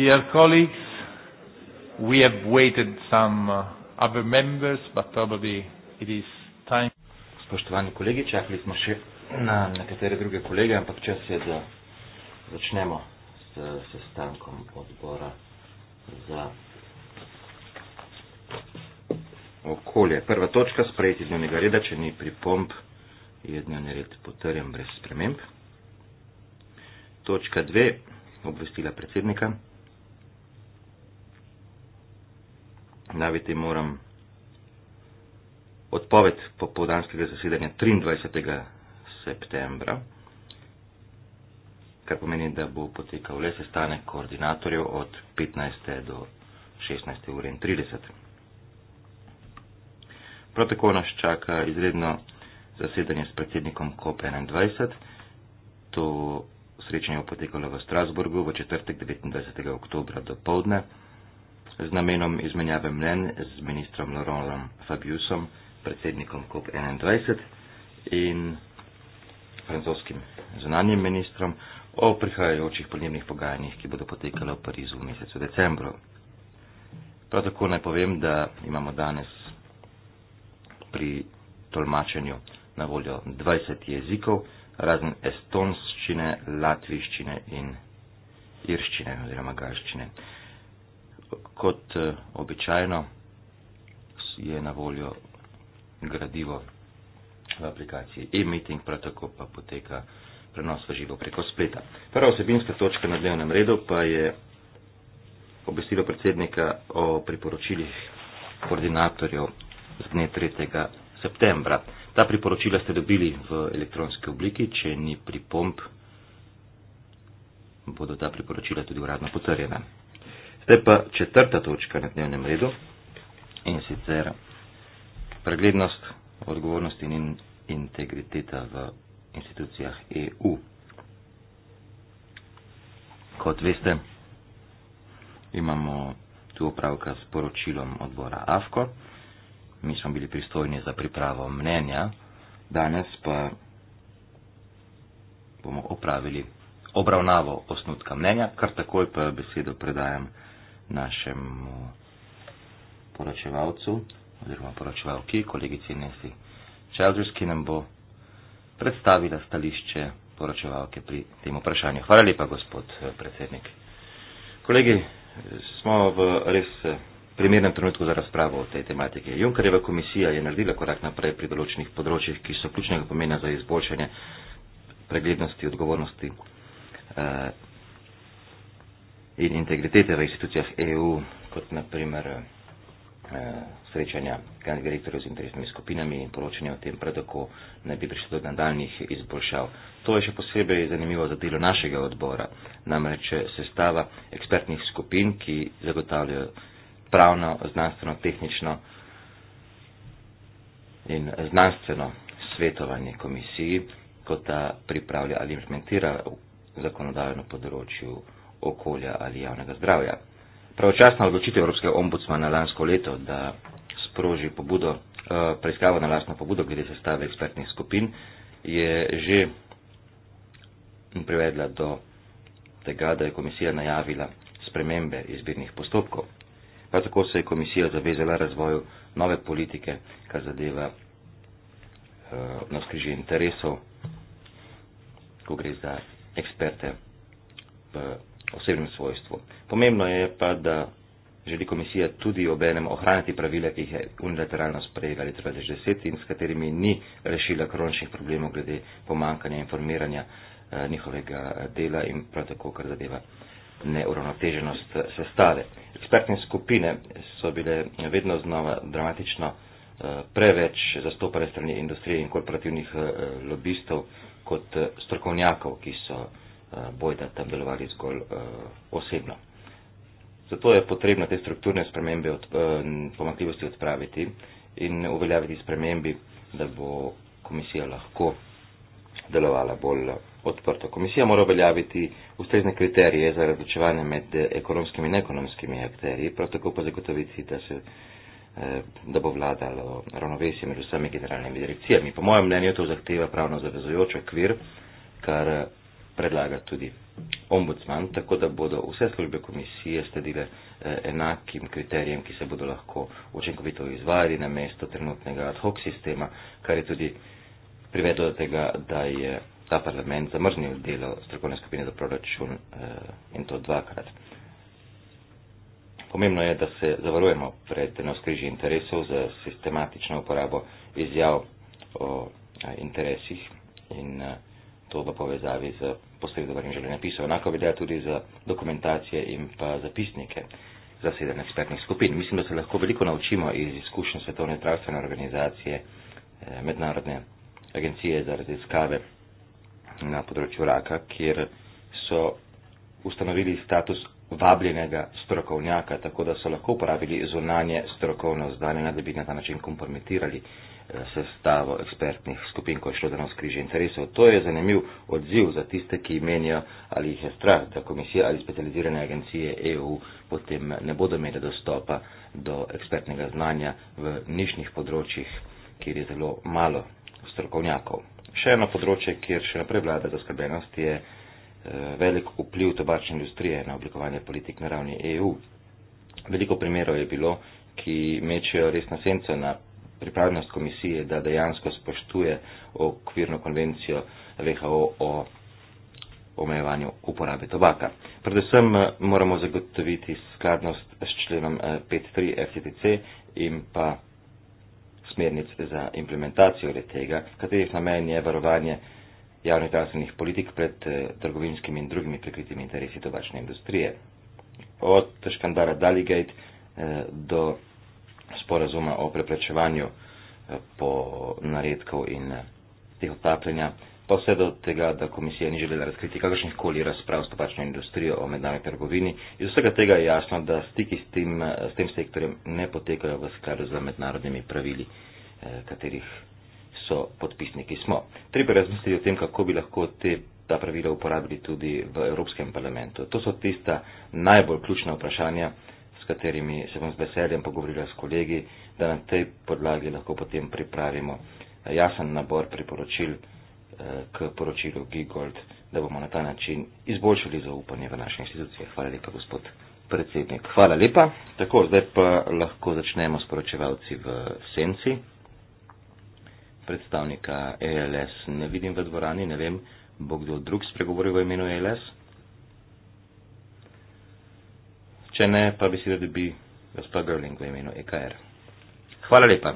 Dear colleagues, we have waited some uh, other members, but probably it is time. Spoštovani kolegi, čakali smo še na nekatere druge kolege, ampak čas je, da začnemo s sestankom odbora za okolje. Prva točka, sprejeti dnevnega reda, če ni pripomp, je dnevni red potrjen brez sprememb. Točka dve, obvestila predsednika. Naviti moram odpoved popovdanskega zasedanja 23. septembra, kar pomeni, da bo potekal le sestanek koordinatorjev od 15. do 16. ure in 30. Prav tako nas čaka izredno zasedanje s predsednikom COP21. To srečanje bo potekalo v Strasburgu v četrtek 29. oktobra do povdne z namenom izmenjave mnen z ministrom Laurentom Fabiusom, predsednikom COP21 in francoskim zunanjim ministrom o prihajajočih podnebnih pogajanjih, ki bodo potekale v Parizu v mesecu decembru. Prav tako naj povem, da imamo danes pri tolmačenju na voljo 20 jezikov, razen estonščine, latviščine in irščine oziroma gaščine kot eh, običajno je na voljo gradivo v aplikaciji e-meeting, prav tako pa poteka prenos v živo preko spleta. Prva osebinska točka na dnevnem redu pa je obvestilo predsednika o priporočilih koordinatorjev z dne 3. septembra. Ta priporočila ste dobili v elektronski obliki, če ni pripomp, bodo ta priporočila tudi uradno potrjena. Zdaj pa četrta točka na dnevnem redu in sicer preglednost odgovornosti in integriteta v institucijah EU. Kot veste, imamo tu opravka s poročilom odbora AFKO. Mi smo bili pristojni za pripravo mnenja, danes pa bomo opravili obravnavo osnutka mnenja, kar takoj pa besedo predajam našemu poročevalcu oziroma poročevalki, kolegici Nesi Čeldrus, ki nam bo predstavila stališče poročevalke pri tem vprašanju. Hvala lepa, gospod eh, predsednik. Kolegi, eh, smo v res eh, primernem trenutku za razpravo o tej tematiki. Junkareva komisija je naredila korak naprej pri določenih področjih, ki so ključnega pomena za izboljšanje preglednosti, odgovornosti. Eh, in integritete v institucijah EU, kot naprimer eh, srečanja direktorjev z interesnimi skupinami in poročanje o tem predoko ne bi prišlo do nadaljnih izboljšav. To je še posebej zanimivo za delo našega odbora, namreč sestava ekspertnih skupin, ki zagotavljajo pravno, znanstveno, tehnično in znanstveno svetovanje komisiji, kot da pripravlja ali implementira zakonodajo na področju okolja ali javnega zdravja. Pravočasna odločitev Evropske ombudsmana lansko leto, da sproži pobudo, eh, preiskavo na lastno pobudo glede sestave ekspertnih skupin, je že privedla do tega, da je komisija najavila spremembe izbirnih postopkov. Prav tako se je komisija zavezala razvoju nove politike, kar zadeva uh, eh, naskrižje interesov, ko gre za eksperte v osebnem svojstvu. Pomembno je pa, da želi komisija tudi obenem ohraniti pravile, ki jih je unilateralno sprejela leta 2010 in s katerimi ni rešila kroničnih problemov glede pomankanja informiranja eh, njihovega eh, dela in prav tako, kar zadeva neuravnoteženost eh, sestave. Ekspertne skupine so bile vedno znova dramatično preveč zastopane strani industrije in korporativnih lobistov kot strokovnjakov, ki so Eh, bojda tam delovali zgolj uh, osebno. Zato je potrebno te strukturne spremembe od, uh, eh, pomakljivosti odpraviti in uveljaviti spremembi, da bo komisija lahko delovala bolj odprto. Komisija mora uveljaviti ustrezne kriterije za razločevanje med ekonomskimi in neekonomskimi akteri, prav tako pa zagotoviti, da se da bo vladalo ravnovesje med vsemi generalnimi direkcijami. Po mojem mnenju to zahteva pravno zavezujoč okvir, kar predlaga tudi ombudsman, tako da bodo vse službe komisije sledile eh, enakim kriterijem, ki se bodo lahko učinkovito izvajali na mesto trenutnega ad hoc sistema, kar je tudi privedlo do tega, da je ta parlament zamrznil delo strokovne skupine za proračun eh, in to dvakrat. Pomembno je, da se zavarujemo pred navskriži interesov za sistematično uporabo izjav o eh, interesih in a, to v povezavi z posredovanjem življenjepisov. Enako velja tudi za dokumentacije in pa zapisnike zasedanja ekspertnih skupin. Mislim, da se lahko veliko naučimo iz izkušenj Svetovne zdravstvene organizacije, eh, Mednarodne agencije za raziskave na področju raka, kjer so ustanovili status vabljenega strokovnjaka, tako da so lahko uporabili zunanje strokovno znanje, da bi na ta način kompromitirali sestavo ekspertnih skupin, ko je šlo danes križe interesov. To je zanimiv odziv za tiste, ki menijo, ali jih je strah, da komisija ali specializirane agencije EU potem ne bodo imeli dostopa do ekspertnega znanja v nišnih področjih, kjer je zelo malo strokovnjakov. Še eno področje, kjer še naprej vlada zaskrbenost, je eh, velik vpliv tobačne industrije na oblikovanje politik na ravni EU. Veliko primerov je bilo, ki mečejo resno senco na pripravljenost komisije, da dejansko spoštuje okvirno konvencijo WHO o omejevanju uporabe tobaka. Predvsem eh, moramo zagotoviti skladnost s členom 5.3 eh, FTC in pa smernic za implementacijo tega, katerih namen je varovanje javnih zdravstvenih politik pred eh, trgovinskimi in drugimi prikritimi interesi tobačne industrije. Od škandara Daligate do sporazuma o preprečevanju eh, po naredkov in eh, teh otapljenja, pa vse do tega, da komisija ni želela razkriti kakršnih koli razprav s tobačno industrijo o mednarodni trgovini. Iz vsega tega je jasno, da stiki s tem, s tem sektorjem ne potekajo v skladu z mednarodnimi pravili, eh, katerih so podpisniki smo. Treba razmisliti o tem, kako bi lahko te, ta pravila uporabili tudi v Evropskem parlamentu. To so tista najbolj ključna vprašanja, katerimi se bom z veseljem pogovorila s kolegi, da na tej podlagi lahko potem pripravimo eh, jasen nabor priporočil eh, k poročilu Gigold, da bomo na ta način izboljšali zaupanje v naše institucije. Hvala lepa, gospod predsednik. Hvala lepa. Tako, zdaj pa lahko začnemo s poročevalci v senci. Predstavnika ELS ne vidim v dvorani, ne vem, bo kdo drug spregovoril v imenu ELS. Če ne, pa bi si da dobi gospod Grling v imenu EKR. Hvala lepa.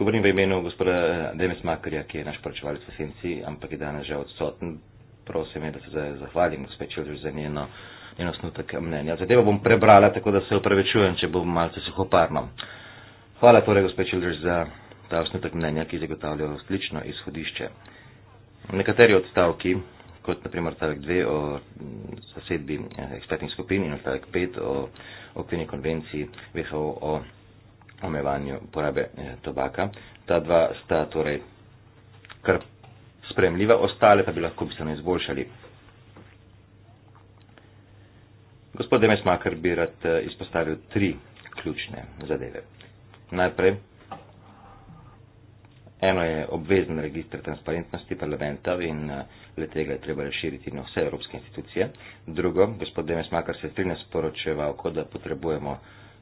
Govorim v imenu gospoda eh, Demes Makarja, ki je naš poročevalec v Senci, ampak je danes že odsoten. Prosim, da se zahvalim gospod Čilžu za njeno, njeno snutek mnenja. Zadevo bom prebrala, tako da se upravičujem, če bom malce suhoparno. Hvala torej, gospod Čilžu, za ta snutek mnenja, ki zagotavlja odlično izhodišče. Nekateri odstavki kot naprimer stavek 2 o mm, zasedbi eh, ekspertnih skupin in stavek 5 o okvirni konvenciji WHO o omejevanju porabe eh, tobaka. Ta dva sta torej kar spremljiva, ostale pa bi lahko bistveno izboljšali. Gospod Demes Makar bi rad eh, izpostavil tri ključne zadeve. Najprej Eno je obvezen registr transparentnosti parlamenta in eh, le tega je treba reširiti na vse evropske institucije. Drugo, gospod Demes Makar se strinja s poročevalko, da potrebujemo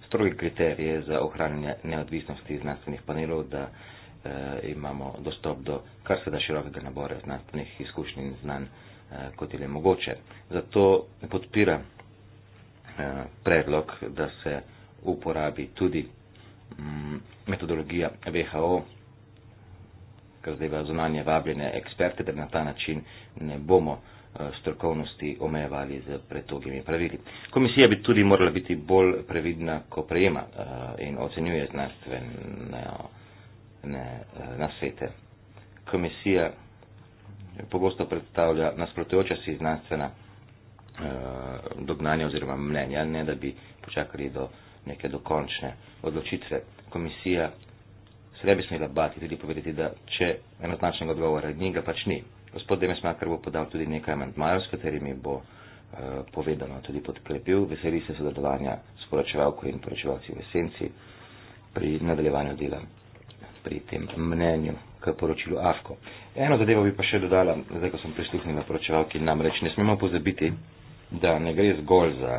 stroge kriterije za ohranjanje neodvisnosti znanstvenih panelov, da e, imamo dostop do kar se da širokega nabora znanstvenih izkušenj in znanj, e, kot je le mogoče. Zato podpira e, predlog, da se uporabi tudi m, mm, metodologija WHO skratka zdaj v zunanje vabljene eksperte, da na ta način ne bomo eh, strokovnosti omejevali z pretogimi pravili. Komisija bi tudi morala biti bolj previdna, ko prejema eh, in ocenjuje znanstvene eh, nasvete. Komisija pogosto predstavlja nasprotujoča si znanstvena dognanja oziroma mnenja, ne da bi počakali do neke dokončne odločitve. Komisija se ne bi smela bati tudi povedati, da če enotnačnega odgovora ni, ga pač ni. Gospod Demesmaker bo podal tudi nekaj amantmajev, s katerimi bo eh, povedano tudi podkrepil. Veseli se sodelovanja s poročevalko in poročevalci v esenci pri nadaljevanju dela pri tem mnenju k poročilu AFKO. Eno zadevo bi pa še dodala, zdaj ko sem prisluhnila poročevalki, namreč ne smemo pozabiti, da ne gre zgolj za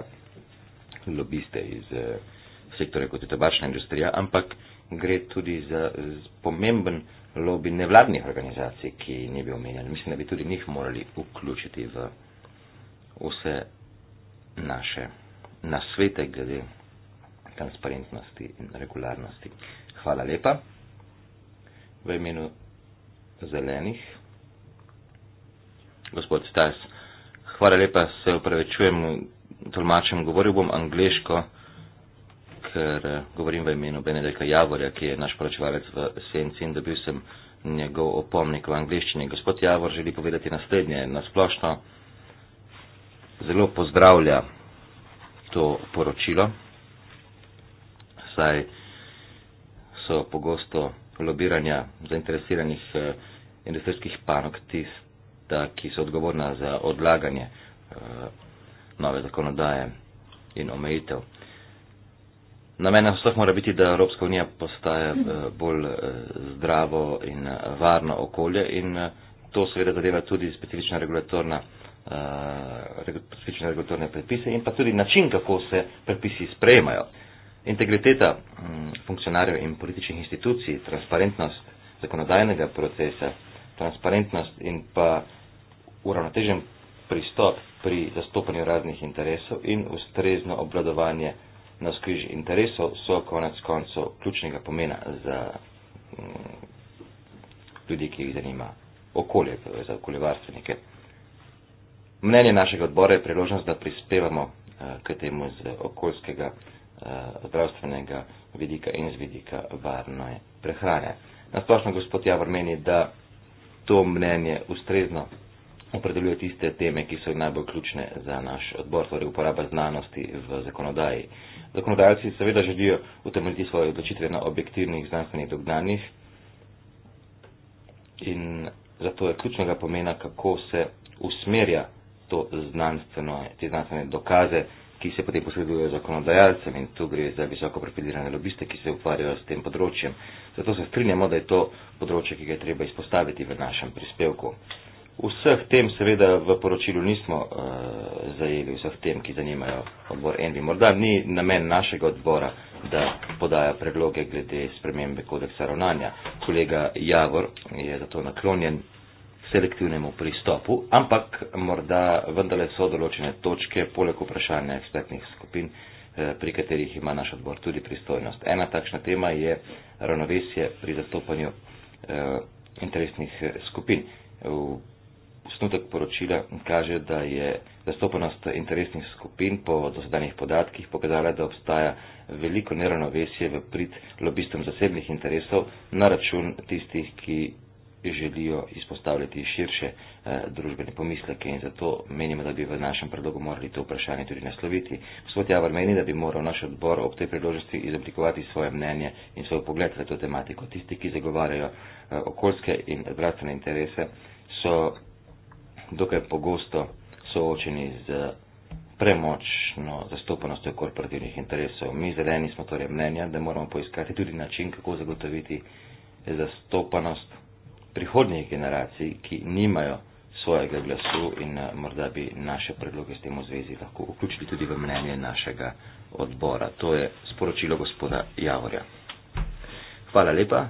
lobiste iz eh, sektorja kot je tobačna industrija, ampak gre tudi za pomemben lobby nevladnih organizacij, ki ni bil omenjen. Mislim, da bi tudi njih morali vključiti v vse naše nasvete glede transparentnosti in regularnosti. Hvala lepa. V imenu zelenih. Gospod Stas, hvala lepa, se upravičujem, tolmačem, govoril bom angliško ker eh, govorim v imenu Benedika Javorja, ki je naš poročevalec v Senci in dobil sem njegov opomnik v angliščini. Gospod Javor želi povedati naslednje. Nasplošno zelo pozdravlja to poročilo, saj so pogosto lobiranja zainteresiranih eh, industrijskih panog tista, ki so odgovorna za odlaganje eh, nove zakonodaje in omejitev. Namen nas vseh mora biti, da Evropska unija postaja eh, bolj eh, zdravo in eh, varno okolje in to seveda zadeva tudi specifična regulatorna specifične regulatorne predpise in pa tudi način, kako se predpisi sprejemajo. Integriteta mm, funkcionarjev in političnih institucij, transparentnost zakonodajnega procesa, transparentnost in pa uravnotežen pristop pri zastopanju raznih interesov in ustrezno obladovanje na skriži interesov, so konec koncev ključnega pomena za mm, ljudi, ki jih zanima okolje, torej za okoljevarstvenike. Mnenje našega odbora je priložnost, da prispevamo eh, k temu z okoljskega, eh, zdravstvenega vidika in z vidika varne prehrane. Nasplošno gospod Javor meni, da to mnenje ustrezno opredeljuje tiste teme, ki so najbolj ključne za naš odbor, torej uporaba znanosti v zakonodaji. Zakonodajalci seveda želijo utemeljiti svoje odločitve na objektivnih znanstvenih dognanjih in zato je ključnega pomena, kako se usmerja to znanstveno, te znanstvene dokaze, ki se potem posredujejo zakonodajalcem in tu gre za visoko profilirane lobiste, ki se ukvarjajo s tem področjem. Zato se strinjamo, da je to področje, ki ga je treba izpostaviti v našem prispevku. Vseh tem seveda v poročilu nismo uh, zajeli, vseh tem, ki zanimajo odbor Envi. Morda ni namen našega odbora, da podaja predloge glede spremembe kodeksa ravnanja. Kolega Javor je zato naklonjen selektivnemu pristopu, ampak morda vendarle so določene točke, poleg vprašanja ekspertnih skupin, eh, pri katerih ima naš odbor tudi pristojnost. Ena takšna tema je ravnovesje pri zastopanju uh, interesnih skupin. V Osnutek poročila kaže, da je zastopanost interesnih skupin po dosedanjih podatkih pokazala, da obstaja veliko neravnovesje v prid lobistom zasebnih interesov na račun tistih, ki želijo izpostavljati širše eh, družbene pomisleke in zato menimo, da bi v našem predlogu morali to vprašanje tudi nasloviti. Gospod Javor meni, da bi moral naš odbor ob tej priložnosti izoblikovati svoje mnenje in svoj pogled na to tematiko. Tisti, ki zagovarjajo eh, okoljske in zdravstvene interese, so dokaj pogosto soočeni z eh, premočno zastopanostjo korporativnih interesov. Mi zeleni smo torej mnenja, da moramo poiskati tudi način, kako zagotoviti zastopanost prihodnjih generacij, ki nimajo svojega glasu in eh, morda bi naše predloge s tem v zvezi lahko vključili tudi v mnenje našega odbora. To je sporočilo gospoda Javorja. Hvala lepa.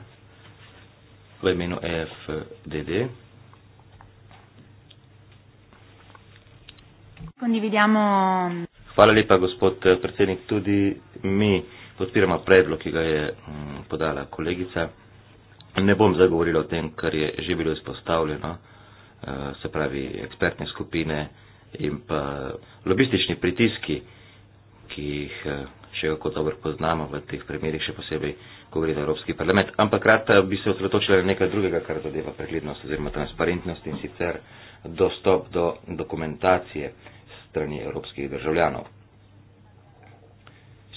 V imenu EFDD. Condividiamo. Hvala lepa, gospod eh, predsednik. Tudi mi podpiramo predlog, ki ga je mm, podala kolegica. Ne bom zagovorila o tem, kar je že bilo izpostavljeno, eh, se pravi ekspertne skupine in pa lobistični pritiski, ki jih eh, še kako dobro poznamo v teh primerih, še posebej, ko gre za Evropski parlament. Ampak rad bi se osredotočila na nekaj drugega, kar zadeva preglednost oziroma transparentnost in sicer dostop do dokumentacije strani evropskih državljanov.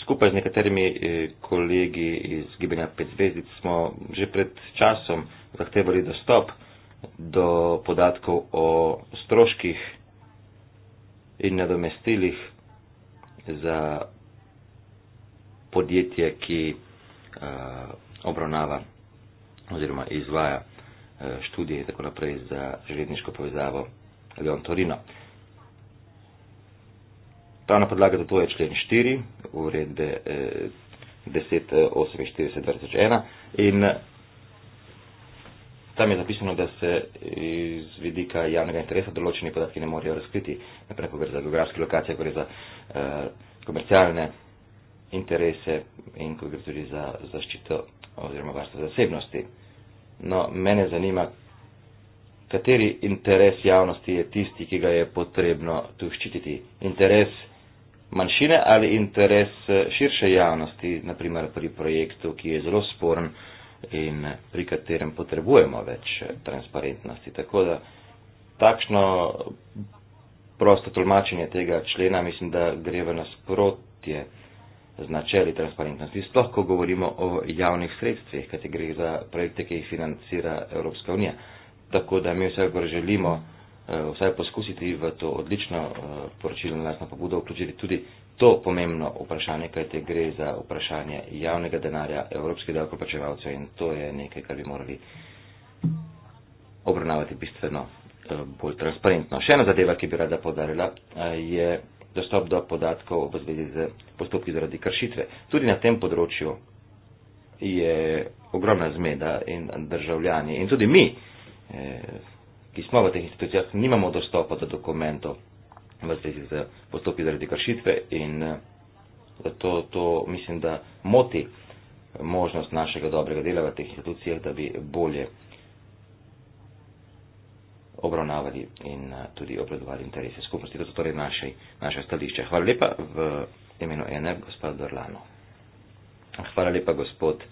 Skupaj z nekaterimi eh, kolegi iz Gibanja 5 zvezdic smo že pred časom zahtevali dostop do podatkov o stroških in nadomestilih za podjetje, ki eh, obravnava oziroma izvaja eh, študije in tako naprej za železniško povezavo Leon Torino. Pravna podlaga za to je člen 4 uredbe eh, 1048-2001 eh, in eh, tam je zapisano, da se iz vidika javnega interesa določeni podatki ne morejo razkriti, naprej ko gre za geografske lokacije, ko gre za eh, komercialne interese in ko gre tudi za zaščito oziroma varstvo zasebnosti. No, mene zanima, kateri interes javnosti je tisti, ki ga je potrebno tu ščititi. Interes manjšine ali interes eh, širše javnosti, naprimer pri projektu, ki je zelo sporen in eh, pri katerem potrebujemo več eh, transparentnosti. Tako da takšno prosto tolmačenje tega člena mislim, da gre v nasprotje z načeli transparentnosti, sploh ko govorimo o javnih sredstvih, kajti gre za projekte, ki jih financira Evropska unija. Tako da mi vsekakor želimo, Eh, vsaj poskusiti v to odlično eh, poročilo na lastno pobudo vključiti tudi to pomembno vprašanje, kajte gre za vprašanje javnega denarja evropskih davkoplačevalcev in to je nekaj, kar bi morali obravnavati bistveno eh, bolj transparentno. Še ena zadeva, ki bi rada podarila, je dostop do podatkov v zvezi z postopki zaradi kršitve. Tudi na tem področju je ogromna zmeda in državljani in tudi mi. Eh, ki smo v teh institucijah, nimamo dostopa do dokumentov v zvezi z postopki zaradi kršitve in eh, zato to mislim, da moti možnost našega dobrega dela v teh institucijah, da bi bolje obravnavali in eh, tudi obrazovali interese skupnosti. To so torej naše, naše stališče. Hvala lepa v imenu ENE, gospod Dorlano. Hvala lepa, gospod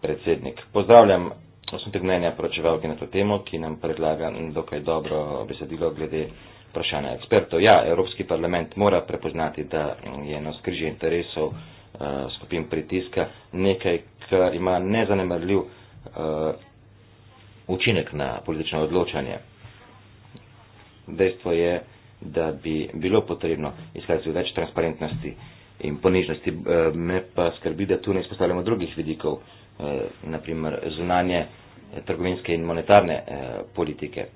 predsednik. Pozdravljam osnutek mnenja poročevalke na to temo, ki nam predlaga dokaj dobro besedilo glede vprašanja ekspertov. Ja, Evropski parlament mora prepoznati, da je na skrižje interesov uh, skupin pritiska nekaj, kar ima nezanemrljiv uh, eh, učinek na politično odločanje. Dejstvo je, da bi bilo potrebno izhajati več transparentnosti in ponižnosti. Eh, me pa skrbi, da tu ne izpostavljamo drugih vidikov uh, Eh, na primer zunanje eh, trgovinske in monetarne eh, politike.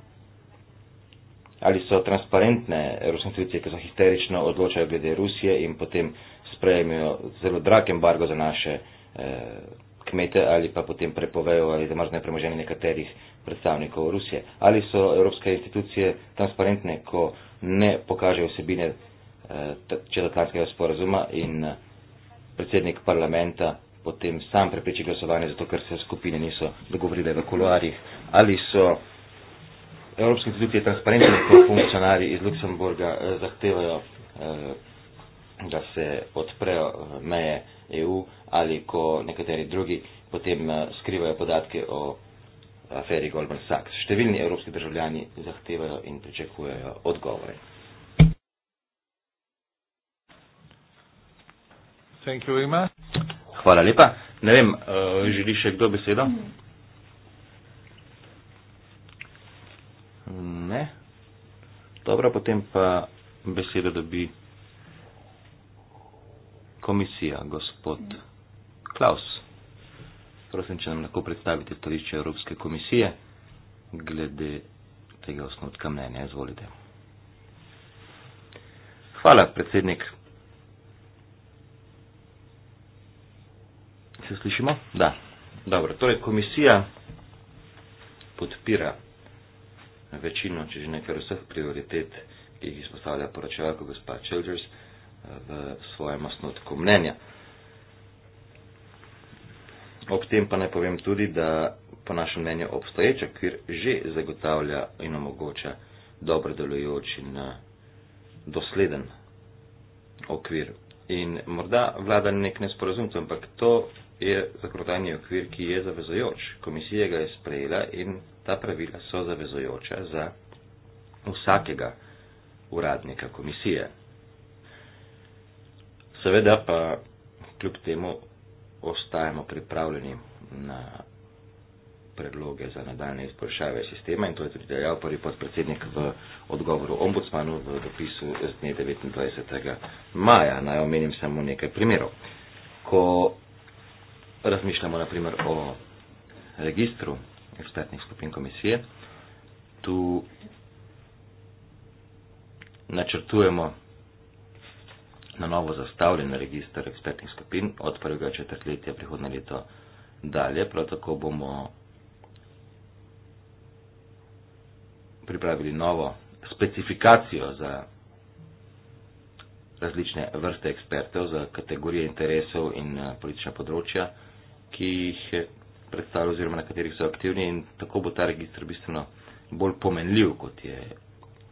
Ali so transparentne rusne institucije, ki so histerično odločajo glede Rusije in potem sprejemijo zelo drag embargo za naše kmete ali pa potem prepovejo ali zamrznejo premoženje nekaterih predstavnikov Rusije. Ali so evropske institucije transparentne, ko ne pokažejo vsebine četatlanskega sporazuma in predsednik parlamenta potem sam prepreči glasovanje, zato ker se skupine niso dogovorile v kuloarjih. Ali so evropske institucije transparentne, kot funkcionari iz Luksemburga eh, zahtevajo, eh, da se odprejo eh, meje EU, ali ko nekateri drugi potem skrivajo podatke o aferi Goldman Sachs. Številni evropski državljani zahtevajo in pričakujejo odgovore. Thank you very much. Hvala lepa. Ne vem, eh, želi še kdo besedo? Ne. Dobro, potem pa besedo dobi komisija, gospod Klaus. Prosim, če nam lahko predstavite stališče Evropske komisije glede tega osnutka mnenja. Izvolite. Hvala, predsednik. Se slišimo? Da. Dobro, torej komisija podpira večino, če že nekaj vseh prioritet, ki jih izpostavlja poročevalka gospa Childers v svojem osnotku mnenja. Ob tem pa naj povem tudi, da po našem mnenju obstoječa kvir že zagotavlja in omogoča dobro delujoč in eh, dosleden okvir. In morda vlada nek nesporazum, ampak to je zakonodajni okvir, ki je zavezojoč. Komisija ga je sprejela in ta pravila so zavezojoča za vsakega uradnika komisije. Seveda pa kljub temu ostajamo pripravljeni na predloge za nadaljne izboljšave sistema in to je tudi dejal prvi podpredsednik v odgovoru ombudsmanu v dopisu z dne 29. maja. Naj omenim samo nekaj primerov. Ko razmišljamo naprimer o registru ekspertnih skupin komisije, tu načrtujemo na novo zastavljen registr ekspertnih skupin od prvega četrtletja prihodne leto dalje. Prav tako bomo pripravili novo specifikacijo za različne vrste ekspertov, za kategorije interesov in eh, politična področja ki jih predstavlja oziroma na katerih so aktivni in tako bo ta registr bistveno bolj pomenljiv, kot je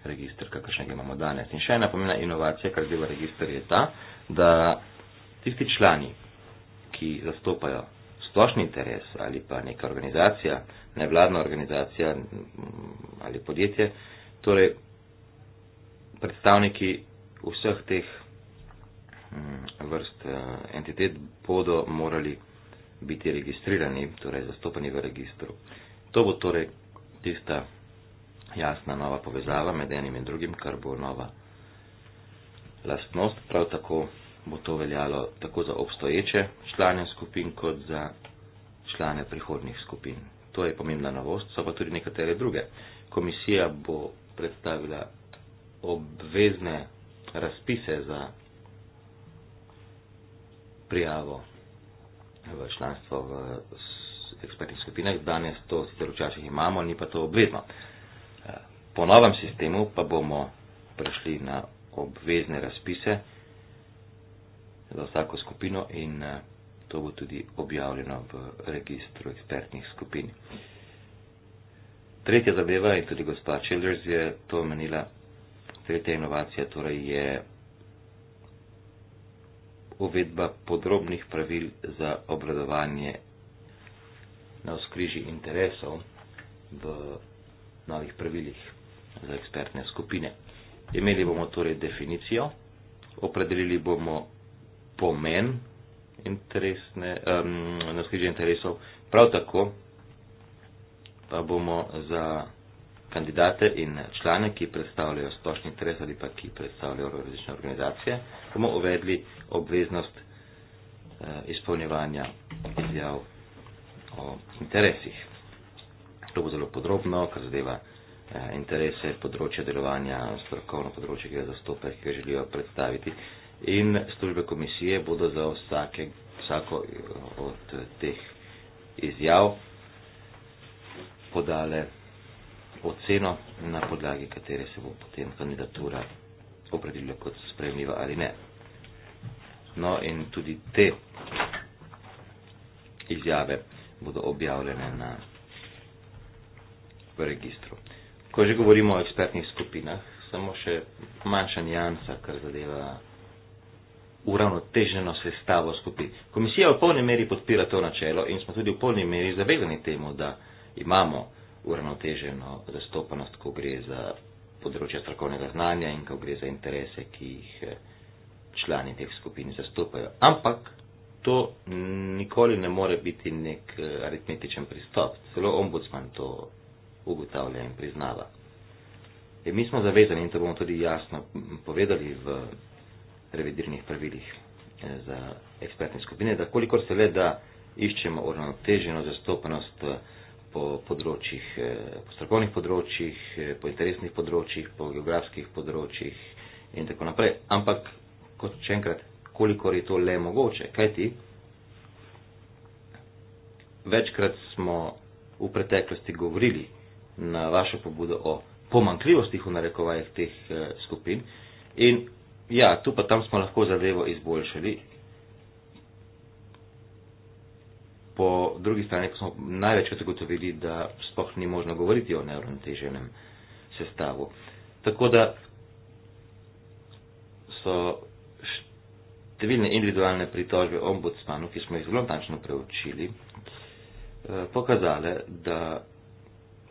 registr, kakršnega imamo danes. In še ena pomembna inovacija, kar zdaj v registr je ta, da tisti člani, ki zastopajo splošni interes ali pa neka organizacija, nevladna organizacija mm, ali podjetje, torej predstavniki vseh teh mm, vrst eh, entitet bodo morali biti registrirani, torej zastopani v registru. To bo torej tista jasna nova povezava med enim in drugim, kar bo nova lastnost. Prav tako bo to veljalo tako za obstoječe člane skupin, kot za člane prihodnih skupin. To je pomembna novost, so pa tudi nekatere druge. Komisija bo predstavila obvezne razpise za prijavo v članstvo v ekspertnih skupinah. Danes to sicer včasih imamo, ni pa to obvezno. Eh, po novem sistemu pa bomo prešli na obvezne razpise za vsako skupino in eh, to bo tudi objavljeno v registru ekspertnih skupin. Tretja zadeva in tudi gospa Childers je to omenila, tretja inovacija torej je uvedba podrobnih pravil za obradovanje na skriži interesov v novih pravilih za ekspertne skupine. Imeli bomo torej definicijo, opredelili bomo pomen um, na skriži interesov, prav tako pa bomo za kandidate in člane, ki predstavljajo splošni interes ali pa ki predstavljajo različne organizacije, bomo uvedli obveznost eh, izpolnjevanja izjav o interesih. To bo zelo podrobno, kar zadeva eh, interese, področje delovanja, strokovno področje, ki ga zastopajo, ki ga želijo predstaviti. In službe komisije bodo za vsake, vsako od teh izjav podale oceno, na podlagi katere se bo potem kandidatura opredelila kot sprejemljiva ali ne. No in tudi te izjave bodo objavljene na, v registru. Ko že govorimo o ekspertnih skupinah, samo še manjša nijansa, kar zadeva uravnoteženo sestavo skupin. Komisija v polni meri podpira to načelo in smo tudi v polni meri zavezani temu, da imamo uravnoteženo zastopanost, ko gre za področje strokovnega znanja in ko gre za interese, ki jih eh, člani teh skupin zastopajo. Ampak to nikoli ne more biti nek eh, aritmetičen pristop. Celo ombudsman to ugotavlja in priznava. E, mi smo zavezani in to bomo tudi jasno povedali v revidirnih pravilih eh, za ekspertne skupine, da kolikor se le da iščemo uravnoteženo zastopanost po področjih, eh, po strokovnih področjih, eh, po interesnih področjih, po geografskih področjih in tako naprej. Ampak, kot še enkrat, kolikor je to le mogoče, kajti večkrat smo v preteklosti govorili na vašo pobudo o pomankljivostih v narekovajih teh eh, skupin in ja, tu pa tam smo lahko zadevo izboljšali po drugi strani pa smo največkrat zagotovili, da sploh ni možno govoriti o neuravnoteženem sestavu. Tako da so številne individualne pritožbe ombudsmanu, ki smo jih zelo natančno preučili, eh, pokazale, da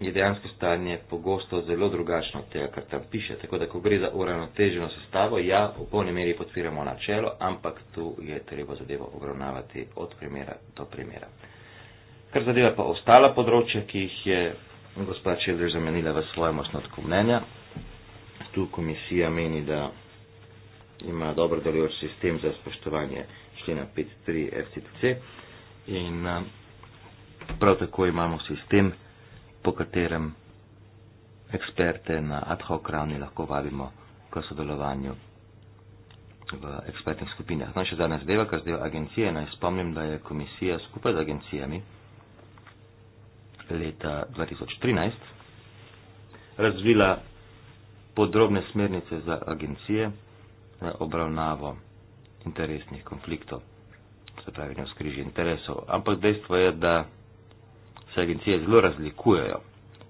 je dejansko stanje pogosto zelo drugačno od tega, kar tam piše. Tako da, ko gre za uravnoteženo sestavo, ja, v polni meri podpiramo načelo, ampak tu je treba zadevo obravnavati od primera do primera. Kar zadeva pa ostala področja, ki jih je gospod Čevdrž zamenila v svojem osnotku mnenja, tu komisija meni, da ima dobro delujoč sistem za spoštovanje člena 5.3 FCTC in eh, prav tako imamo sistem, po katerem eksperte na ad hoc ravni lahko vabimo k sodelovanju v ekspertnih skupinah. No, še zadnja zadeva, kar zdaj agencije, naj spomnim, da je komisija skupaj z agencijami leta 2013 razvila podrobne smernice za agencije na eh, obravnavo interesnih konfliktov, se pravi, ne v skriži interesov. Ampak dejstvo je, da se agencije zelo razlikujejo.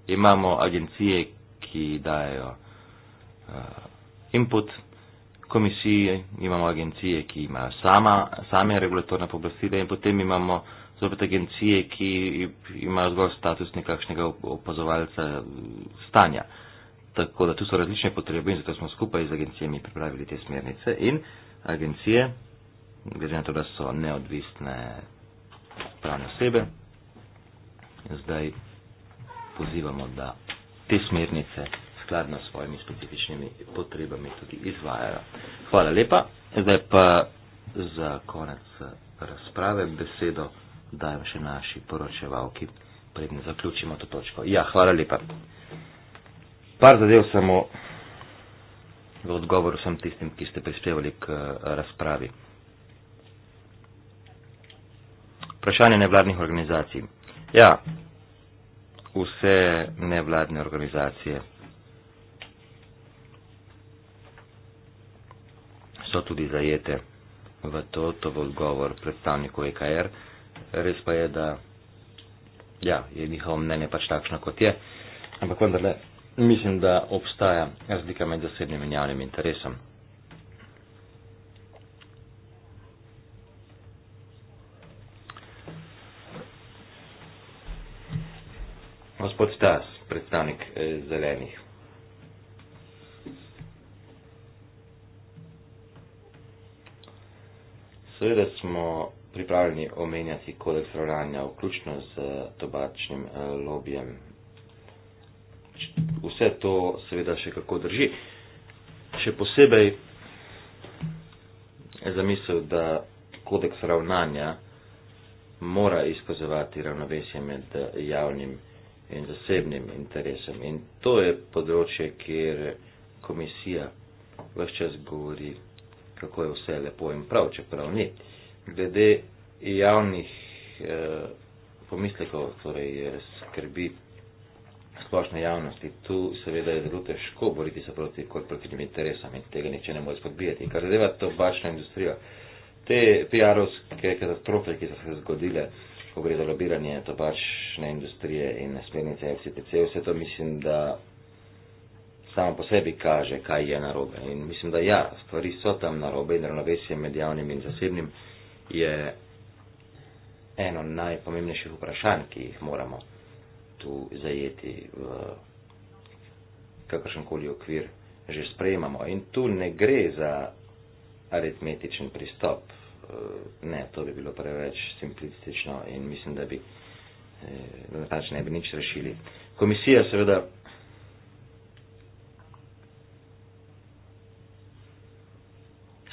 Imamo agencije, ki dajo uh, eh, input komisiji, imamo agencije, ki imajo sama, same regulatorne pooblastile in potem imamo zopet agencije, ki imajo zgolj status nekakšnega opazovalca eh, stanja. Tako da tu so različne potrebe in zato smo skupaj z agencijami pripravili te smernice in agencije, glede na to, da so neodvisne pravne osebe zdaj pozivamo, da te smernice skladno s svojimi specifičnimi potrebami tudi izvajajo. Hvala lepa. Zdaj pa za konec eh, razprave besedo dajem še naši poročevalki, predn zaključimo to točko. Ja, hvala lepa. Par zadev samo v odgovoru sem tistim, ki ste prispevali k eh, razpravi. Vprašanje nevladnih organizacij. Ja, vse nevladne organizacije so tudi zajete v to, to v odgovor predstavnikov EKR. Res pa je, da ja, je njihovo mnenje pač takšno, kot je. Ampak vendarle, mislim, da obstaja razlika med zasebnim in javnim interesom. Gospod Tas, predstavnik eh, zelenih. Seveda smo pripravljeni omenjati kodeks ravnanja, vključno z eh, tobačnim eh, lobijem. Vse to seveda še kako drži. Še posebej zamisel, da kodeks ravnanja mora izkazovati ravnovesje med eh, javnim. Eh, in zasebnim interesom. In to je področje, kjer komisija vse čas govori, kako je vse lepo in prav, čeprav ni. Glede javnih eh, pomislekov, torej skrbi splošne javnosti, tu seveda je zelo težko boriti se proti korporativnim interesom in tega niče ne more spodbijati. Kar zadeva to bačna industrija, te PR-ovske katastrofe, ki so se zgodile, ko gre za lobiranje tobačne industrije in smernice FCTC, vse to mislim, da samo po sebi kaže, kaj je narobe. In mislim, da ja, stvari so tam narobe in ravnovesje med javnim in zasebnim je eno najpomembnejših vprašanj, ki jih moramo tu zajeti v kakršenkoli okvir že sprejemamo. In tu ne gre za aritmetičen pristop. Eh, ne, to bi bilo preveč simplistično in mislim, da bi eh, na pač ne bi nič rešili. Komisija seveda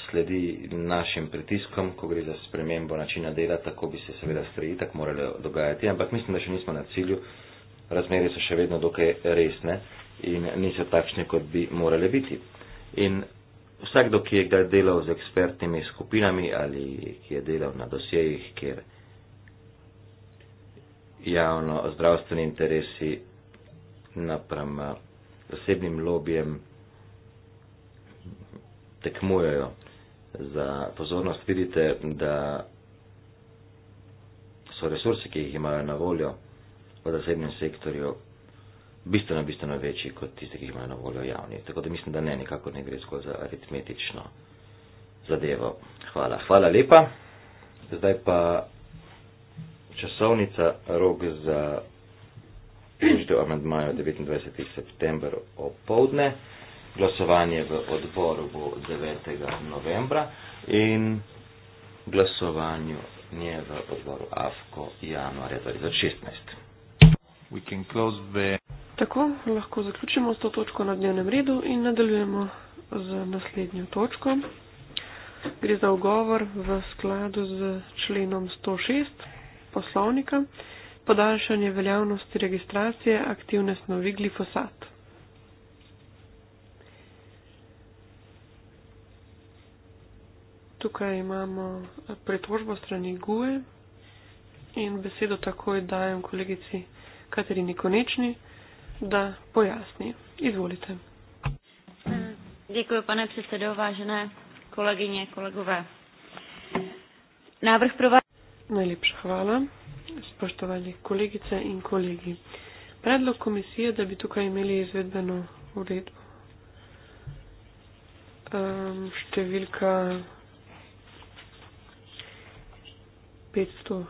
sledi našim pritiskom, ko gre za spremembo načina dela, tako bi se seveda stvari tako morale dogajati, ampak mislim, da še nismo na cilju, razmere so še vedno dokaj resne in niso takšne, kot bi morale biti. In vsakdo, ki je ga delal z ekspertnimi skupinami ali ki je delal na dosjejih, kjer javno zdravstveni interesi napram eh, zasebnim lobijem tekmujejo za pozornost, vidite, da so resursi, ki jih imajo na voljo v zasebnem sektorju, bistveno, bistveno večji kot tiste, ki jih imajo na voljo javni. Tako da mislim, da ne, nekako ne gre zgolj za aritmetično zadevo. Hvala. Hvala lepa. Zdaj pa časovnica rok za vložitev amendmaja 29. september opoldne. Glasovanje v odboru bo 9. novembra in glasovanju nje v odboru AFKO januarja 2016. Torej We can close the... Tako lahko zaključimo s to točko na dnevnem redu in nadaljujemo z naslednjo točko. Gre za ogovor v skladu z členom 106 poslovnika, podaljšanje veljavnosti registracije aktivne snovi glifosat. Tukaj imamo pretožbo strani GUE in besedo takoj dajem kolegici Katerini Konečni da pojasni. Izvolite. Děkuji, pane předsedo, vážené kolegyně, kolegové. Návrh pro vás... Najlepša hvala, spoštovani kolegice in kolegi. Predlog komisije, da bi tukaj imeli izvedbeno uredbo. Um, številka 500,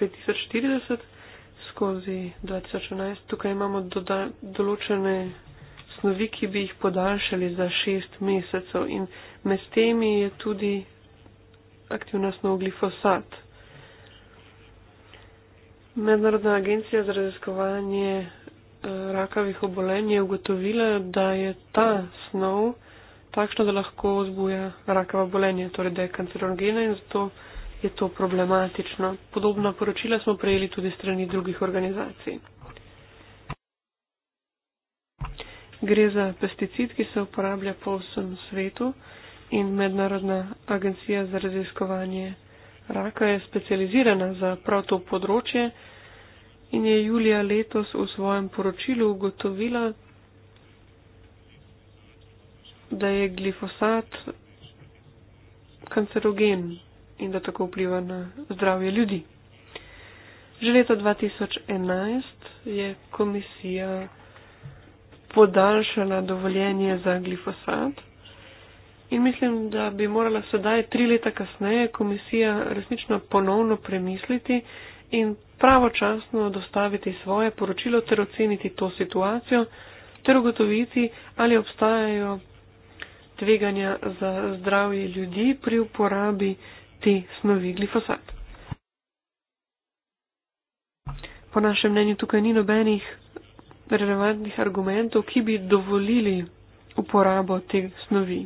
5040 skozi 2011. Tukaj imamo določene snovi, ki bi jih podaljšali za šest mesecev in med temi je tudi aktivna snov glifosat. Mednarodna agencija za raziskovanje eh, rakavih obolenj je ugotovila, da je ta snov takšna, da lahko vzbuja rakava obolenje, torej da je kancerogena in zato je to problematično. Podobna poročila smo prejeli tudi strani drugih organizacij. Gre za pesticid, ki se uporablja po vsem svetu in Mednarodna agencija za raziskovanje raka je specializirana za prav to področje in je julija letos v svojem poročilu ugotovila, da je glifosat kancerogen in da tako vpliva na zdravje ljudi. Že leta 2011 je komisija podaljšala dovoljenje za glifosat in mislim, da bi morala sedaj, tri leta kasneje, komisija resnično ponovno premisliti in pravočasno dostaviti svoje poročilo ter oceniti to situacijo ter ugotoviti, ali obstajajo tveganja za zdravje ljudi pri uporabi glifosata te snovi glifosat. Po našem mnenju tukaj ni nobenih relevantnih argumentov, ki bi dovolili uporabo te snovi.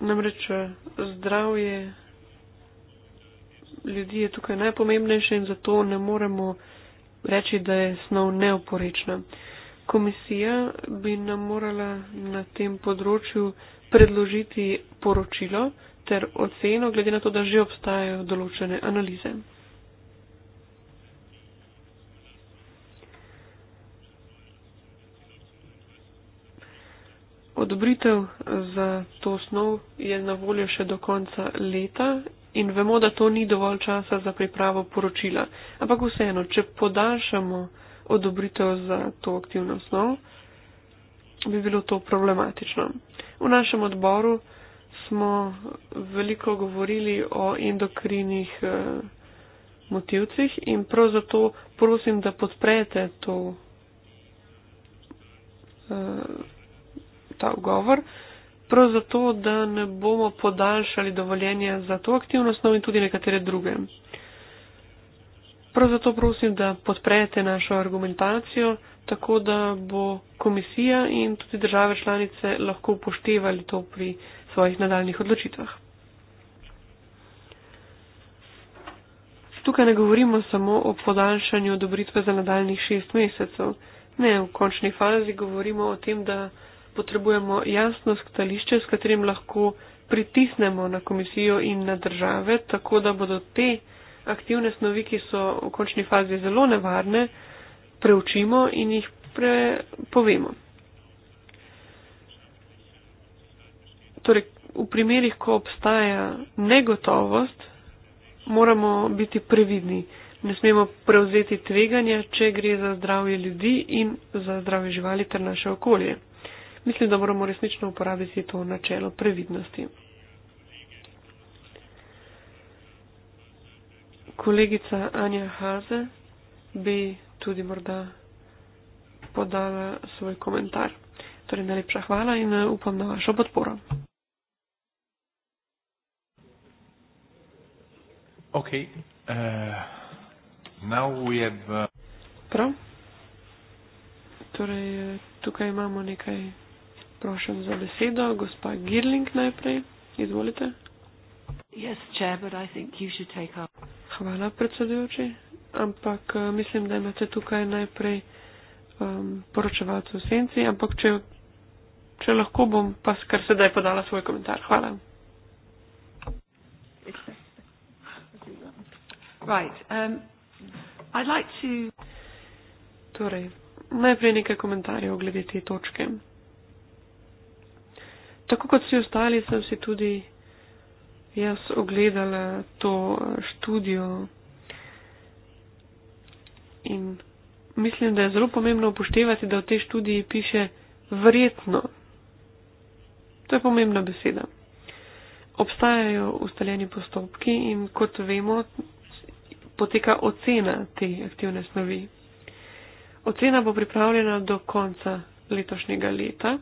Namreč eh, zdravje ljudi je tukaj najpomembnejše in zato ne moremo reči, da je snov neoporečna. Komisija bi nam morala na tem področju predložiti poročilo, ter oceno, glede na to, da že obstajajo določene analize. Odobritev za to snov je na voljo še do konca leta in vemo, da to ni dovolj časa za pripravo poročila. Ampak vseeno, če podaljšamo odobritev za to aktivno snov, bi bilo to problematično. V našem odboru smo veliko govorili o endokrinih eh, motivcih in prav zato prosim, da podprete to, eh, ta govor, prav zato, da ne bomo podaljšali dovoljenja za to aktivnost in tudi nekatere druge. Prav zato prosim, da podprete našo argumentacijo, tako da bo komisija in tudi države članice lahko upoštevali to pri svojih nadaljnih odločitvah. Tukaj ne govorimo samo o podaljšanju odobritve za nadaljnih šest mesecev. Ne, v končni fazi govorimo o tem, da potrebujemo jasno stališče, s katerim lahko pritisnemo na komisijo in na države, tako da bodo te aktivne snovi, ki so v končni fazi zelo nevarne, preučimo in jih prepovemo. torej v primerih, ko obstaja negotovost, moramo biti previdni. Ne smemo prevzeti tveganja, če gre za zdravje ljudi in za zdravje živali ter naše okolje. Mislim, da moramo resnično uporabiti to načelo previdnosti. Kolegica Anja Haze bi tudi morda podala svoj komentar. Torej, najlepša hvala in eh, upam na vašo podporo. Okay. Uh, now we have. Uh... Prav. Torej, tukaj imamo nekaj prošen za besedo. Gospa Girling najprej. Izvolite. Yes, chair, but I think you should take up. Hvala, predsedujoči. Ampak uh, mislim, da imate tukaj najprej um, poročevalce v senci. Ampak če, če lahko bom, pa kar sedaj podala svoj komentar. Hvala. Right. Um, I'd like to... Torej, najprej nekaj komentarjev glede te točke. Tako kot vsi ostali, sem si tudi jaz ogledala to študijo in mislim, da je zelo pomembno upoštevati, da v tej študiji piše verjetno. To je pomembna beseda. Obstajajo ustaljeni postopki in kot vemo, poteka ocena te aktivne snovi. Ocena bo pripravljena do konca letošnjega leta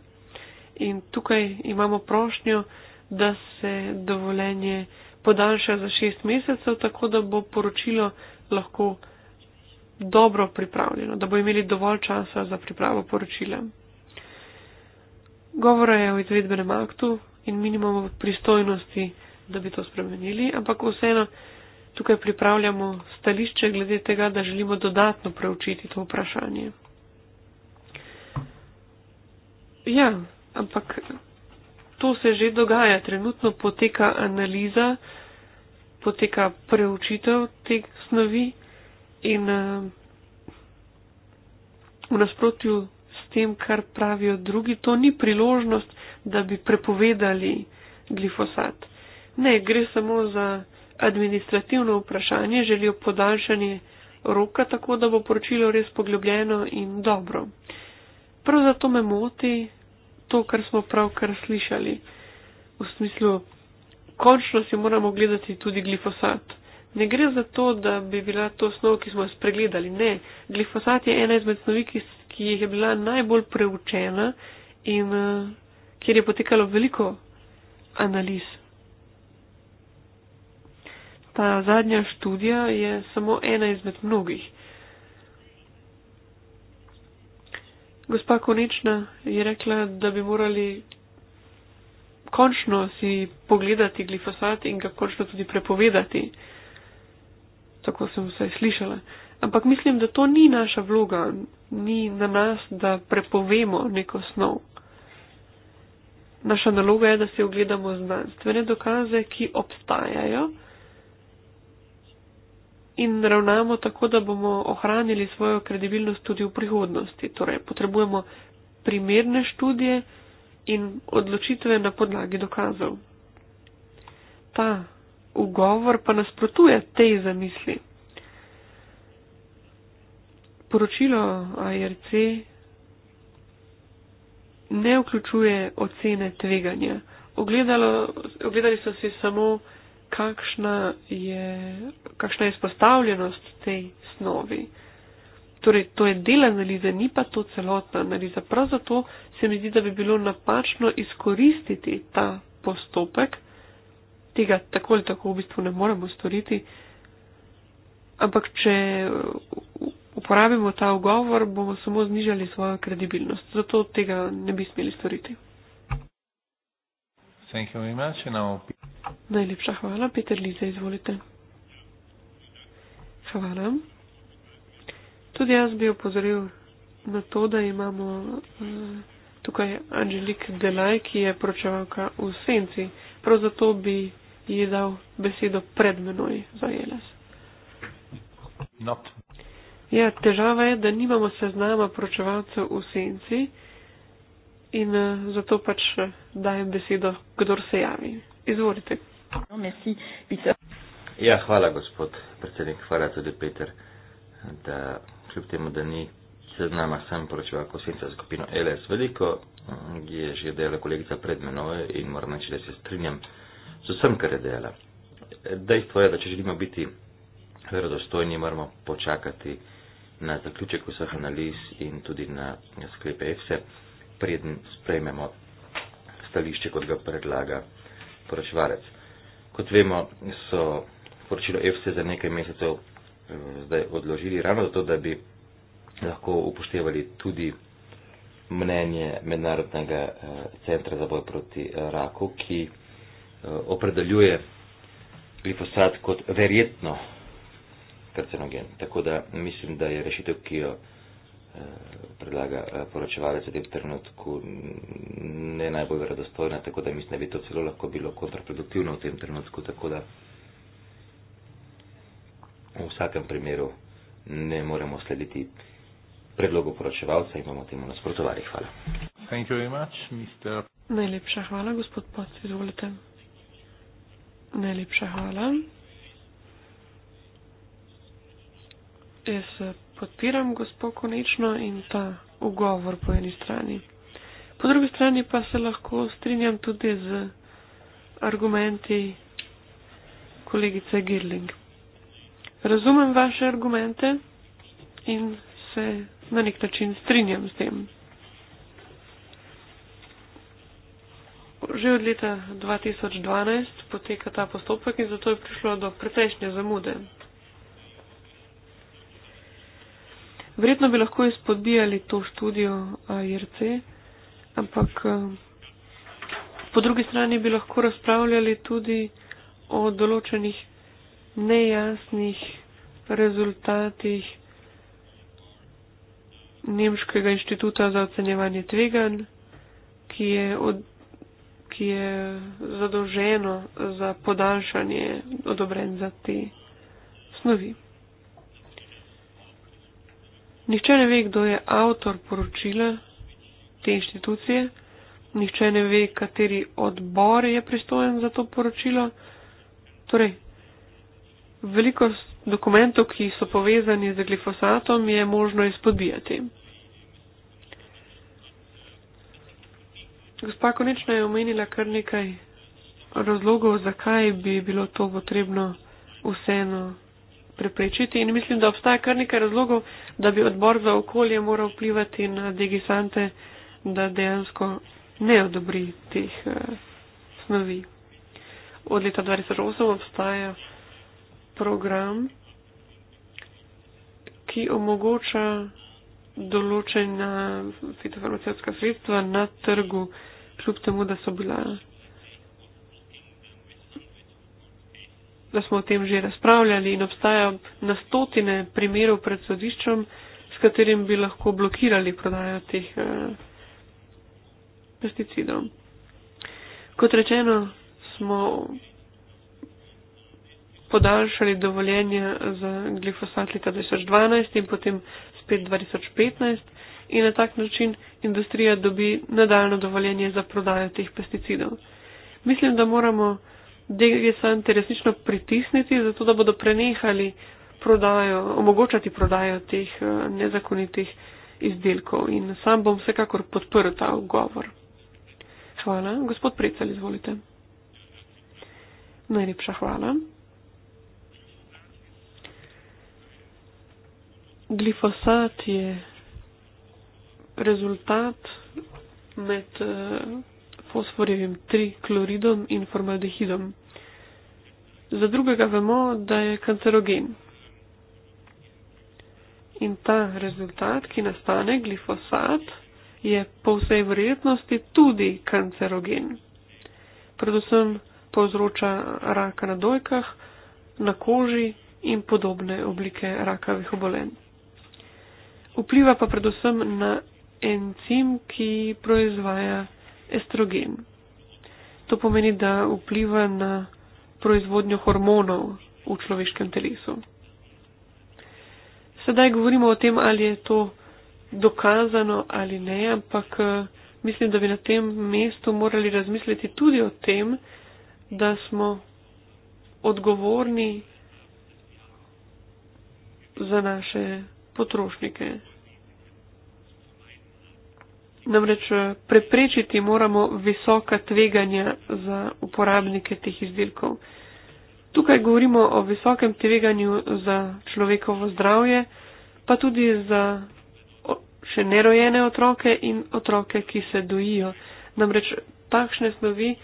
in tukaj imamo prošnjo, da se dovoljenje podaljša za šest mesecev, tako da bo poročilo lahko dobro pripravljeno, da bo imeli dovolj časa za pripravo poročila. Govora je o izvedbenem aktu in minimumu pristojnosti, da bi to spremenili, ampak vseeno tukaj pripravljamo stališče glede tega, da želimo dodatno preučiti to vprašanje. Ja, ampak to se že dogaja. Trenutno poteka analiza, poteka preučitev te snovi in eh, v nasprotju s tem, kar pravijo drugi, to ni priložnost, da bi prepovedali glifosat. Ne, gre samo za administrativno vprašanje, želijo podaljšanje roka, tako da bo poročilo res poglobljeno in dobro. Prav zato me moti to, kar smo pravkar slišali. V smislu, končno si moramo gledati tudi glifosat. Ne gre za to, da bi bila to snov, ki smo jo spregledali. Ne, glifosat je ena izmed snovi, ki, ki je bila najbolj preučena in uh, kjer je potekalo veliko analiz. Ta zadnja študija je samo ena izmed mnogih. Gospa Konečna je rekla, da bi morali končno si pogledati glifosat in ga končno tudi prepovedati. Tako sem vsaj slišala. Ampak mislim, da to ni naša vloga, ni na nas, da prepovemo neko snov. Naša naloga je, da si ogledamo znanstvene dokaze, ki obstajajo in ravnamo tako, da bomo ohranili svojo kredibilnost tudi v prihodnosti. Torej, potrebujemo primerne študije in odločitve na podlagi dokazov. Ta ugovor pa nasprotuje tej zamisli. Poročilo ARC ne vključuje ocene tveganja. Ogledalo, ogledali so si samo kakšna je, kakšna je izpostavljenost tej snovi. Torej, to je del analize, ni pa to celotna analiza. Prav zato se mi zdi, da bi bilo napačno izkoristiti ta postopek, tega tako ali tako v bistvu ne moremo storiti, ampak če uporabimo ta ogovor, bomo samo znižali svojo kredibilnost. Zato tega ne bi smeli storiti. Thank you very much. Now... Najlepša hvala. Peter Liza, izvolite. Hvala. Tudi jaz bi opozoril na to, da imamo uh, tukaj Angelik Delaj, ki je pročevalka v senci. Prav zato bi ji dal besedo pred menoj za Jeles. Not. Ja, težava je, da nimamo seznama pročevalcev v senci in eh, zato pač eh, dajem besedo, kdor se javi. Izvolite. No, ja, hvala, gospod predsednik, hvala tudi Peter, da kljub temu, da ni seznama, sem poročeval kosenca skupino LS veliko, mm, je že delala kolegica pred menoj in moram reči, da se strinjam z vsem, kar je delala. Dejstvo je, da če želimo biti verodostojni, moramo počakati na zaključek vseh analiz in tudi na sklepe EFSE preden sprejmemo stališče, kot ga predlaga poročevalec. Kot vemo, so poročilo EFSE za nekaj mesecev eh, zdaj odložili ravno zato, da bi lahko upoštevali tudi mnenje Mednarodnega eh, centra za boj proti eh, raku, ki opredeljuje glifosat kot verjetno karcinogen. Tako da mislim, da je rešitev, ki jo Eh, predlaga eh, poročevalec v tem trenutku mm, ne najbolj verodostojna, tako da mislim, da bi to celo lahko bilo kontraproduktivno v tem trenutku, tako da v vsakem primeru ne moremo slediti predlogu poročevalca in bomo temu nasprotovali. Hvala. Thank you very much, Mr. Najlepša hvala, gospod Pac, izvolite. Najlepša hvala. Jaz eh, podpiram gospo konečno in ta ugovor po eni strani. Po drugi strani pa se lahko strinjam tudi z argumenti kolegice Girling. Razumem vaše argumente in se na nek način strinjam s tem. Že od leta 2012 poteka ta postopek in zato je prišlo do precejšnje zamude. Verjetno bi lahko izpodbijali to študijo IRC, ampak po drugi strani bi lahko razpravljali tudi o določenih nejasnih rezultatih Nemškega inštituta za ocenjevanje tveganj, ki je, od, ki je zadolženo za podaljšanje odobren za te snovi. Nihče ne ve, kdo je avtor poročila te inštitucije, nihče ne ve, kateri odbor je pristojen za to poročilo. Torej, veliko dokumentov, ki so povezani z glifosatom, je možno izpodbijati. Gospa Konečna je omenila kar nekaj razlogov, zakaj bi bilo to potrebno vseeno preprečiti in mislim, da obstaja kar nekaj razlogov, da bi odbor za okolje moral vplivati na degisante, da dejansko ne odobri teh eh, snovi. Od leta 2008 obstaja program, ki omogoča določena fitofarmacijska sredstva na trgu, kljub temu, da so bila da smo o tem že razpravljali in obstaja na stotine primerov pred sodiščem, s katerim bi lahko blokirali prodajo teh eh, pesticidov. Kot rečeno, smo podaljšali dovoljenje za glifosat leta 2012 in potem spet 2015 in na tak način industrija dobi nadaljno dovoljenje za prodajo teh pesticidov. Mislim, da moramo DGS-ant resnično pritisniti, zato da bodo prenehali prodajo, omogočati prodajo teh eh, nezakonitih izdelkov. In sam bom vsekakor podprl ta ugovor. Hvala. Gospod Precelj, izvolite. Najlepša hvala. Glifosat je rezultat med. Uh, fosforjevim trikloridom in formaldehidom. Za drugega vemo, da je kancerogen. In ta rezultat, ki nastane glifosat, je po vsej verjetnosti tudi kancerogen. Predvsem povzroča raka na dojkah, na koži in podobne oblike rakavih obolenj. Vpliva pa predvsem na encim, ki proizvaja estrogen. To pomeni, da vpliva na proizvodnjo hormonov v človeškem telesu. Sedaj govorimo o tem, ali je to dokazano ali ne, ampak eh, mislim, da bi na tem mestu morali razmisliti tudi o tem, da smo odgovorni za naše potrošnike, Namreč eh, preprečiti moramo visoka tveganja za uporabnike teh izdelkov. Tukaj govorimo o visokem tveganju za človekovo zdravje, pa tudi za še nerojene otroke in otroke, ki se dojijo. Namreč takšne snovi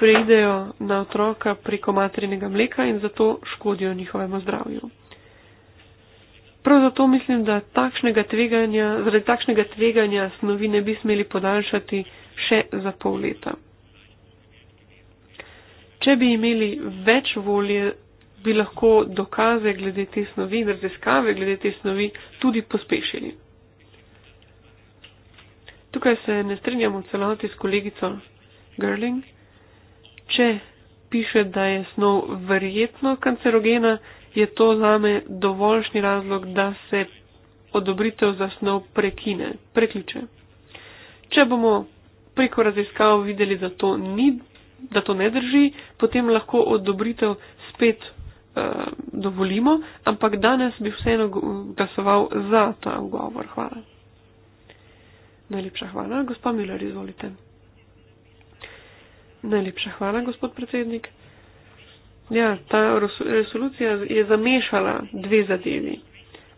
preidejo na otroka preko materinega mleka in zato škodijo njihovemu zdravju. Prav zato mislim, da takšnega tveganja, zaradi takšnega tveganja snovi ne bi smeli podaljšati še za pol leta. Če bi imeli več volje, bi lahko dokaze glede te snovi in raziskave glede te snovi tudi pospešili. Tukaj se ne strinjamo celoti s kolegico Gerling. Če piše, da je snov verjetno kancerogena, je to zame dovoljšnji razlog, da se odobritev zasnov prekine, prekliče. Če bomo preko raziskav videli, da to, ni, da to ne drži, potem lahko odobritev spet eh, dovolimo, ampak danes bi vseeno glasoval za ta ugovor. Hvala. Najlepša hvala, gospod Miller, izvolite. Najlepša hvala, gospod predsednik. Ja, ta resolucija je zamešala dve zadevi.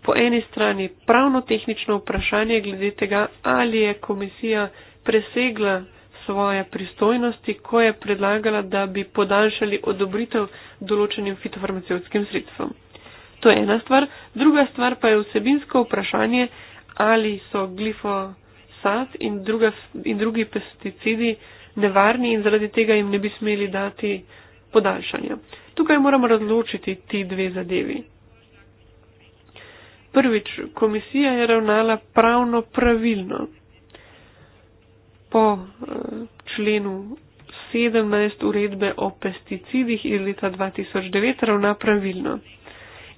Po eni strani pravno-tehnično vprašanje glede tega, ali je komisija presegla svoje pristojnosti, ko je predlagala, da bi podaljšali odobritev določenim fitofarmacevskim sredstvom. To je ena stvar. Druga stvar pa je vsebinsko vprašanje, ali so glifosat in, druga, in drugi pesticidi nevarni in zaradi tega jim ne bi smeli dati podaljšanja. Tukaj moramo razločiti ti dve zadevi. Prvič, komisija je ravnala pravno pravilno po eh, členu 17 uredbe o pesticidih iz leta 2009 ravna pravilno.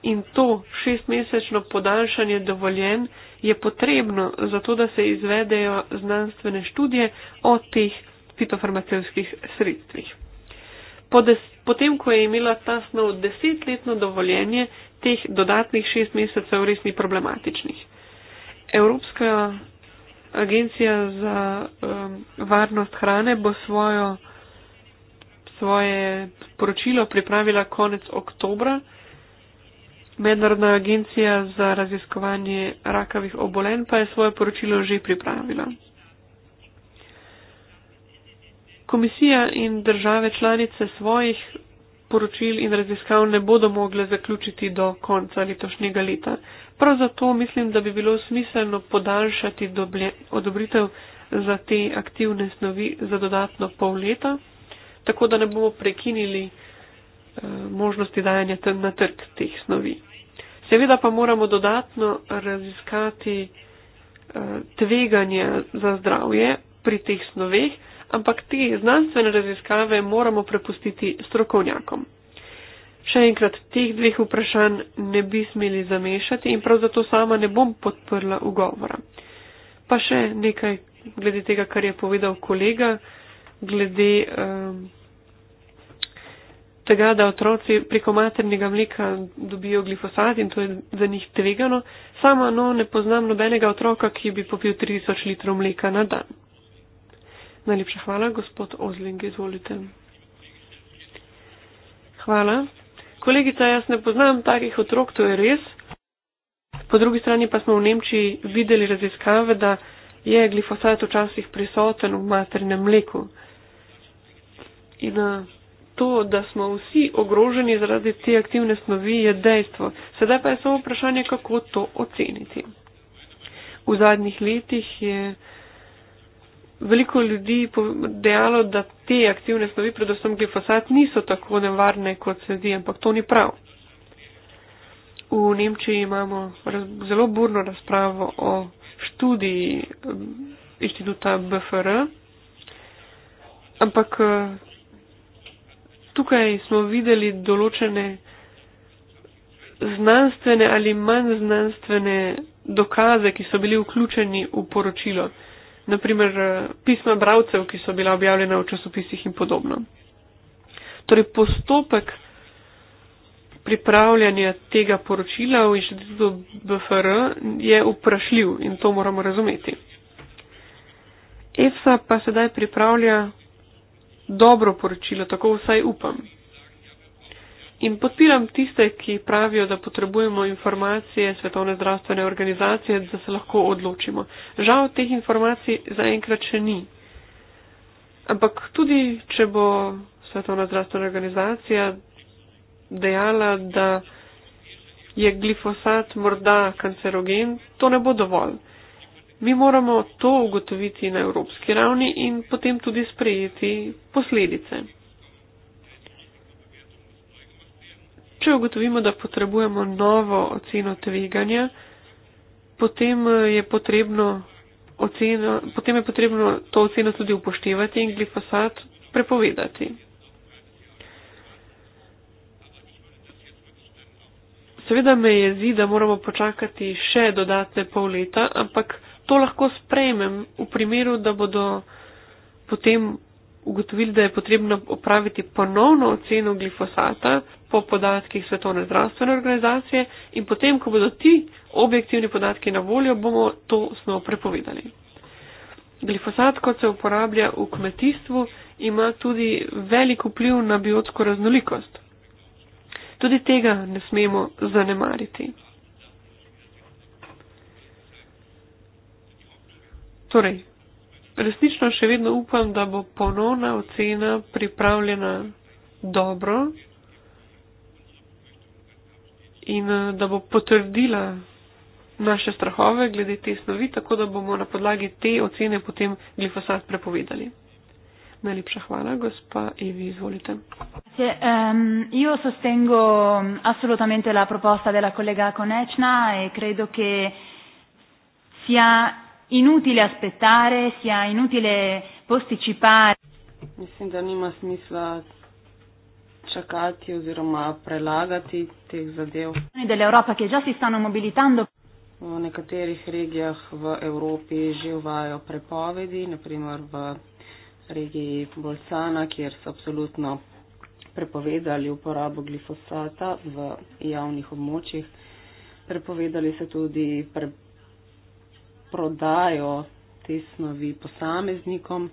In to šestmesečno podaljšanje dovoljen je potrebno zato, da se izvedejo znanstvene študije o teh fitofarmacevskih sredstvih potem, ko je imela ta snov desetletno dovoljenje, teh dodatnih šest mesecev res ni problematičnih. Evropska agencija za um, varnost hrane bo svojo, svoje poročilo pripravila konec oktobra. Mednarodna agencija za raziskovanje rakavih obolenj pa je svoje poročilo že pripravila komisija in države članice svojih poročil in raziskav ne bodo mogle zaključiti do konca letošnjega leta. Prav zato mislim, da bi bilo smiselno podaljšati doble, odobritev za te aktivne snovi za dodatno pol leta, tako da ne bomo prekinili eh, možnosti dajanja na trg teh snovi. Seveda pa moramo dodatno raziskati eh, tveganje za zdravje pri teh snoveh, ampak te znanstvene raziskave moramo prepustiti strokovnjakom. Še enkrat, teh dveh vprašanj ne bi smeli zamešati in prav zato sama ne bom podprla ugovora. Pa še nekaj glede tega, kar je povedal kolega, glede um, tega, da otroci preko maternega mleka dobijo glifosat in to je za njih tvegano. Sama no, ne poznam nobenega otroka, ki bi popil 3000 litrov mleka na dan. Najlepša hvala, gospod Ozling, izvolite. Hvala. Kolegica, jaz ne poznam takih otrok, to je res. Po drugi strani pa smo v Nemčiji videli raziskave, da je glifosat včasih prisoten v maternem mleku. In to, da smo vsi ogroženi zaradi te aktivne snovi, je dejstvo. Sedaj pa je samo vprašanje, kako to oceniti. V zadnjih letih je veliko ljudi dejalo, da te aktivne snovi, predvsem glifosat, niso tako nevarne, kot se zdi, ampak to ni prav. V Nemčiji imamo raz, zelo burno razpravo o študiji inštituta BFR, ampak eh, tukaj smo videli določene znanstvene ali manj znanstvene dokaze, ki so bili vključeni v poročilo naprimer eh, pisma bravcev, ki so bila objavljena v časopisih in podobno. Torej postopek pripravljanja tega poročila v inštitutu BFR je vprašljiv in to moramo razumeti. EFSA pa sedaj pripravlja dobro poročilo, tako vsaj upam in podpiram tiste, ki pravijo, da potrebujemo informacije Svetovne zdravstvene organizacije, da se lahko odločimo. Žal teh informacij zaenkrat še ni. Ampak tudi, če bo Svetovna zdravstvena organizacija dejala, da je glifosat morda kancerogen, to ne bo dovolj. Mi moramo to ugotoviti na evropski ravni in potem tudi sprejeti posledice. Če ugotovimo, da potrebujemo novo oceno tveganja, potem eh, je potrebno, oceno, potem je potrebno to oceno tudi upoštevati in glifosat prepovedati. Seveda me je zdi, da moramo počakati še dodatne pol leta, ampak to lahko sprejmem v primeru, da bodo potem ugotovili, da je potrebno opraviti ponovno oceno glifosata, po podatkih Svetovne zdravstvene organizacije in potem, ko bodo ti objektivni podatki na voljo, bomo to snov prepovedali. Glifosat, kot se uporablja v kmetijstvu, ima tudi velik vpliv na biotsko raznolikost. Tudi tega ne smemo zanemariti. Torej, resnično še vedno upam, da bo ponovna ocena pripravljena dobro, in eh, da bo potrdila naše strahove glede te snovi, tako da bomo na podlagi te ocene potem glifosat prepovedali. Najlepša hvala, gospa Evi, izvolite. Sì, um, ehm, io sostengo mm, assolutamente la proposta della collega Konechna e credo che sia inutile aspettare, sia inutile posticipare. Mislim, da nima smisla čakati oziroma prelagati teh zadev. V nekaterih regijah v Evropi že uvajo prepovedi, naprimer v regiji Bolsana, kjer so absolutno prepovedali uporabo glifosata v javnih območjih. Prepovedali so tudi pre prodajo te snovi posameznikom.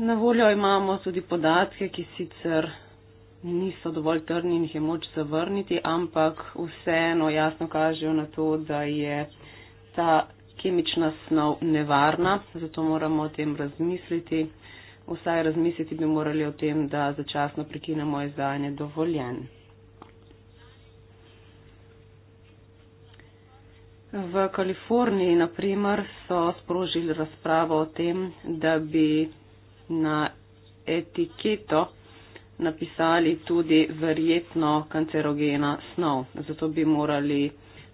Na voljo imamo tudi podatke, ki sicer niso dovolj trdni in jih je moč zavrniti, ampak vseeno jasno kažejo na to, da je ta kemična snov nevarna, zato moramo o tem razmisliti. Vsaj razmisliti bi morali o tem, da začasno prekinemo izdajanje dovoljen. V Kaliforniji, naprimer, so sprožili razpravo o tem, da bi na etiketo napisali tudi verjetno kancerogena snov. Zato bi morali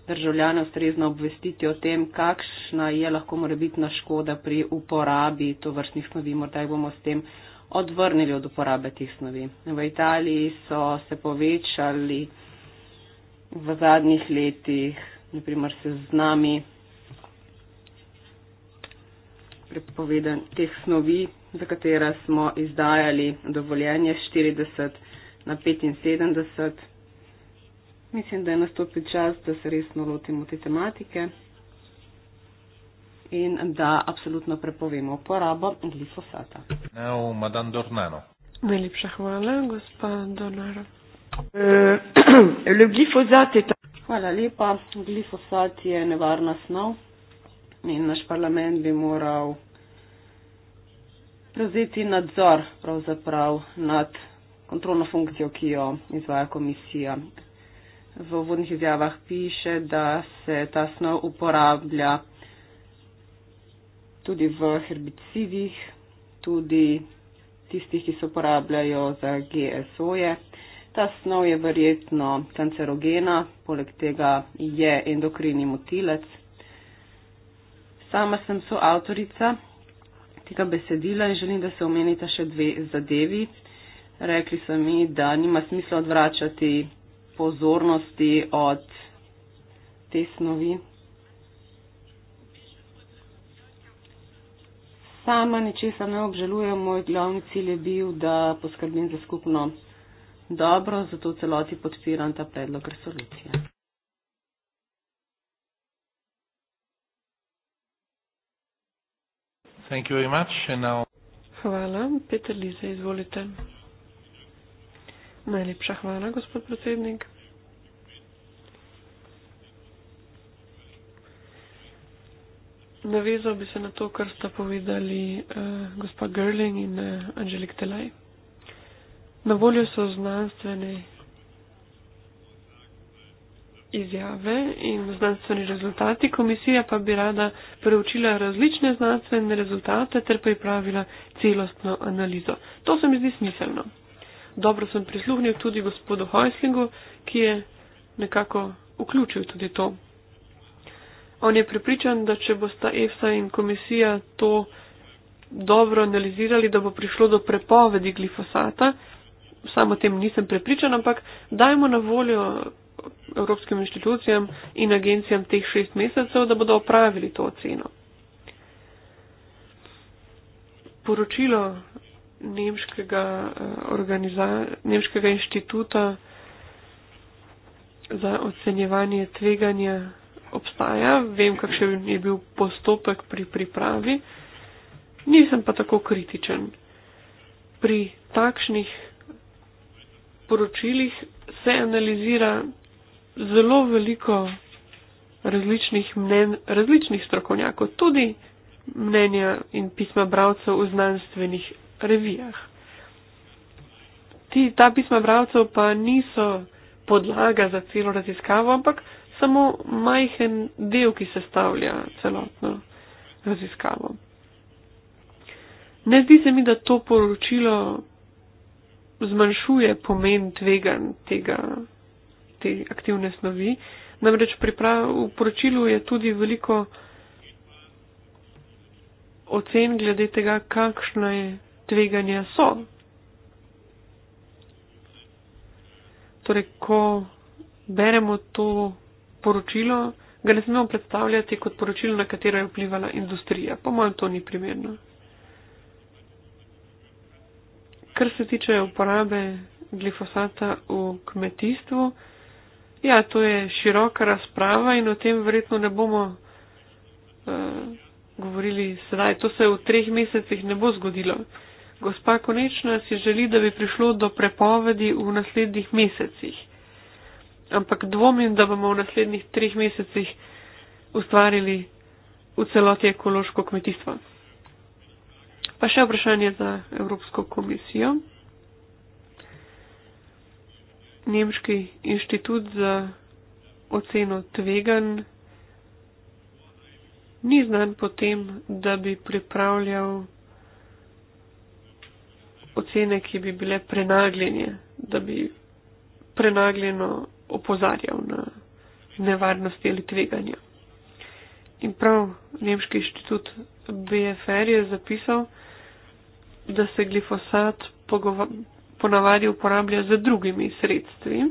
državljane ustrezno obvestiti o tem, kakšna je lahko morebitna škoda pri uporabi to vrstnih snovi, morda jih bomo s tem odvrnili od uporabe teh snovi. V Italiji so se povečali v zadnjih letih, naprimer se z nami prepovedan teh snovi, za katere smo izdajali dovoljenje 40 na 75. Mislim, da je nastopil čas, da se resno lotimo te tematike in da absolutno prepovemo uporabo glifosata. Najlepša hvala, gospa Donara. Eh, hvala lepa. Glifosat je nevarna snov in naš parlament bi moral prevzeti nadzor nad kontrolno funkcijo, ki jo izvaja komisija. V vodnih izjavah piše, da se ta snov uporablja tudi v herbicidih, tudi tistih, ki se uporabljajo za GSO-je. Ta snov je verjetno kancerogena, poleg tega je endokrini motilec. Sama sem soavtorica tega besedila in želim, da se omenite še dve zadevi. Rekli so mi, da nima smisla odvračati pozornosti od te snovi. Sama ničesa ne obžalujem, moj glavni cilj je bil, da poskrbim za skupno dobro, zato celoti podpiram ta predlog resolucije. Thank you very much. Now... Hvala. Peter Lize, izvolite. Najlepša hvala, gospod predsednik. Navezal bi se na to, kar sta povedali uh, eh, gospod Gerling in uh, eh, Angelik Telaj. Na voljo so znanstvene izjave in znanstveni rezultati. Komisija pa bi rada preučila različne znanstvene rezultate ter pripravila celostno analizo. To se mi zdi smiselno. Dobro sem prisluhnil tudi gospodu Hojslingu, ki je nekako vključil tudi to. On je pripričan, da če bosta EFSA in komisija to dobro analizirali, da bo prišlo do prepovedi glifosata. Samo tem nisem prepričan, ampak dajmo na voljo evropskim inštitucijam in agencijam teh šest mesecev, da bodo opravili to oceno. Poročilo nemškega, eh, organiza, nemškega inštituta za ocenjevanje tveganja obstaja. Vem, kakšen je bil postopek pri pripravi. Nisem pa tako kritičen. Pri takšnih poročilih se analizira zelo veliko različnih mnen, različnih strokovnjakov, tudi mnenja in pisma bravcev v znanstvenih revijah. Ti, ta pisma bravcev pa niso podlaga za celo raziskavo, ampak samo majhen del, ki se stavlja celotno raziskavo. Ne zdi se mi, da to poročilo zmanjšuje pomen tvegan tega te aktivne snovi. Namreč priprav, v poročilu je tudi veliko ocen glede tega, kakšno je tveganje so. Torej, ko beremo to poročilo, ga ne smemo predstavljati kot poročilo, na katero je vplivala industrija. Po mojem, to ni primerno. Kar se tiče uporabe glifosata v kmetijstvu, Ja, to je široka razprava in o tem verjetno ne bomo uh, govorili sedaj. To se v treh mesecih ne bo zgodilo. Gospa Konečna si želi, da bi prišlo do prepovedi v naslednjih mesecih. Ampak dvomim, da bomo v naslednjih treh mesecih ustvarili v celoti ekološko kmetijstvo. Pa še vprašanje za Evropsko komisijo. Nemški inštitut za oceno tvegan ni znan potem, da bi pripravljal ocene, ki bi bile prenagljenje, da bi prenagljeno opozarjal na nevarnosti ali tveganja. In prav Nemški inštitut BFR je zapisal, da se glifosat ponavadi uporablja z drugimi sredstvi,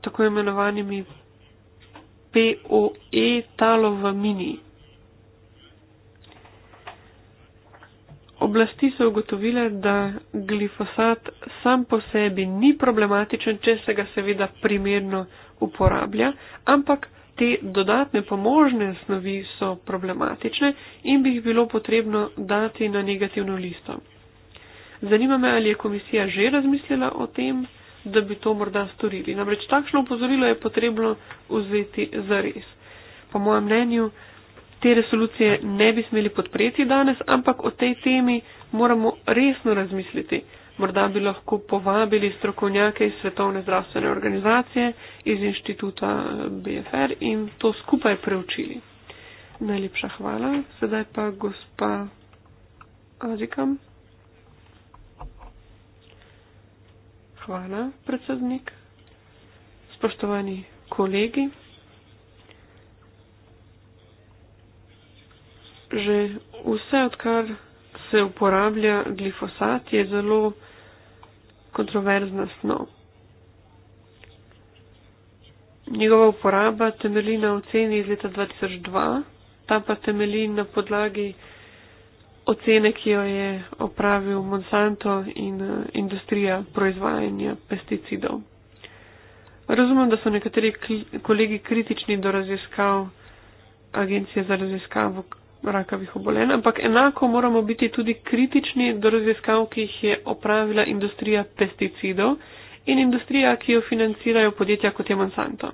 tako imenovanimi POE talovamini. Oblasti so ugotovile, da glifosat sam po sebi ni problematičen, če se ga seveda primerno uporablja, ampak te dodatne pomožne snovi so problematične in bi jih bilo potrebno dati na negativno listo. Zanima me, ali je komisija že razmislila o tem, da bi to morda storili. Namreč takšno upozorilo je potrebno vzeti za res. Po mojem mnenju, te resolucije ne bi smeli podpreti danes, ampak o tej temi moramo resno razmisliti morda bi lahko povabili strokovnjake iz Svetovne zdravstvene organizacije, iz inštituta BFR in to skupaj preučili. Najlepša hvala. Sedaj pa gospa Azikam. Hvala, predsednik. Spoštovani kolegi. Že vse, odkar se uporablja glifosat, je zelo kontroverznost. No. Njegova uporaba temelji na oceni iz leta 2002, ta pa temelji na podlagi ocene, ki jo je opravil Monsanto in eh, industrija proizvajanja pesticidov. Razumem, da so nekateri kolegi kritični do raziskav Agencije za raziskavo rakavih obolenj, ampak enako moramo biti tudi kritični do raziskav, ki jih je opravila industrija pesticidov in industrija, ki jo financirajo podjetja kot je Monsanto.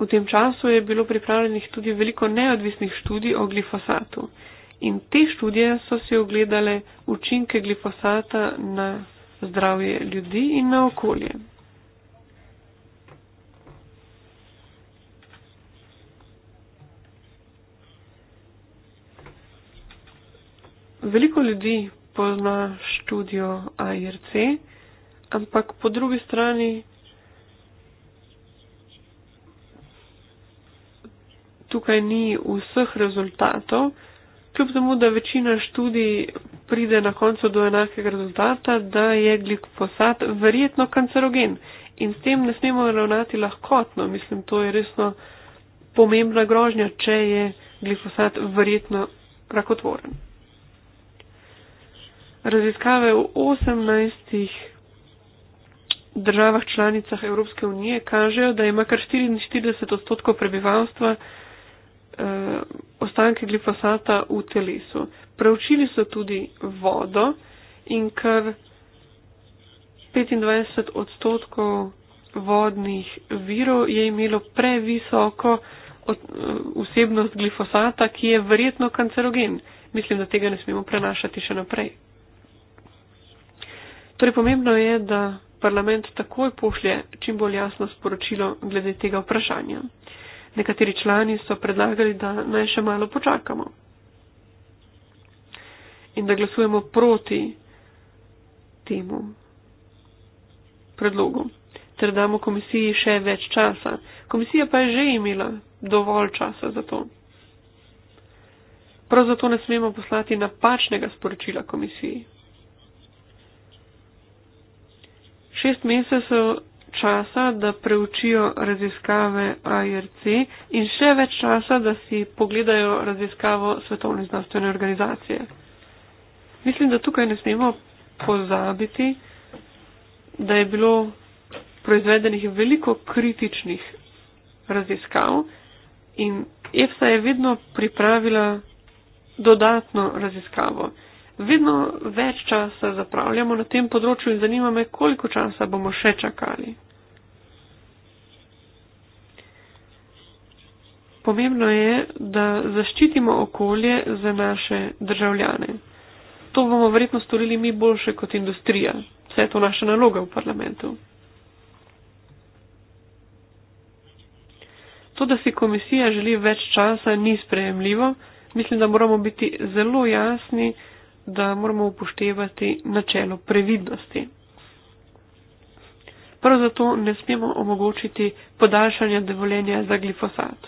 V tem času je bilo pripravljenih tudi veliko neodvisnih študij o glifosatu in te študije so si ogledale učinke glifosata na zdravje ljudi in na okolje. Veliko ljudi pozna študijo ARC, ampak po drugi strani tukaj ni vseh rezultatov, kljub temu, da večina študij pride na koncu do enakega rezultata, da je glikosat verjetno kancerogen. In s tem ne smemo ravnati lahkotno. Mislim, to je resno pomembna grožnja, če je glifosat verjetno rakotvoren raziskave v 18 državah članicah Evropske unije kažejo, da ima kar 44 odstotkov prebivalstva eh, ostanke glifosata v telesu. Preučili so tudi vodo in kar 25 odstotkov vodnih virov je imelo previsoko eh, vsebnost glifosata, ki je verjetno kancerogen. Mislim, da tega ne smemo prenašati še naprej. Torej, pomembno je, da parlament takoj pošlje čim bolj jasno sporočilo glede tega vprašanja. Nekateri člani so predlagali, da naj še malo počakamo in da glasujemo proti temu predlogu, ter damo komisiji še več časa. Komisija pa je že imela dovolj časa za to. Prav zato ne smemo poslati napačnega sporočila komisiji. Šest mesecev časa, da preučijo raziskave ARC in še več časa, da si pogledajo raziskavo Svetovne znanstvene organizacije. Mislim, da tukaj ne smemo pozabiti, da je bilo proizvedenih veliko kritičnih raziskav in EFSA je vedno pripravila dodatno raziskavo vedno več časa zapravljamo na tem področju in zanima me, koliko časa bomo še čakali. Pomembno je, da zaščitimo okolje za naše državljane. To bomo verjetno storili mi boljše kot industrija. Vse je to naša naloga v parlamentu. To, da si komisija želi več časa, ni sprejemljivo. Mislim, da moramo biti zelo jasni, da moramo upoštevati načelo previdnosti. Prav zato ne smemo omogočiti podaljšanja dovoljenja za glifosat.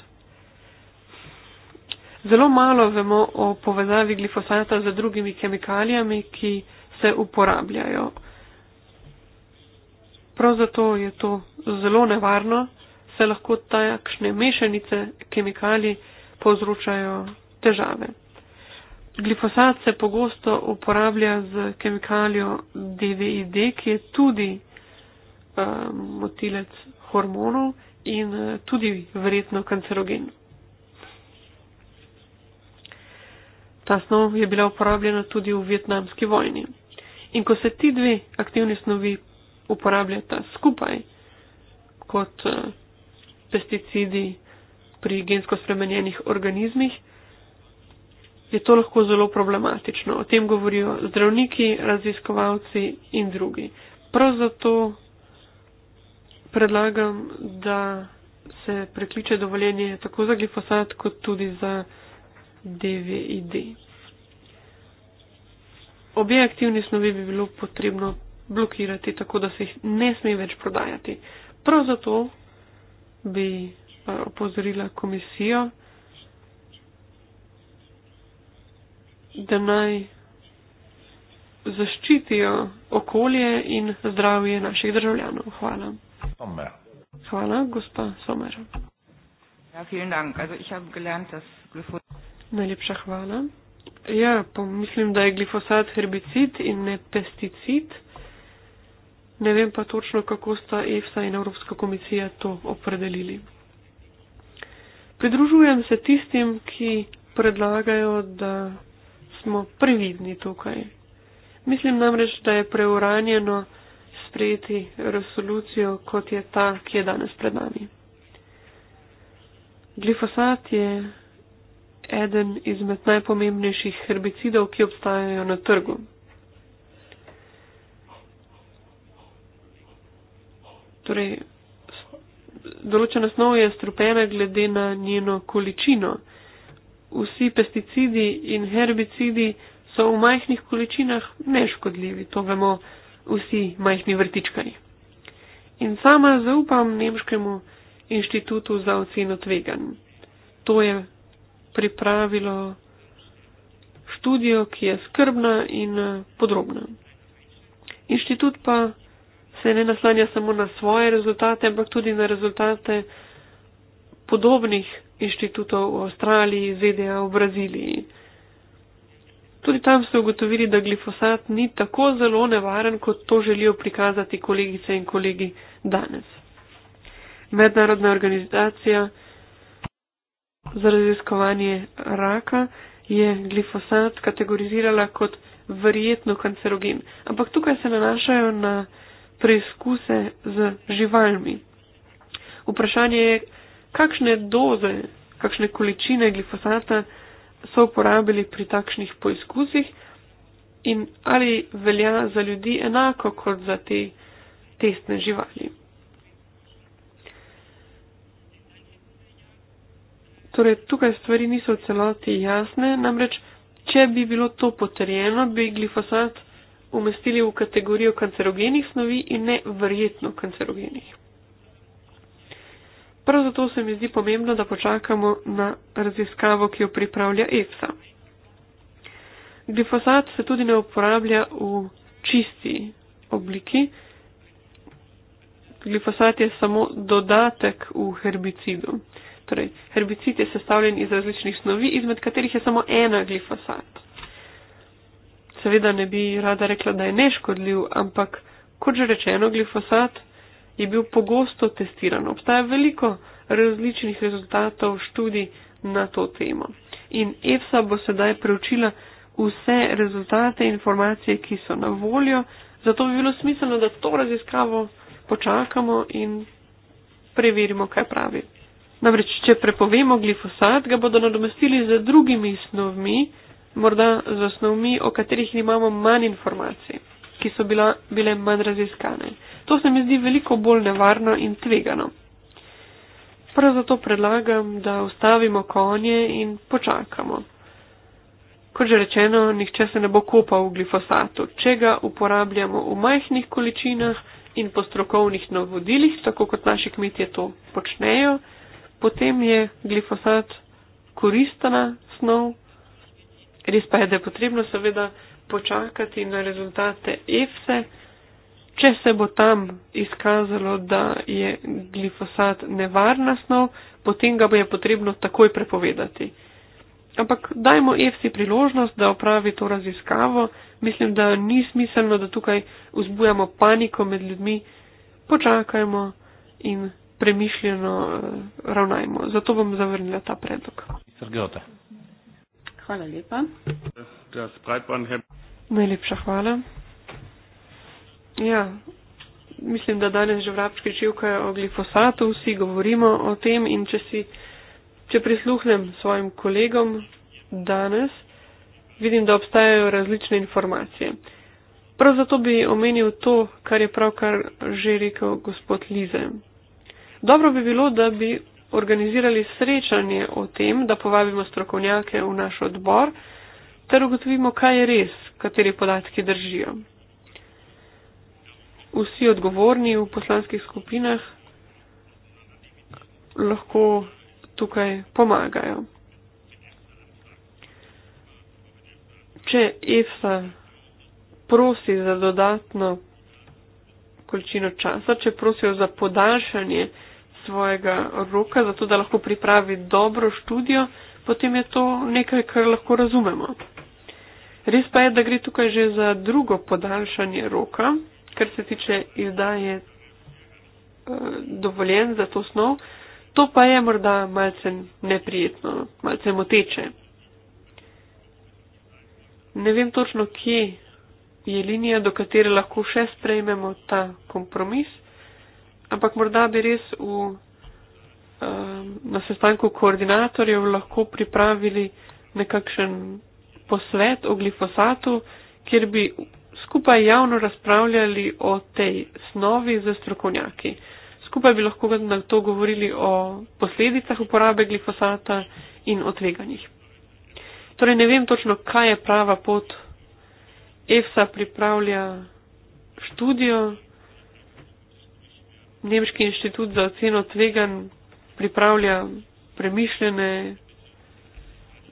Zelo malo vemo o povezavi glifosata z drugimi kemikalijami, ki se uporabljajo. Prav zato je to zelo nevarno, saj lahko takšne mešanice kemikalij povzročajo težave. Glifosat se pogosto uporablja z kemikalijo DVID, ki je tudi um, motilec hormonov in uh, tudi verjetno kancerogen. Ta snov je bila uporabljena tudi v vietnamski vojni. In ko se ti dve aktivni snovi uporabljata skupaj kot uh, pesticidi pri gensko spremenjenih organizmih, je to lahko zelo problematično. O tem govorijo zdravniki, raziskovalci in drugi. Prav zato predlagam, da se prekliče dovoljenje tako za glifosat, kot tudi za DVID. Obje aktivni snovi bi bilo potrebno blokirati, tako da se jih ne sme več prodajati. Prav zato bi eh, opozorila komisijo, da naj zaščitijo okolje in zdravje naših državljanov. Hvala. Somer. Hvala, gospa Somer. Ja, dank. Also, ich gelernt, dass Najlepša hvala. Ja, pomislim, da je glifosat herbicid in ne pesticid. Ne vem pa točno, kako sta EFSA in Evropska komisija to opredelili. Pridružujem se tistim, ki predlagajo, da smo previdni tukaj. Mislim namreč, da je preuranjeno sprejeti resolucijo, kot je ta, ki je danes pred nami. Glifosat je eden izmed najpomembnejših herbicidov, ki obstajajo na trgu. Torej, določena snov je strupena glede na njeno količino vsi pesticidi in herbicidi so v majhnih količinah neškodljivi, to vemo vsi majhni vrtičkari. In sama zaupam Nemškemu inštitutu za oceno tvegan. To je pripravilo študijo, ki je skrbna in eh, podrobna. Inštitut pa se ne naslanja samo na svoje rezultate, ampak tudi na rezultate podobnih inštitutov v Avstraliji, ZDA v Braziliji. Tudi tam so ugotovili, da glifosat ni tako zelo nevaren, kot to želijo prikazati kolegice in kolegi danes. Mednarodna organizacija za raziskovanje raka je glifosat kategorizirala kot verjetno kancerogen. Ampak tukaj se nanašajo na preizkuse z živalmi. Vprašanje je, kakšne doze, kakšne količine glifosata so uporabili pri takšnih poizkusih in ali velja za ljudi enako kot za te testne živali. Torej, tukaj stvari niso v celoti jasne, namreč, če bi bilo to potrjeno, bi glifosat umestili v kategorijo kancerogenih snovi in ne verjetno kancerogenih. Prav zato se mi zdi pomembno, da počakamo na raziskavo, ki jo pripravlja EFSA. Glifosat se tudi ne uporablja v čisti obliki. Glifosat je samo dodatek v herbicidu. Torej, herbicid je sestavljen iz različnih snovi, izmed katerih je samo ena glifosat. Seveda ne bi rada rekla, da je neškodljiv, ampak kot že rečeno, glifosat je bil pogosto testiran. Obstaja veliko različnih rezultatov študij na to temo. In EFSA bo sedaj preučila vse rezultate in informacije, ki so na voljo, zato bi bilo smiselno, da to raziskavo počakamo in preverimo, kaj pravi. Namreč, če prepovemo glifosat, ga bodo nadomestili z drugimi snovmi, morda z snovmi, o katerih imamo manj informacij, ki so bila, bile manj raziskane. To se mi zdi veliko bolj nevarno in tvegano. Prav zato predlagam, da ustavimo konje in počakamo. Kot že rečeno, nihče se ne bo kopal v glifosatu, če ga uporabljamo v majhnih količinah in po strokovnih navodilih, tako kot naši kmetje to počnejo, potem je glifosat koristena snov. Res pa je, da je potrebno seveda počakati na rezultate EFSE če se bo tam izkazalo, da je glifosat nevarna snov, potem ga bo je potrebno takoj prepovedati. Ampak dajmo EFSI priložnost, da opravi to raziskavo. Mislim, da ni smiselno, da tukaj vzbujamo paniko med ljudmi. Počakajmo in premišljeno eh, ravnajmo. Zato bom zavrnila ta predlog. Srgeote. Hvala lepa. Najlepša hvala. Ja, mislim, da danes že vrabčki čivkajo o glifosatu, vsi govorimo o tem in če si, če prisluhnem svojim kolegom danes, vidim, da obstajajo različne informacije. Prav zato bi omenil to, kar je pravkar že rekel gospod Lize. Dobro bi bilo, da bi organizirali srečanje o tem, da povabimo strokovnjake v naš odbor, ter ugotovimo, kaj je res, kateri podatki držijo vsi odgovorni v poslanskih skupinah lahko tukaj pomagajo. Če EFSA prosi za dodatno količino časa, če prosijo za podaljšanje svojega roka, zato da lahko pripravi dobro študijo, potem je to nekaj, kar lahko razumemo. Res pa je, da gre tukaj že za drugo podaljšanje roka, kar se tiče izdaje eh, dovoljen za to snov, to pa je morda malce neprijetno, malce moteče. Ne vem točno, kje je linija, do katere lahko še sprejmemo ta kompromis, ampak morda bi res v, eh, na sestanku koordinatorjev lahko pripravili nekakšen posvet o glifosatu, kjer bi skupaj javno razpravljali o tej snovi z strokovnjaki. Skupaj bi lahko na to govorili o posledicah uporabe glifosata in o tveganjih. Torej ne vem točno, kaj je prava pot. EFSA pripravlja študijo, Nemški inštitut za oceno tvegan pripravlja premišljene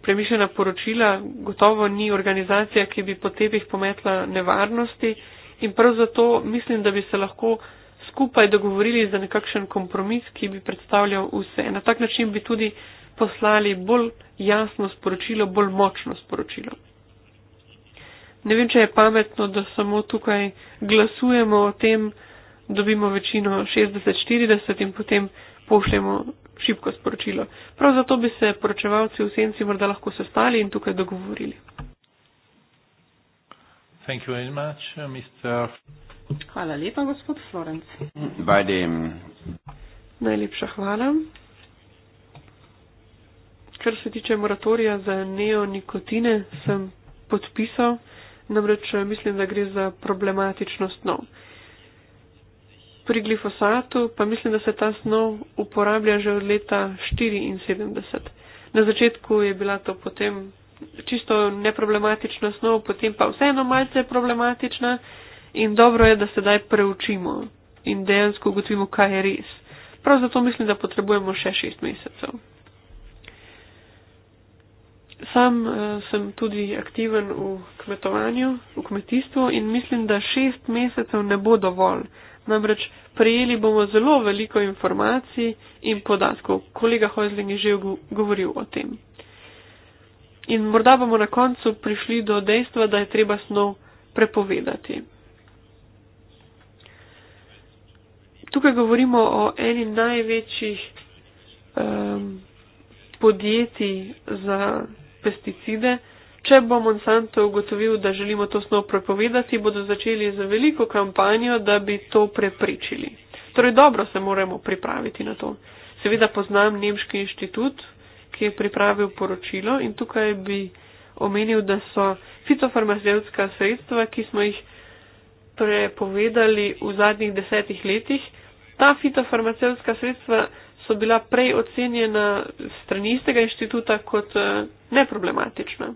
premišljena poročila, gotovo ni organizacija, ki bi po tebih pometla nevarnosti in prav zato mislim, da bi se lahko skupaj dogovorili za nekakšen kompromis, ki bi predstavljal vse. Na tak način bi tudi poslali bolj jasno sporočilo, bolj močno sporočilo. Ne vem, če je pametno, da samo tukaj glasujemo o tem, dobimo večino 60-40 in potem pošljemo šibko sporočilo. Prav zato bi se poročevalci v senci morda lahko sestali in tukaj dogovorili. Thank you very much, uh, Mr. Hvala lepa, gospod Florenc. Najlepša hvala. Kar se tiče moratorija za neonikotine, sem podpisal, namreč mislim, da gre za problematičnost nov pri glifosatu pa mislim, da se ta snov uporablja že od leta 1974. Na začetku je bila to potem čisto neproblematična snov, potem pa vseeno malce problematična in dobro je, da sedaj preučimo in dejansko ugotovimo, kaj je res. Prav zato mislim, da potrebujemo še šest mesecev. Sam uh, sem tudi aktiven v kmetovanju, v kmetijstvu in mislim, da šest mesecev ne bo dovolj. Uh, namreč prejeli bomo zelo veliko informacij in podatkov. Kolega Hojzling je že govoril o tem. In morda bomo na koncu prišli do dejstva, da je treba snov prepovedati. Tukaj govorimo o eni največjih um, podjetij za pesticide. Če bo Monsanto ugotovil, da želimo to snov prepovedati, bodo začeli z veliko kampanjo, da bi to prepričili. Torej, dobro se moramo pripraviti na to. Seveda poznam Nemški inštitut, ki je pripravil poročilo in tukaj bi omenil, da so fitofarmacevtska sredstva, ki smo jih prepovedali v zadnjih desetih letih, ta fitofarmacevtska sredstva so bila prej ocenjena strani istega inštituta kot eh, neproblematična.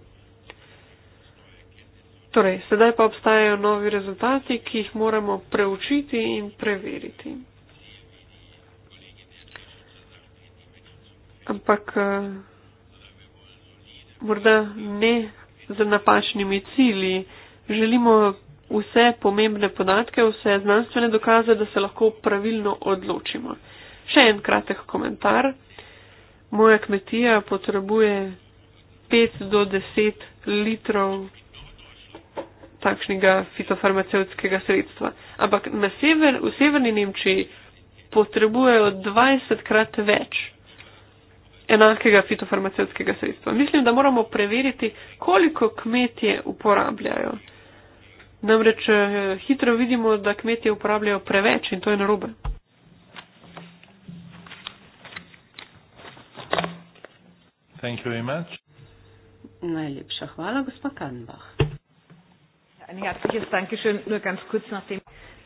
Torej, sedaj pa obstajajo novi rezultati, ki jih moramo preučiti in preveriti. Ampak eh, morda ne z napačnimi cili. Želimo vse pomembne podatke, vse znanstvene dokaze, da se lahko pravilno odločimo. Še en kratek komentar. Moja kmetija potrebuje 5 do 10 litrov takšnega fitofarmacevskega sredstva. Ampak sever, v severni Nemčiji potrebujejo 20 krat več enakega fitofarmacevskega sredstva. Mislim, da moramo preveriti, koliko kmetje uporabljajo. Namreč eh, hitro vidimo, da kmetje uporabljajo preveč in to je narobe. Najlepša hvala, gospa Kanbah.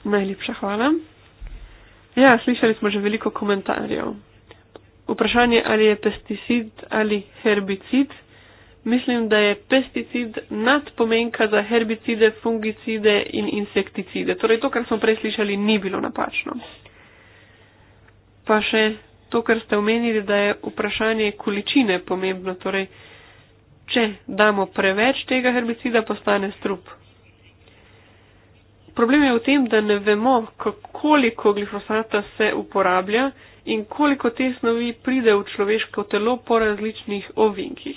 Najlepša hvala. Ja, slišali smo že veliko komentarjev. Vprašanje, ali je pesticid ali herbicid. Mislim, da je pesticid nadpomenka za herbicide, fungicide in insekticide. Torej, to, kar smo prej slišali, ni bilo napačno. Pa še to, kar ste omenili, da je vprašanje količine pomembno. Torej, če damo preveč tega herbicida, postane strup problem je v tem, da ne vemo, koliko glifosata se uporablja in koliko te snovi pride v človeško telo po različnih ovinkih.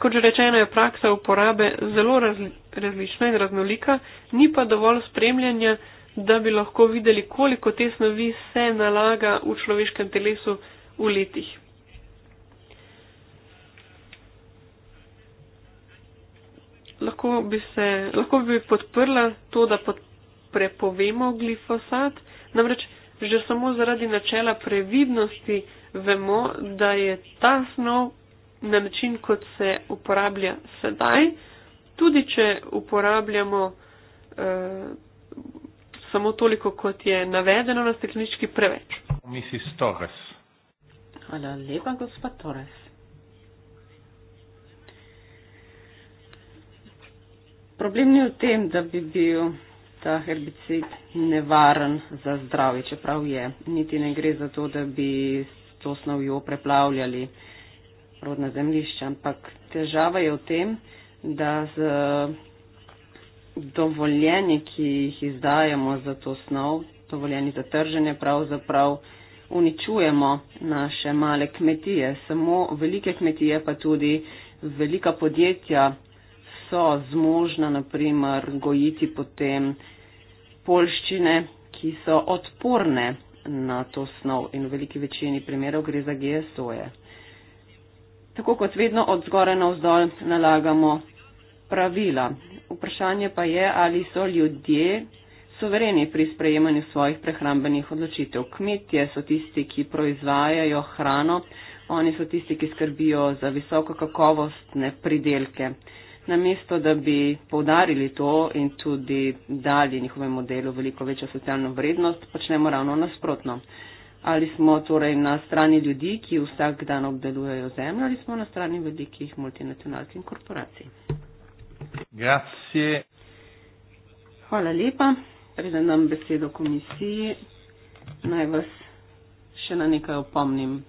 Kot že rečeno, je praksa uporabe zelo razli različna in raznolika, ni pa dovolj spremljanja, da bi lahko videli, koliko te snovi se nalaga v človeškem telesu v letih. Lahko bi, se, lahko bi podprla to, da podprla prepovemo glifosat. Namreč že samo zaradi načela previdnosti vemo, da je ta snov na način, kot se uporablja sedaj, tudi če uporabljamo eh, samo toliko, kot je navedeno na steklenički preveč. Mrs. Torres. Hvala lepa, gospod Torres. Problem je v tem, da bi bil ta herbicid nevaren za zdravje, čeprav je. Niti ne gre za to, da bi s to snovjo preplavljali rodna zemlišča, ampak težava je v tem, da z dovoljenje, ki jih izdajamo za to snov, dovoljenje za trženje, pravzaprav uničujemo naše male kmetije. Samo velike kmetije, pa tudi velika podjetja so zmožna, naprimer, gojiti potem polščine, ki so odporne na to snov in v veliki večini primerov gre za GSO-je. Tako kot vedno od zgore na vzdolj nalagamo pravila. Vprašanje pa je, ali so ljudje suvereni pri sprejemanju svojih prehrambenih odločitev. Kmetje so tisti, ki proizvajajo hrano, oni so tisti, ki skrbijo za visoko kakovostne pridelke namesto da bi povdarili to in tudi dali njihovemu delu veliko večjo socialno vrednost, počnemo ravno nasprotno. Ali smo torej na strani ljudi, ki vsak dan obdelujejo zemljo, ali smo na strani velikih multinacionalk in korporacij? Grazie. Hvala lepa. Predem nam besedo komisiji. Naj vas še na nekaj opomnim.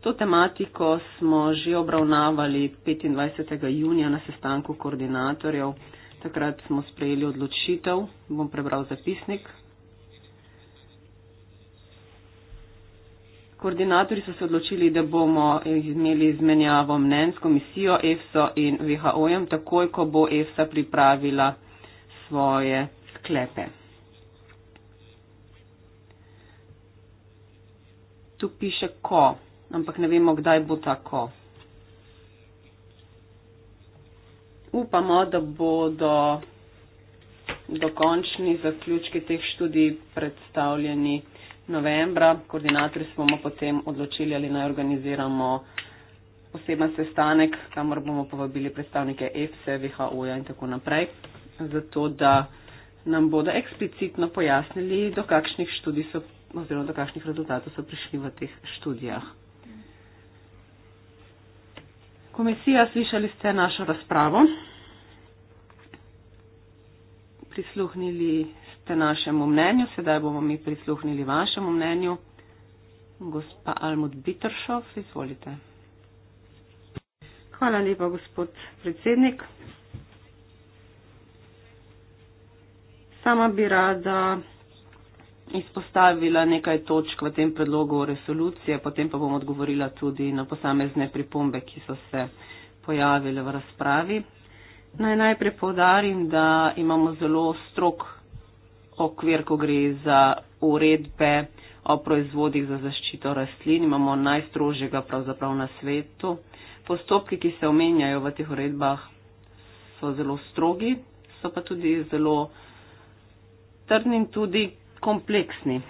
To tematiko smo že obravnavali 25. junija na sestanku koordinatorjev. Takrat smo sprejeli odločitev, bom prebral zapisnik. Koordinatorji so se odločili, da bomo imeli izmenjavo mnen s komisijo EFSO in VHO-jem, takoj, ko bo EFSA pripravila svoje sklepe. Tu piše ko ampak ne vemo, kdaj bo tako. Upamo, da bodo dokončni zaključki teh študij predstavljeni novembra. Koordinatorji se bomo potem odločili, ali naj organiziramo poseben sestanek, kamor bomo povabili predstavnike EFSE, VHO-ja in tako naprej, zato da nam bodo eksplicitno pojasnili, do kakšnih študij so oziroma do kakšnih rezultatov so prišli v teh študijah komisija, slišali ste našo razpravo, prisluhnili ste našemu mnenju, sedaj bomo mi prisluhnili vašemu mnenju. Gospa Almud Bitršov, izvolite. Hvala lepa, gospod predsednik. Sama bi rada izpostavila nekaj točk v tem predlogu resolucije, potem pa bom odgovorila tudi na posamezne pripombe, ki so se pojavile v razpravi. Naj najprej povdarim, da imamo zelo strok okvir, ko gre za uredbe o proizvodih za zaščito rastlin. Imamo najstrožjega pravzaprav na svetu. Postopki, ki se omenjajo v teh uredbah, so zelo strogi, so pa tudi zelo trdni in tudi kompleksni.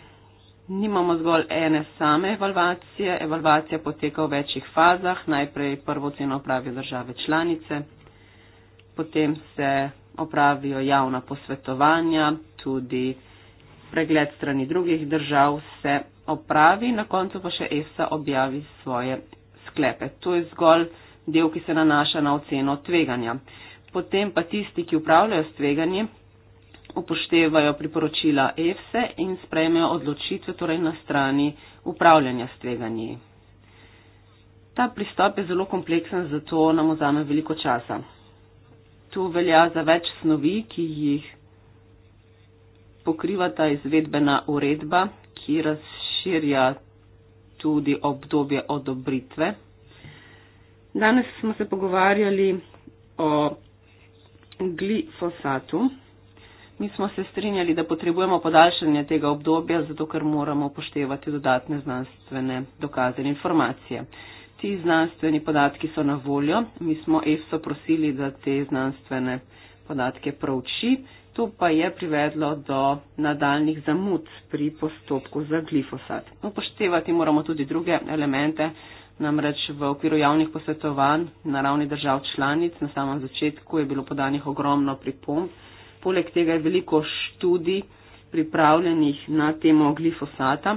Nimamo zgolj ene same evalvacije, evalvacija poteka v večjih fazah. Najprej prvo oceno opravijo države članice, potem se opravijo javna posvetovanja, tudi pregled strani drugih držav se opravi, na koncu pa še ESA objavi svoje sklepe. To je zgolj del, ki se nanaša na oceno tveganja. Potem pa tisti, ki upravljajo s tveganjem, upoštevajo priporočila EFSE in sprejmejo odločitve torej na strani upravljanja s tveganji. Ta pristop je zelo kompleksen, zato nam vzame veliko časa. Tu velja za več snovi, ki jih pokriva ta izvedbena uredba, ki razširja tudi obdobje odobritve. Danes smo se pogovarjali o glifosatu mi smo se strinjali, da potrebujemo podaljšanje tega obdobja, zato ker moramo upoštevati dodatne znanstvene dokaze in informacije. Ti znanstveni podatki so na voljo, mi smo EFSO prosili, da te znanstvene podatke prouči, to pa je privedlo do nadaljnih zamud pri postopku za glifosat. Upoštevati moramo tudi druge elemente, namreč v okviru javnih posvetovanj na ravni držav članic na samem začetku je bilo podanih ogromno pripomb Poleg tega je veliko študij pripravljenih na temo glifosata,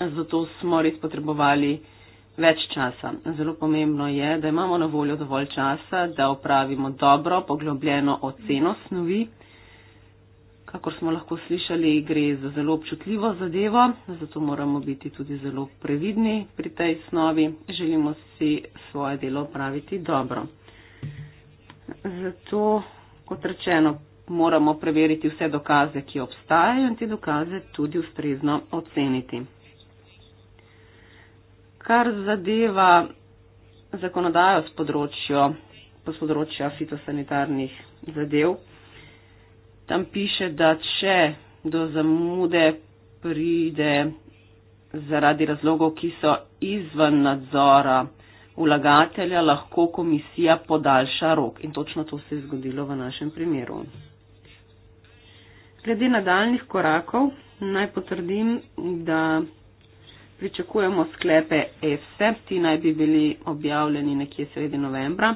zato smo res potrebovali več časa. Zelo pomembno je, da imamo na voljo dovolj časa, da opravimo dobro poglobljeno oceno snovi. Kakor smo lahko slišali, gre za zelo občutljivo zadevo, zato moramo biti tudi zelo previdni pri tej snovi. Želimo si svoje delo opraviti dobro. Zato, kot rečeno, moramo preveriti vse dokaze, ki obstajajo in te dokaze tudi ustrezno oceniti. Kar zadeva zakonodajo s področjo, po področju fitosanitarnih zadev, tam piše, da če do zamude pride zaradi razlogov, ki so izven nadzora vlagatelja, lahko komisija podaljša rok. In točno to se je zgodilo v našem primeru. Glede nadaljnih korakov naj potrdim, da pričakujemo sklepe EFSE, ti naj bi bili objavljeni nekje sredi novembra.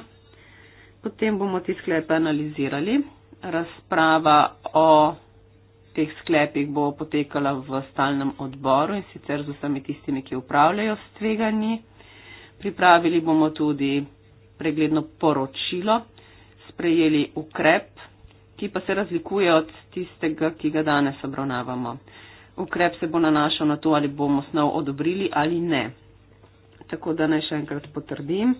Potem bomo ti sklepe analizirali. Razprava o teh sklepih bo potekala v stalnem odboru in sicer z vsemi tistimi, ki upravljajo s tveganji. Pripravili bomo tudi pregledno poročilo, sprejeli ukrep ki pa se razlikuje od tistega, ki ga danes obravnavamo. Ukrep se bo nanašal na to, ali bomo snov odobrili ali ne. Tako da naj še enkrat potrdim.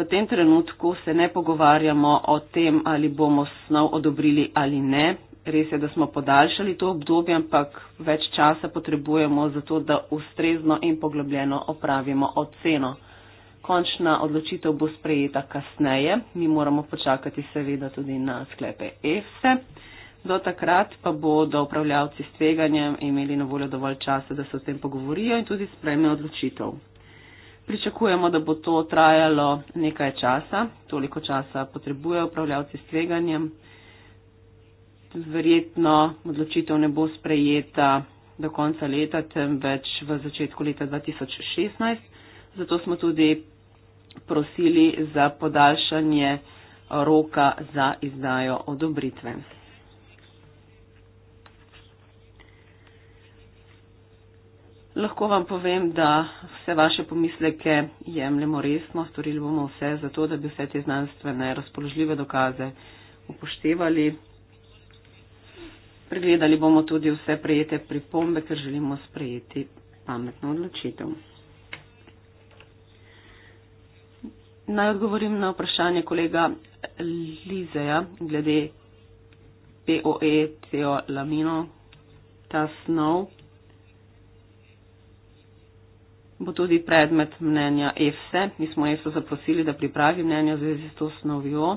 V tem trenutku se ne pogovarjamo o tem, ali bomo snov odobrili ali ne. Res je, da smo podaljšali to obdobje, ampak več časa potrebujemo za to, da ustrezno in poglobljeno opravimo oceno. Končna odločitev bo sprejeta kasneje. Mi moramo počakati seveda tudi na sklepe EFSE. Do takrat pa bodo upravljavci s tveganjem imeli na voljo dovolj časa, da se o tem pogovorijo in tudi sprejme odločitev. Pričakujemo, da bo to trajalo nekaj časa, toliko časa potrebujejo upravljavci s tveganjem. Verjetno odločitev ne bo sprejeta do konca leta, temveč v začetku leta 2016. Zato smo tudi prosili za podaljšanje roka za izdajo odobritve. Lahko vam povem, da vse vaše pomisleke jemljemo resno, storili bomo vse za to, da bi vse te znanstvene razpoložljive dokaze upoštevali. Pregledali bomo tudi vse prejete pripombe, ker želimo sprejeti pametno odločitev. Naj odgovorim na vprašanje kolega Lizeja glede POE, teolamino, ta snov bo tudi predmet mnenja EFSE. Mi smo EFSE zaprosili, da pripravi mnenje v zvezi s to snovjo.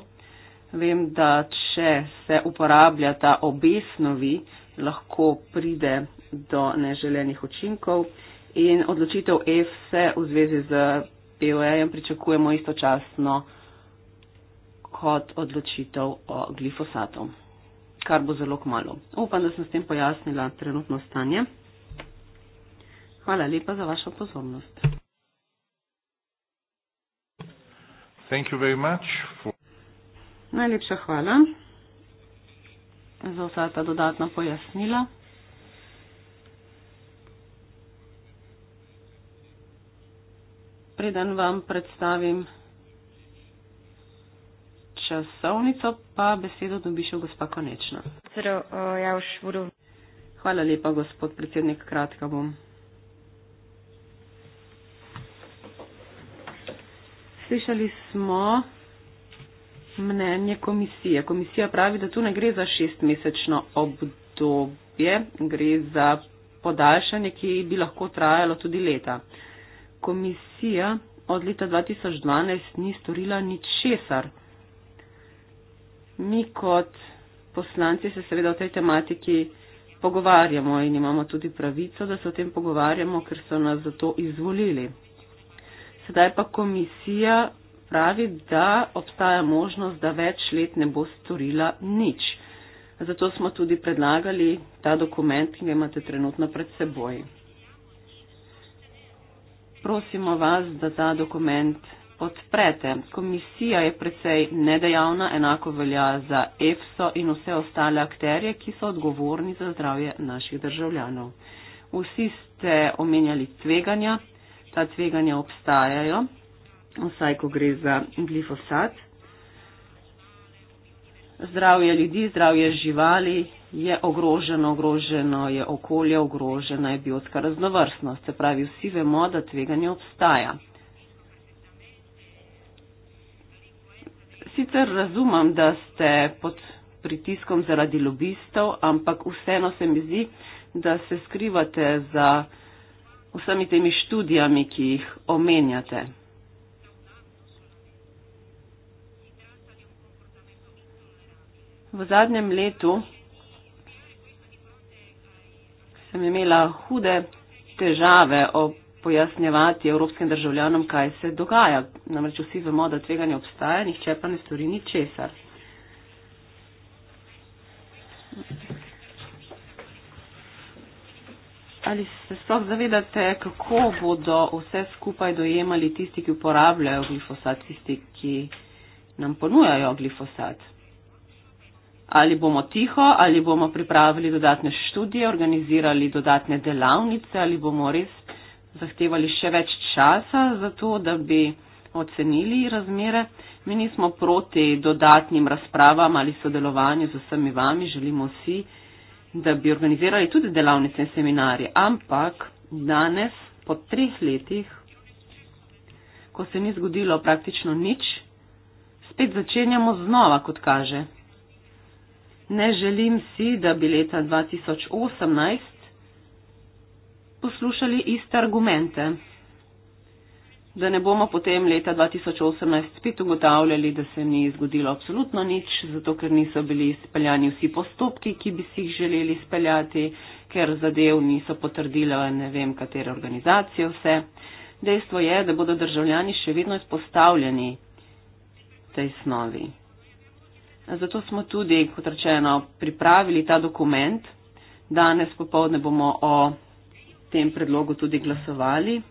Vem, da če se uporablja ta obe snovi, lahko pride do neželenih učinkov in odločitev EFSE v zvezi z EOE-jem pričakujemo istočasno kot odločitev o glifosatu, kar bo zelo kmalo. Upam, da sem s tem pojasnila trenutno stanje. Hvala lepa za vašo pozornost. Thank you very much for... Najlepša hvala za vsa ta dodatna pojasnila. preden vam predstavim časovnico, pa besedo dobi še gospa Konečna. Ja, Hvala lepa, gospod predsednik, kratka bom. Slišali smo mnenje komisije. Komisija pravi, da tu ne gre za šestmesečno obdobje, gre za podaljšanje, ki bi lahko trajalo tudi leta komisija od leta 2012 ni storila nič česar. Mi kot poslanci se seveda o tej tematiki pogovarjamo in imamo tudi pravico, da se o tem pogovarjamo, ker so nas za to izvolili. Sedaj pa komisija pravi, da obstaja možnost, da več let ne bo storila nič. Zato smo tudi predlagali ta dokument, ki ga imate trenutno pred seboj prosimo vas, da ta dokument podprete. Komisija je precej nedejavna, enako velja za EFSO in vse ostale akterje, ki so odgovorni za zdravje naših državljanov. Vsi ste omenjali tveganja, ta tveganja obstajajo, vsaj ko gre za glifosat zdravje ljudi, zdravje živali je ogroženo, ogroženo je okolje, ogrožena je biotska raznovrstnost. Se pravi, vsi vemo, da tveganje obstaja. Sicer razumem, da ste pod pritiskom zaradi lobistov, ampak vseeno se mi zdi, da se skrivate za vsemi temi študijami, ki jih omenjate. V zadnjem letu sem imela hude težave o pojasnjevati evropskim državljanom, kaj se dogaja. Namreč vsi vemo, da tveganje obstaja, nihče pa ne stori ni česar. Ali se sploh zavedate, kako bodo vse skupaj dojemali tisti, ki uporabljajo glifosat, tisti, ki nam ponujajo glifosat? ali bomo tiho, ali bomo pripravili dodatne študije, organizirali dodatne delavnice, ali bomo res zahtevali še več časa za to, da bi ocenili razmere. Mi nismo proti dodatnim razpravam ali sodelovanju z vsemi vami, želimo vsi, da bi organizirali tudi delavnice in seminarje, ampak danes, po treh letih, ko se ni zgodilo praktično nič, spet začenjamo znova, kot kaže ne želim si, da bi leta 2018 poslušali iste argumente, da ne bomo potem leta 2018 spet ugotavljali, da se ni zgodilo absolutno nič, zato ker niso bili izpeljani vsi postopki, ki bi si jih želeli izpeljati, ker zadev niso potrdila ne vem katere organizacije vse. Dejstvo je, da bodo državljani še vedno izpostavljeni tej snovi. Zato smo tudi, kot rečeno, pripravili ta dokument. Danes popovdne bomo o tem predlogu tudi glasovali.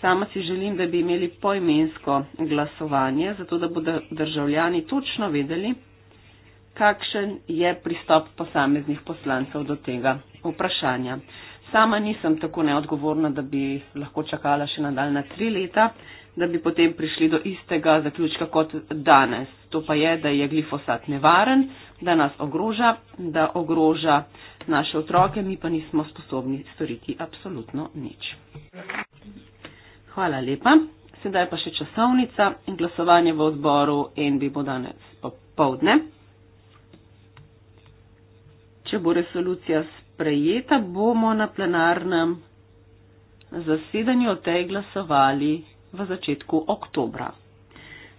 Sama si želim, da bi imeli poimensko glasovanje, zato da bodo državljani točno vedeli, kakšen je pristop posameznih poslancev do tega vprašanja. Sama nisem tako neodgovorna, da bi lahko čakala še nadaljna tri leta, da bi potem prišli do istega zaključka kot danes. To pa je, da je glifosat nevaren, da nas ogroža, da ogroža naše otroke, mi pa nismo sposobni storiti absolutno nič. Hvala lepa. Sedaj pa še časovnica in glasovanje v odboru NB bo danes popovdne. Če bo resolucija sprejeta, bomo na plenarnem zasedanju o tej glasovali v začetku oktobra.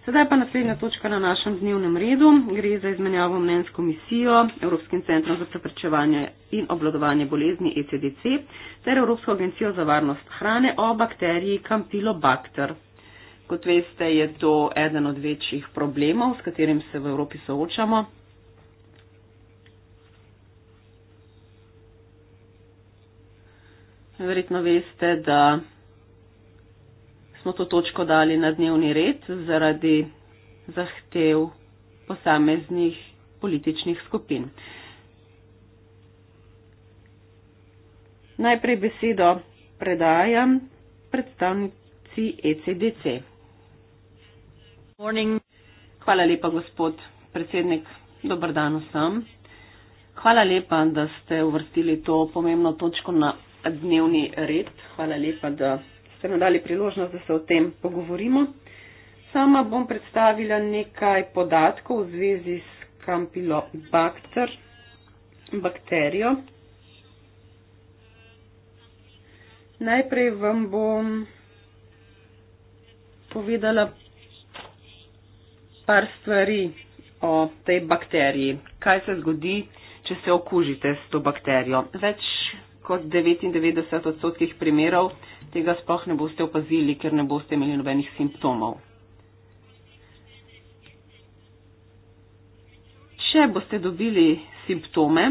Sedaj pa naslednja točka na našem dnevnem redu. Gre za izmenjavo mnen s komisijo, Evropskim centrom za preprečevanje in obladovanje bolezni ECDC ter Evropsko agencijo za varnost hrane o bakteriji Campylobacter. Kot veste, je to eden od večjih problemov, s katerim se v Evropi soočamo. Verjetno veste, da smo to točko dali na dnevni red zaradi zahtev posameznih političnih skupin. Najprej besedo predajam predstavnici ECDC. Morning. Hvala lepa, gospod predsednik. Dobar dan vsem. Hvala lepa, da ste uvrstili to pomembno točko na dnevni red. Hvala lepa, da ste nam dali priložnost, da se o tem pogovorimo. Sama bom predstavila nekaj podatkov v zvezi s Campylobacter bakterijo. Najprej vam bom povedala par stvari o tej bakteriji. Kaj se zgodi, če se okužite s to bakterijo? Več kot 99 odstotkih primerov tega sploh ne boste opazili, ker ne boste imeli nobenih simptomov. Če boste dobili simptome,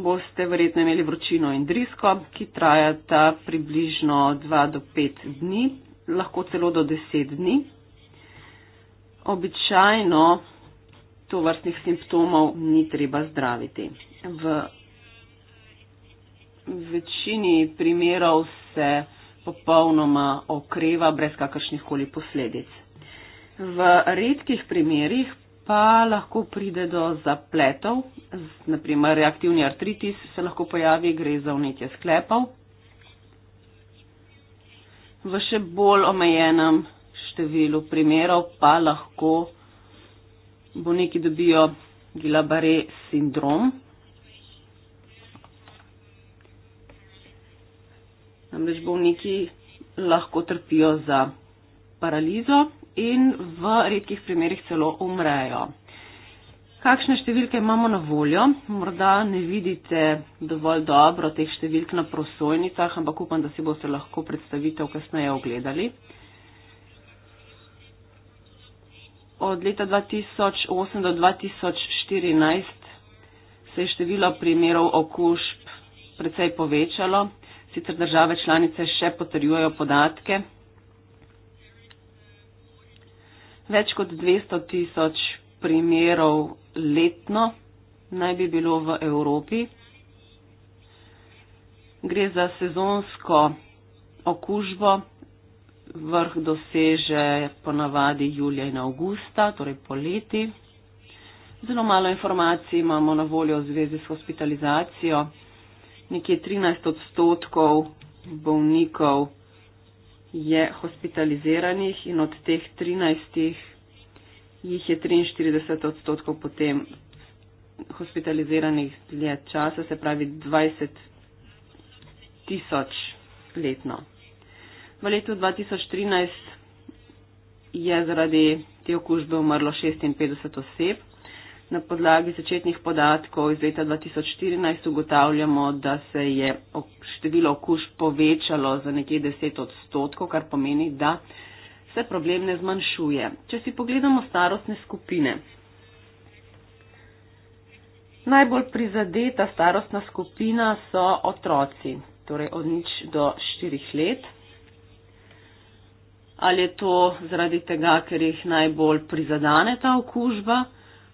boste verjetno imeli vročino in drisko, ki trajata približno 2 do 5 dni, lahko celo do 10 dni. Običajno to vrstnih simptomov ni treba zdraviti. V večini primerov se popolnoma okreva brez kakršnih koli posledic. V redkih primerjih pa lahko pride do zapletov, naprimer reaktivni artritis se lahko pojavi, gre za vnetje sklepov. V še bolj omejenem številu primerov pa lahko bolniki dobijo Gilabare sindrom, Namreč bolniki lahko trpijo za paralizo in v redkih primerjih celo umrejo. Kakšne številke imamo na voljo? Morda ne vidite dovolj dobro teh številk na prosojnicah, ampak upam, da si boste lahko predstavitev kasneje ogledali. Od leta 2008 do 2014 se je število primerov okužb precej povečalo sicer države članice še potrjujejo podatke. Več kot 200 tisoč primerov letno naj bi bilo v Evropi. Gre za sezonsko okužbo, vrh doseže ponavadi julija in avgusta, torej poleti. Zelo malo informacij imamo na voljo v zvezi s hospitalizacijo nekje 13 odstotkov bolnikov je hospitaliziranih in od teh 13 jih je 43 odstotkov potem hospitaliziranih dlje časa, se pravi 20 tisoč letno. V letu 2013 je zaradi te okužbe umrlo 56 oseb. Na podlagi začetnih podatkov iz leta 2014 ugotavljamo, da se je število okužb povečalo za nekje 10 odstotkov, kar pomeni, da se problem ne zmanjšuje. Če si pogledamo starostne skupine, najbolj prizadeta starostna skupina so otroci, torej od nič do 4 let. Ali je to zaradi tega, ker jih najbolj prizadane ta okužba?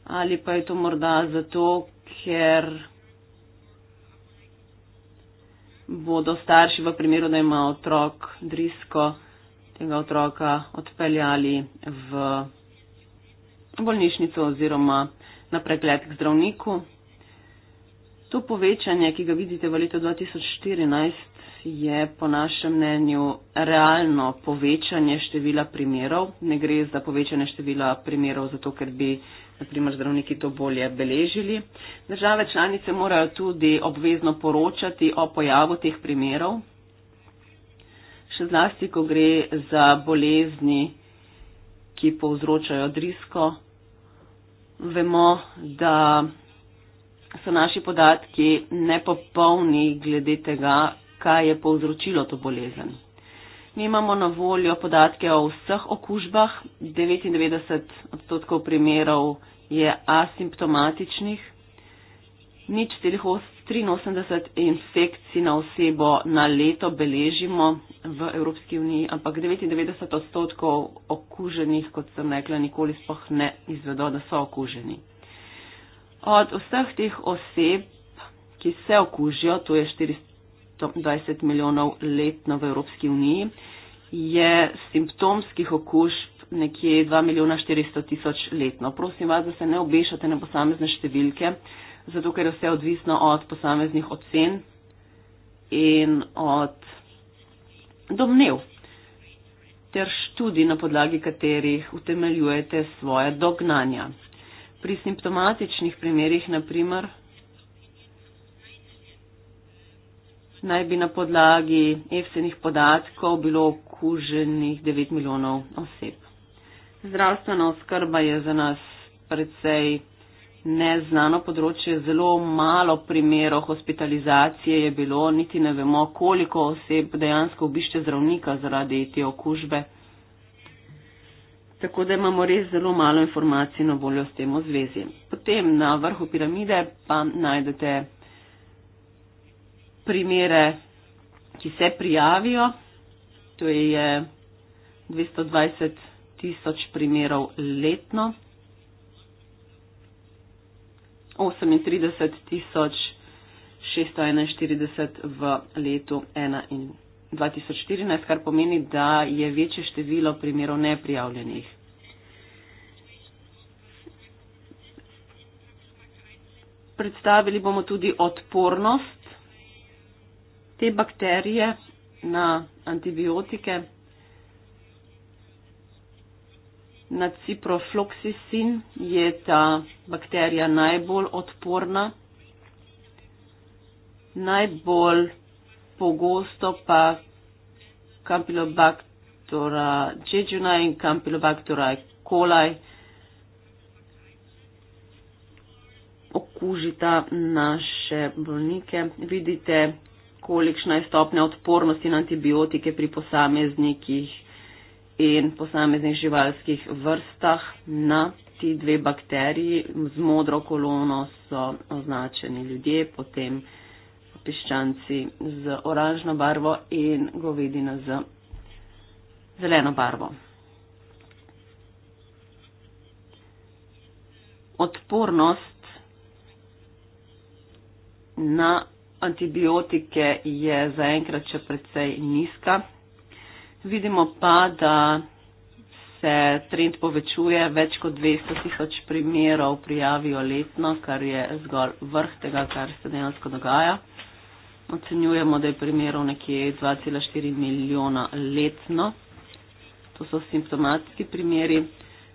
ali pa je to morda zato, ker bodo starši v primeru, da ima otrok drisko, tega otroka odpeljali v bolnišnico oziroma na pregled k zdravniku. To povečanje, ki ga vidite v letu 2014, je po našem mnenju realno povečanje števila primerov. Ne gre za povečanje števila primerov zato, ker bi naprimer zdravniki to bolje beležili. Države članice morajo tudi obvezno poročati o pojavu teh primerov, še zlasti, ko gre za bolezni, ki povzročajo drisko. Vemo, da so naši podatki nepopolni glede tega, kaj je povzročilo to bolezen. Mi imamo na voljo podatke o vseh okužbah, 99 odstotkov primerov je asimptomatičnih, nič celih 83 infekcij na osebo na leto beležimo v Evropski uniji, ampak 99 odstotkov okuženih, kot sem rekla, nikoli spoh ne izvedo, da so okuženi. Od vseh teh oseb, ki se okužijo, to je 420 milijonov letno v Evropski uniji, je simptomskih okužb nekje 2 milijona 400 tisoč letno. Prosim vas, da se ne obešate na posamezne številke, zato ker vse je odvisno od posameznih ocen in od domnev ter študij, na podlagi katerih utemeljujete svoje dognanja. Pri simptomatičnih primerjih, naprimer, naj bi na podlagi evsenih podatkov bilo okuženih 9 milijonov oseb. Zdravstvena oskrba je za nas predvsej neznano področje, zelo malo primerov hospitalizacije je bilo, niti ne vemo, koliko oseb dejansko obišče zdravnika zaradi te okužbe. Tako da imamo res zelo malo informacij na voljo s tem v zvezi. Potem na vrhu piramide pa najdete primere, ki se prijavijo. To je 220 tisoč primerov letno, 38 tisoč 641 v letu 2014, kar pomeni, da je večje število primerov neprijavljenih. Predstavili bomo tudi odpornost te bakterije na antibiotike. na ciprofloxisin je ta bakterija najbolj odporna, najbolj pogosto pa Campylobacter jejuni in Campylobacter coli okužita naše bolnike. Vidite, kolikšna je stopnja odpornosti na antibiotike pri posameznikih in posameznih živalskih vrstah na ti dve bakteriji. Z modro kolono so označeni ljudje, potem piščanci z oranžno barvo in govedina z zeleno barvo. Odpornost na antibiotike je zaenkrat še precej nizka. Vidimo pa, da se trend povečuje, več kot 200 tisoč primerov prijavijo letno, kar je zgolj vrh tega, kar se dejansko dogaja. Ocenjujemo, da je primerov nekje 2,4 milijona letno. To so simptomatski primeri.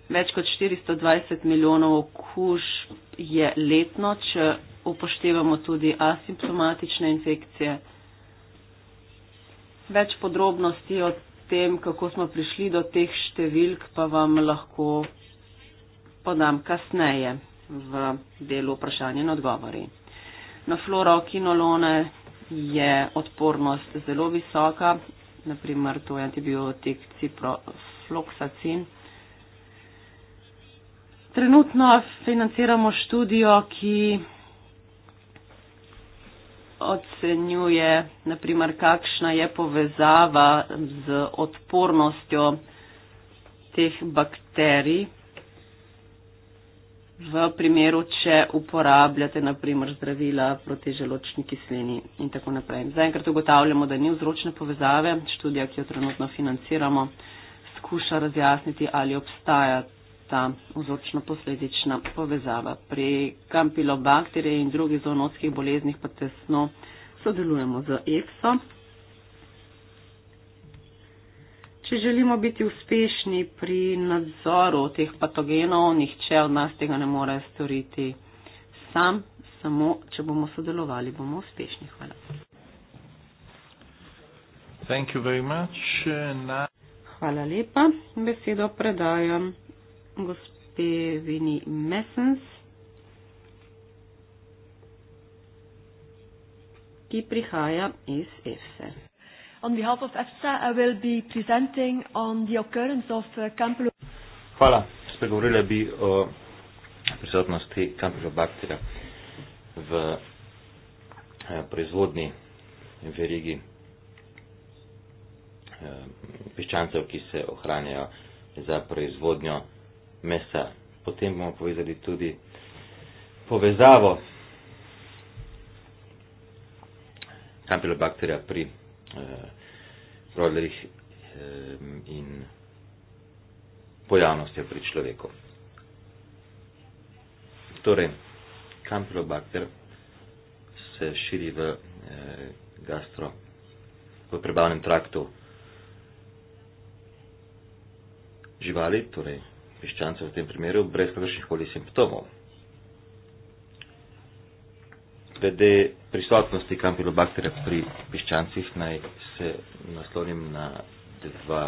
Več kot 420 milijonov okužb je letno, če upoštevamo tudi asimptomatične infekcije. Več podrobnosti o tem, kako smo prišli do teh številk, pa vam lahko podam kasneje v delu vprašanje in odgovori. Na fluorokinolone je odpornost zelo visoka, naprimer to je antibiotik ciprofloxacin. Trenutno financiramo študijo, ki ocenjuje, naprimer, kakšna je povezava z odpornostjo teh bakterij v primeru, če uporabljate naprimer zdravila proti želočni kislini in tako naprej. Zaenkrat ugotavljamo, da ni vzročne povezave. Študija, ki jo trenutno financiramo, skuša razjasniti, ali obstaja ta vzročno-posledična povezava. Pri kampilobakterije in drugih zoonotskih boleznih pa tesno sodelujemo z EFSO. Če želimo biti uspešni pri nadzoru teh patogenov, nihče od nas tega ne more storiti sam, samo če bomo sodelovali, bomo uspešni. Hvala. Hvala lepa. Besedo predajam gospe Vini Messens, ki prihaja iz EFSE. On behalf of EFSA, I will be presenting on the occurrence of uh, Campylo... Hvala, spregovorila bi o prisotnosti Campylobacteria v eh, proizvodni verigi eh, piščancev, ki se ohranjajo za proizvodnjo mesa. Potem bomo povedali tudi povezavo kampilobakterja pri eh, rodlerih eh, in pojavnostjo pri človeku. Torej, kampilobakter se širi v eh, gastro, v prebavnem traktu živali, torej piščance v tem primeru brez kakršnih koli simptomov. Glede prisotnosti kampilobakterja pri piščancih naj se naslonim na dva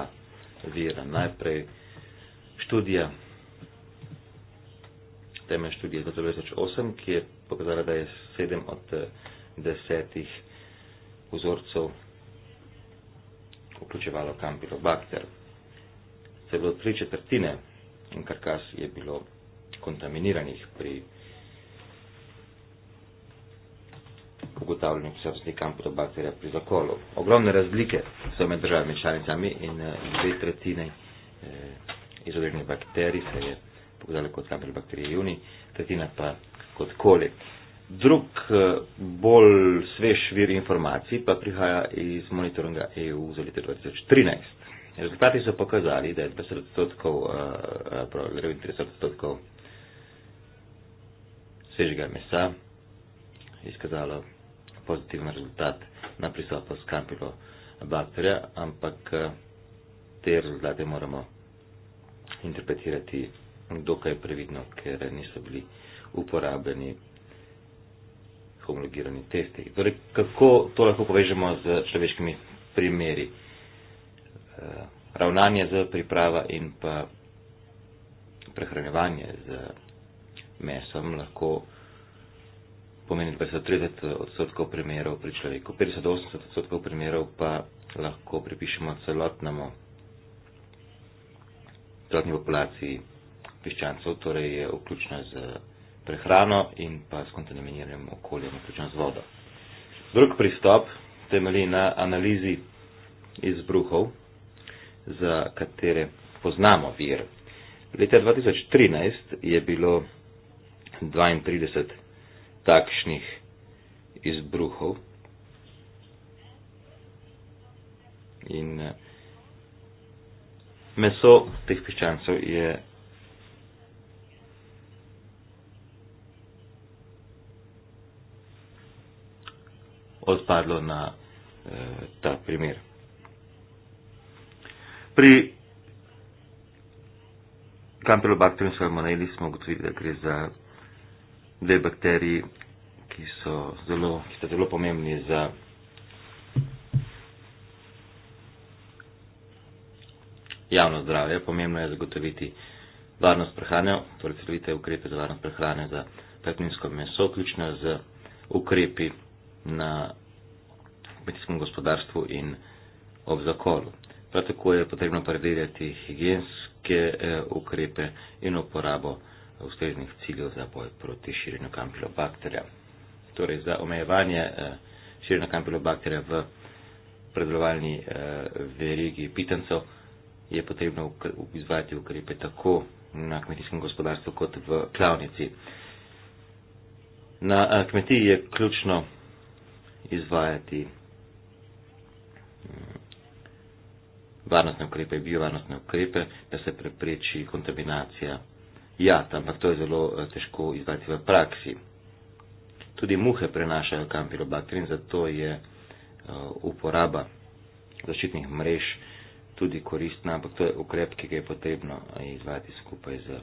vira. Najprej študija, temelj študije 2008, ki je pokazala, da je sedem od desetih vzorcev vključevalo kampilobakter. Celo tri četrtine in karkas je bilo kontaminiranih pri ugotavljanju vsevrstnih kampotobakterja pri zakolu. Ogromne razlike so med državami članicami in eh, dve tretjine eh, izodrednih bakterij se je pokazali kot kampotobakterije juni, tretjina pa kot koli. Drug eh, bolj svež vir informacij pa prihaja iz monitoringa EU za leto 2013. Rezultati so pokazali, da je 20 odstotkov, eh, eh, pravi 30 odstotkov svežega mesa izkazalo pozitiven rezultat na prisotnost kampilo bakterija, ampak eh, te rezultate moramo interpretirati dokaj previdno, ker niso bili uporabljeni homologirani testi. Torej, kako to lahko povežemo z človeškimi primeri? ravnanje z priprava in pa prehranjevanje z mesom lahko pomeni 230 odstotkov primerov pri človeku, 580 odstotkov primerov pa lahko pripišemo celotnemu, celotni populaciji piščancev, torej je vključno z prehrano in pa s kontaminiranjem okoljem, vključno z vodo. Drug pristop temelji na analizi izbruhov. Iz za katere poznamo vir. Leta 2013 je bilo 32 takšnih izbruhov in eh, meso teh piščancev je odpadlo na eh, ta primer. Pri Campylobacterium salmonelli smo ugotovili, da gre za dve bakteriji, ki so zelo, ki so zelo pomembni za javno zdravje. Pomembno je zagotoviti varnost prehrane, torej celovite ukrepe za varnost prehrane za pepninsko meso, vključno z ukrepi na kmetijskem gospodarstvu in ob zakolu. Prav tako je potrebno predvideti higijenske eh, ukrepe in uporabo ustreznih ciljev za boj proti širjenju kampilobakterja. Torej, za omejevanje eh, širjenja kampilobakterja v predelovalni eh, verigi pitancev je potrebno izvajati ukrepe tako na kmetijskem gospodarstvu kot v klavnici. Na kmetiji je ključno izvajati ukrepe varnostne ukrepe, biovarnostne ukrepe, da se prepreči kontaminacija jata, ampak to je zelo eh, težko izvati v praksi. Tudi muhe prenašajo kampirobakterin, zato je eh, uporaba zaščitnih mrež tudi koristna, ampak to je ukrep, ki ga je potrebno eh, izvati skupaj z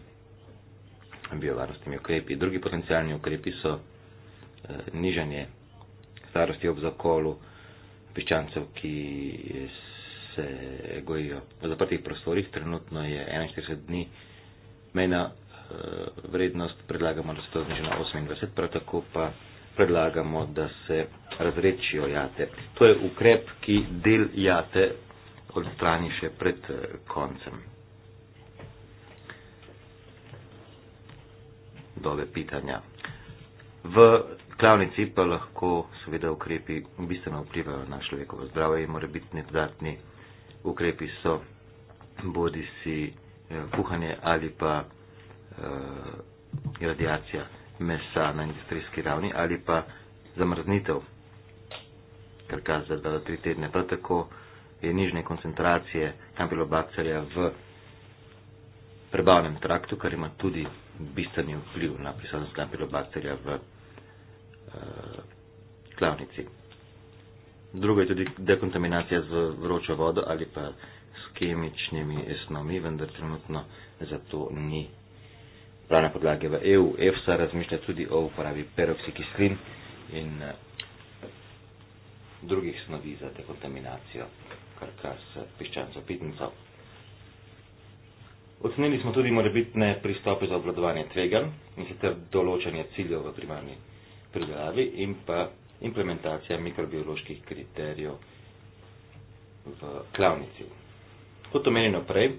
biovarnostnimi ukrepi. Drugi potencialni ukrepi so nižanje starosti ob zakolu, piščancev, ki so se gojijo v zaprtih prostorih. Trenutno je 41 dni mejna eh, vrednost, predlagamo, da se to zniži na 28, prav tako pa predlagamo, da se razrečijo jate. To je ukrep, ki del jate odstrani še pred eh, koncem. dobe pitanja. V klavnici pa lahko seveda ukrepi bistveno vplivajo na človekovo zdravje in morebitni dodatni ukrepi so bodi si eh, kuhanje ali pa eh, radiacija mesa na industrijski ravni ali pa zamrznitev, kar kaže za 2 do 3 tedne. Prav tako je nižne koncentracije kampilobakterja v prebavnem traktu, kar ima tudi bistveni vpliv na prisotnost kampilobakterja v eh, klavnici. Drugo je tudi dekontaminacija z vročo vodo ali pa s kemičnimi esnomi, vendar trenutno za to ni pravne podlage v EU. EFSA razmišlja tudi o uporabi peroksikislin in eh, drugih snovi za dekontaminacijo karkas piščanca pitnicov. Ocenili smo tudi morebitne pristope za obvladovanje tvegan in sicer določanje ciljev v primarni pridelavi in pa implementacija mikrobioloških kriterijev v klavnici. Kot omenjeno prej,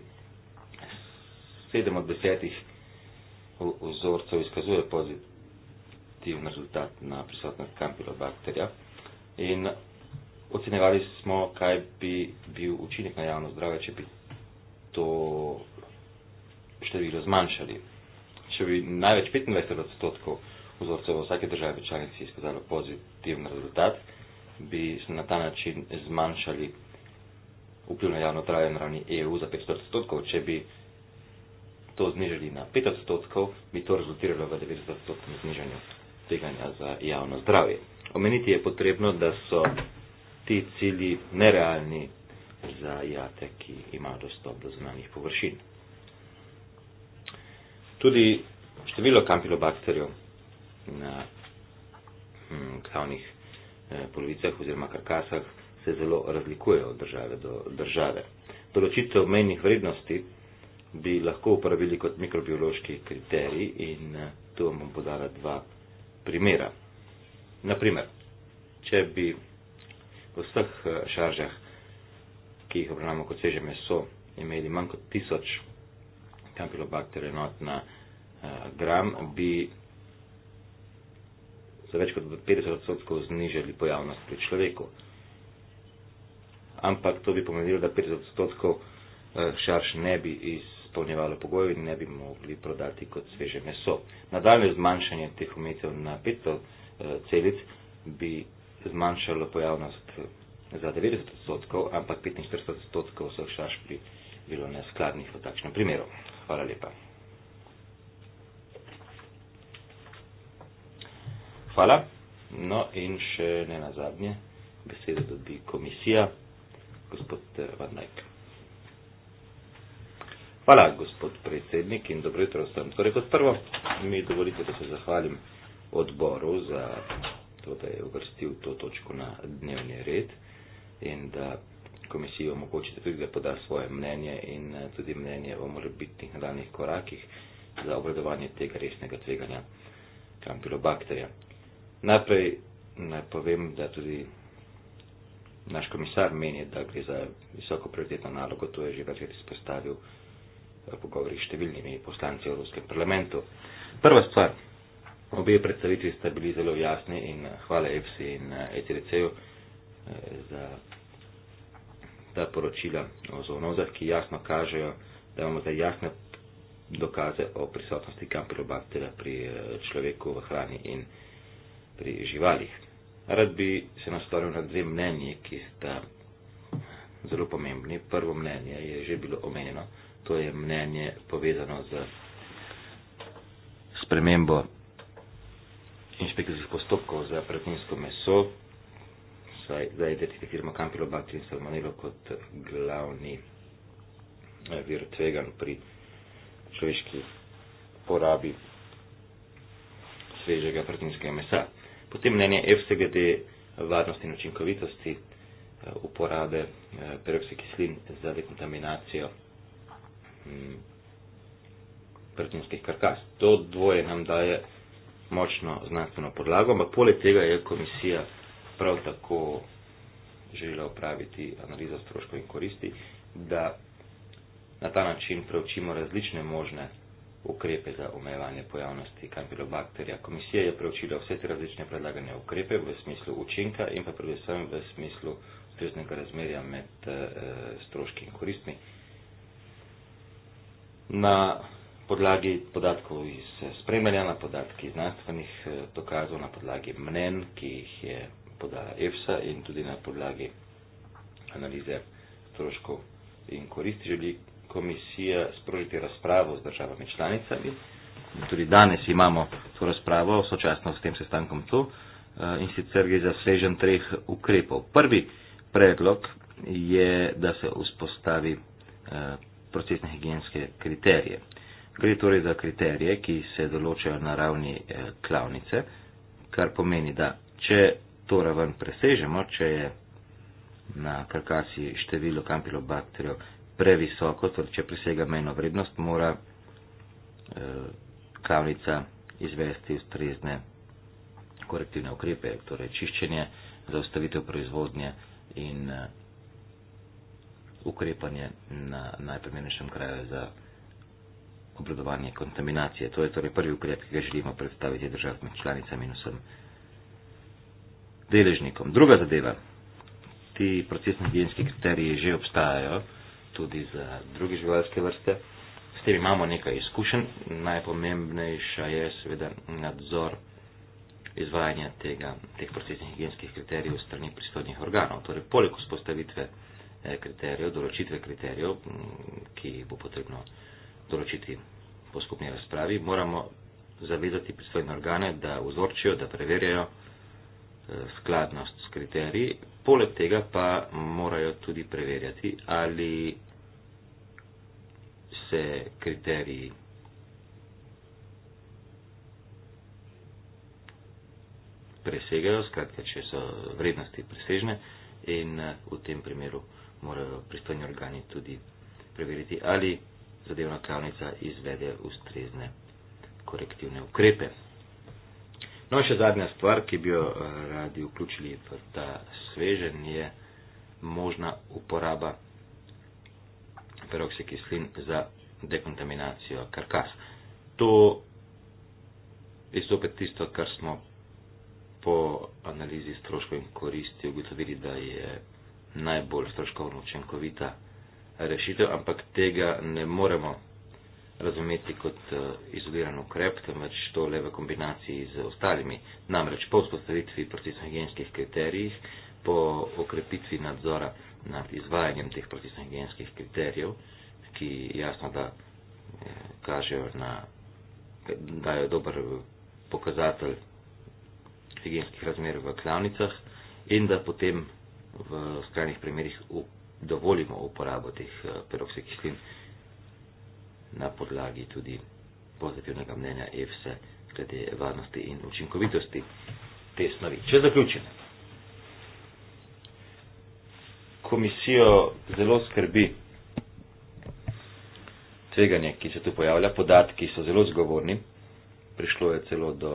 sedem od desetih vzorcev izkazuje pozitiven rezultat na prisotnost kampilobakterija in ocenjevali smo, kaj bi bil učinek na javno zdravje, če bi to število zmanjšali. Če bi največ 25 odstotkov vzorcev v vsake države članici izkazalo pozitiven rezultat, bi na ta način zmanjšali vpliv na javno zdravje na ravni EU za 500 odstotkov. Če bi to znižali na 5 odstotkov, bi to rezultiralo v 90 odstotkov znižanju tveganja za javno zdravje. Omeniti je potrebno, da so ti cilji nerealni za jate, ki imajo dostop do znanih površin. Tudi število kampilobakterjev na glavnih hm, eh, polovicah oziroma karkasah se zelo razlikujejo od države do države. Določitev mejnih vrednosti bi lahko uporabili kot mikrobiološki kriterij in eh, tu vam bom podala dva primera. Naprimer, če bi v vseh eh, šaržah, ki jih obravnavamo kot sveže meso, imeli manj kot tisoč kampilobakterij enot na gram, bi so več kot 50 odstotkov znižali pojavnost pri človeku. Ampak to bi pomenilo, da 50 odstotkov eh, šarš ne bi izpolnjevalo pogojev in ne bi mogli prodati kot sveže meso. Nadaljne zmanjšanje teh umetev na 500 eh, celic bi zmanjšalo pojavnost eh, za 90 odstotkov, ampak 45 odstotkov vseh šarš bi bilo neskladnih v takšnem primeru. Hvala lepa. hvala. No in še ne na zadnje, besedo dobi komisija, gospod eh, Van Dijk. Hvala, gospod predsednik in dobro jutro vsem. Torej, kot prvo, mi dovolite, da se zahvalim odboru za to, da je uvrstil to točko na dnevni red in da komisijo omogočite tudi, da poda svoje mnenje in eh, tudi mnenje o morebitnih nadaljnih korakih za obredovanje tega resnega tveganja kampilobakterja. Najprej naj povem, da tudi naš komisar meni, da gre za visoko prioritetno nalogo, to je že večkrat izpostavil eh, v pogovorih s številnimi poslanci v Evropskem parlamentu. Prva stvar, obe predstavitvi sta bili zelo jasni in eh, hvala EFSI in ECRC-ju eh, e za ta poročila o zoonozah, ki jasno kažejo, da imamo zdaj jasne dokaze o prisotnosti kampilobaktera pri človeku v hrani in človeku pri živalih. Rad bi se nastoril na dve mnenji, ki sta zelo pomembni. Prvo mnenje je že bilo omenjeno, to je mnenje povezano z spremembo inšpekcijskih postopkov za pretinsko meso, saj zdaj identificiramo kampilobakter in salmonelo kot glavni eh, vir tvegan pri človeški porabi svežega pretinskega mesa. Potem mnenje EFSA glede varnosti in učinkovitosti eh, uporabe eh, peroksikislin za dekontaminacijo mm, prtinskih karkas. To dvoje nam daje močno znanstveno podlago, ampak poleg tega je komisija prav tako želela upraviti analizo stroškov in koristi, da na ta način preučimo različne možne ukrepe za omejevanje pojavnosti kampilobakterija. Komisija je preučila vse te različne predlagane ukrepe v smislu učinka in pa predvsem v smislu ustreznega razmerja med eh, stroški in koristmi. Na podlagi podatkov iz eh, spremljanja, na podatki znanstvenih eh, dokazov, na podlagi mnen, ki jih je podala EFSA in tudi na podlagi analize stroškov in koristi, želi komisija sprožiti razpravo z državami članicami. Tudi danes imamo to razpravo, sočasno s tem sestankom tu, eh, in sicer gre za svežen treh ukrepov. Prvi predlog je, da se vzpostavi eh, procesne higijenske kriterije. Gre torej za kriterije, ki se določajo na ravni eh, klavnice, kar pomeni, da če to raven presežemo, če je na karkasi število kampilobakterjev previsoko, torej če presega mejno vrednost, mora eh, kravnica izvesti ustrezne korektivne ukrepe, torej čiščenje, zaustavitev proizvodnje in eh, ukrepanje na najpomembnejšem kraju za obladovanje kontaminacije. To je torej prvi ukrep, ki ga želimo predstaviti državam članicam in vsem deležnikom. Druga zadeva. Ti procesni higijenski kriteriji že obstajajo tudi za druge živalske vrste. S tem imamo nekaj izkušenj, najpomembnejša je seveda nadzor izvajanja tega, teh procesnih higijenskih kriterijev strani pristojnih organov. Torej, poleg vzpostavitve eh, kriterijev, določitve kriterijev, ki bo potrebno določiti po skupni razpravi, moramo zavezati pristojne organe, da vzorčijo, da preverjajo eh, skladnost s kriteriji, poleg tega pa morajo tudi preverjati, ali se kriteriji. Presegajo, skratka, če so vrednosti presežne, in eh, v tem primeru morajo pristojni organi tudi preveriti, ali zadevna klavnica izvede ustrezne korektivne ukrepe. No, še zadnja stvar, ki bi jo eh, radi vključili v ta svežen, je možna uporaba peroksikislin za dekontaminacijo karkas. To je zopet tisto, kar smo po analizi stroškov in koristi ugotovili, da je najbolj stroškovno učinkovita rešitev, ampak tega ne moremo razumeti kot eh, izoliran ukrep, temveč to le v kombinaciji z ostalimi. Namreč po vzpostavitvi protisnogenskih kriterijih, po okrepitvi nadzora nad izvajanjem teh protisnogenskih kriterijev, ki jasno, da eh, kažejo na, dajo dober pokazatelj higijenskih razmer v klavnicah in da potem v skrajnih primerjih dovolimo uporabo teh eh, peroksikislin na podlagi tudi pozitivnega mnenja EFSE glede varnosti in učinkovitosti te snovi. Če zaključim. Komisijo zelo skrbi tveganje, ki se tu pojavlja, podatki so zelo zgovorni, prišlo je celo do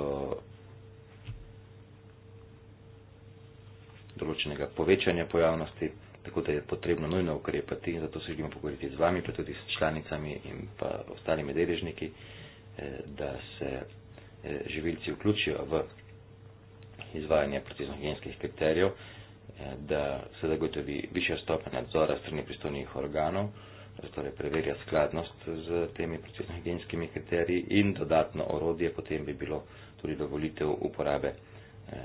določenega povečanja pojavnosti, tako da je potrebno nujno ukrepati in zato se želimo pogovoriti z vami, pa tudi s članicami in pa ostalimi deležniki, eh, da se eh, živilci vključijo v izvajanje protizmogenskih kriterijev, eh, da se zagotovi višja stopnja nadzora strani pristojnih organov torej preverja skladnost z temi procesno higijenskimi kriteriji in dodatno orodje, potem bi bilo tudi dovolitev uporabe eh,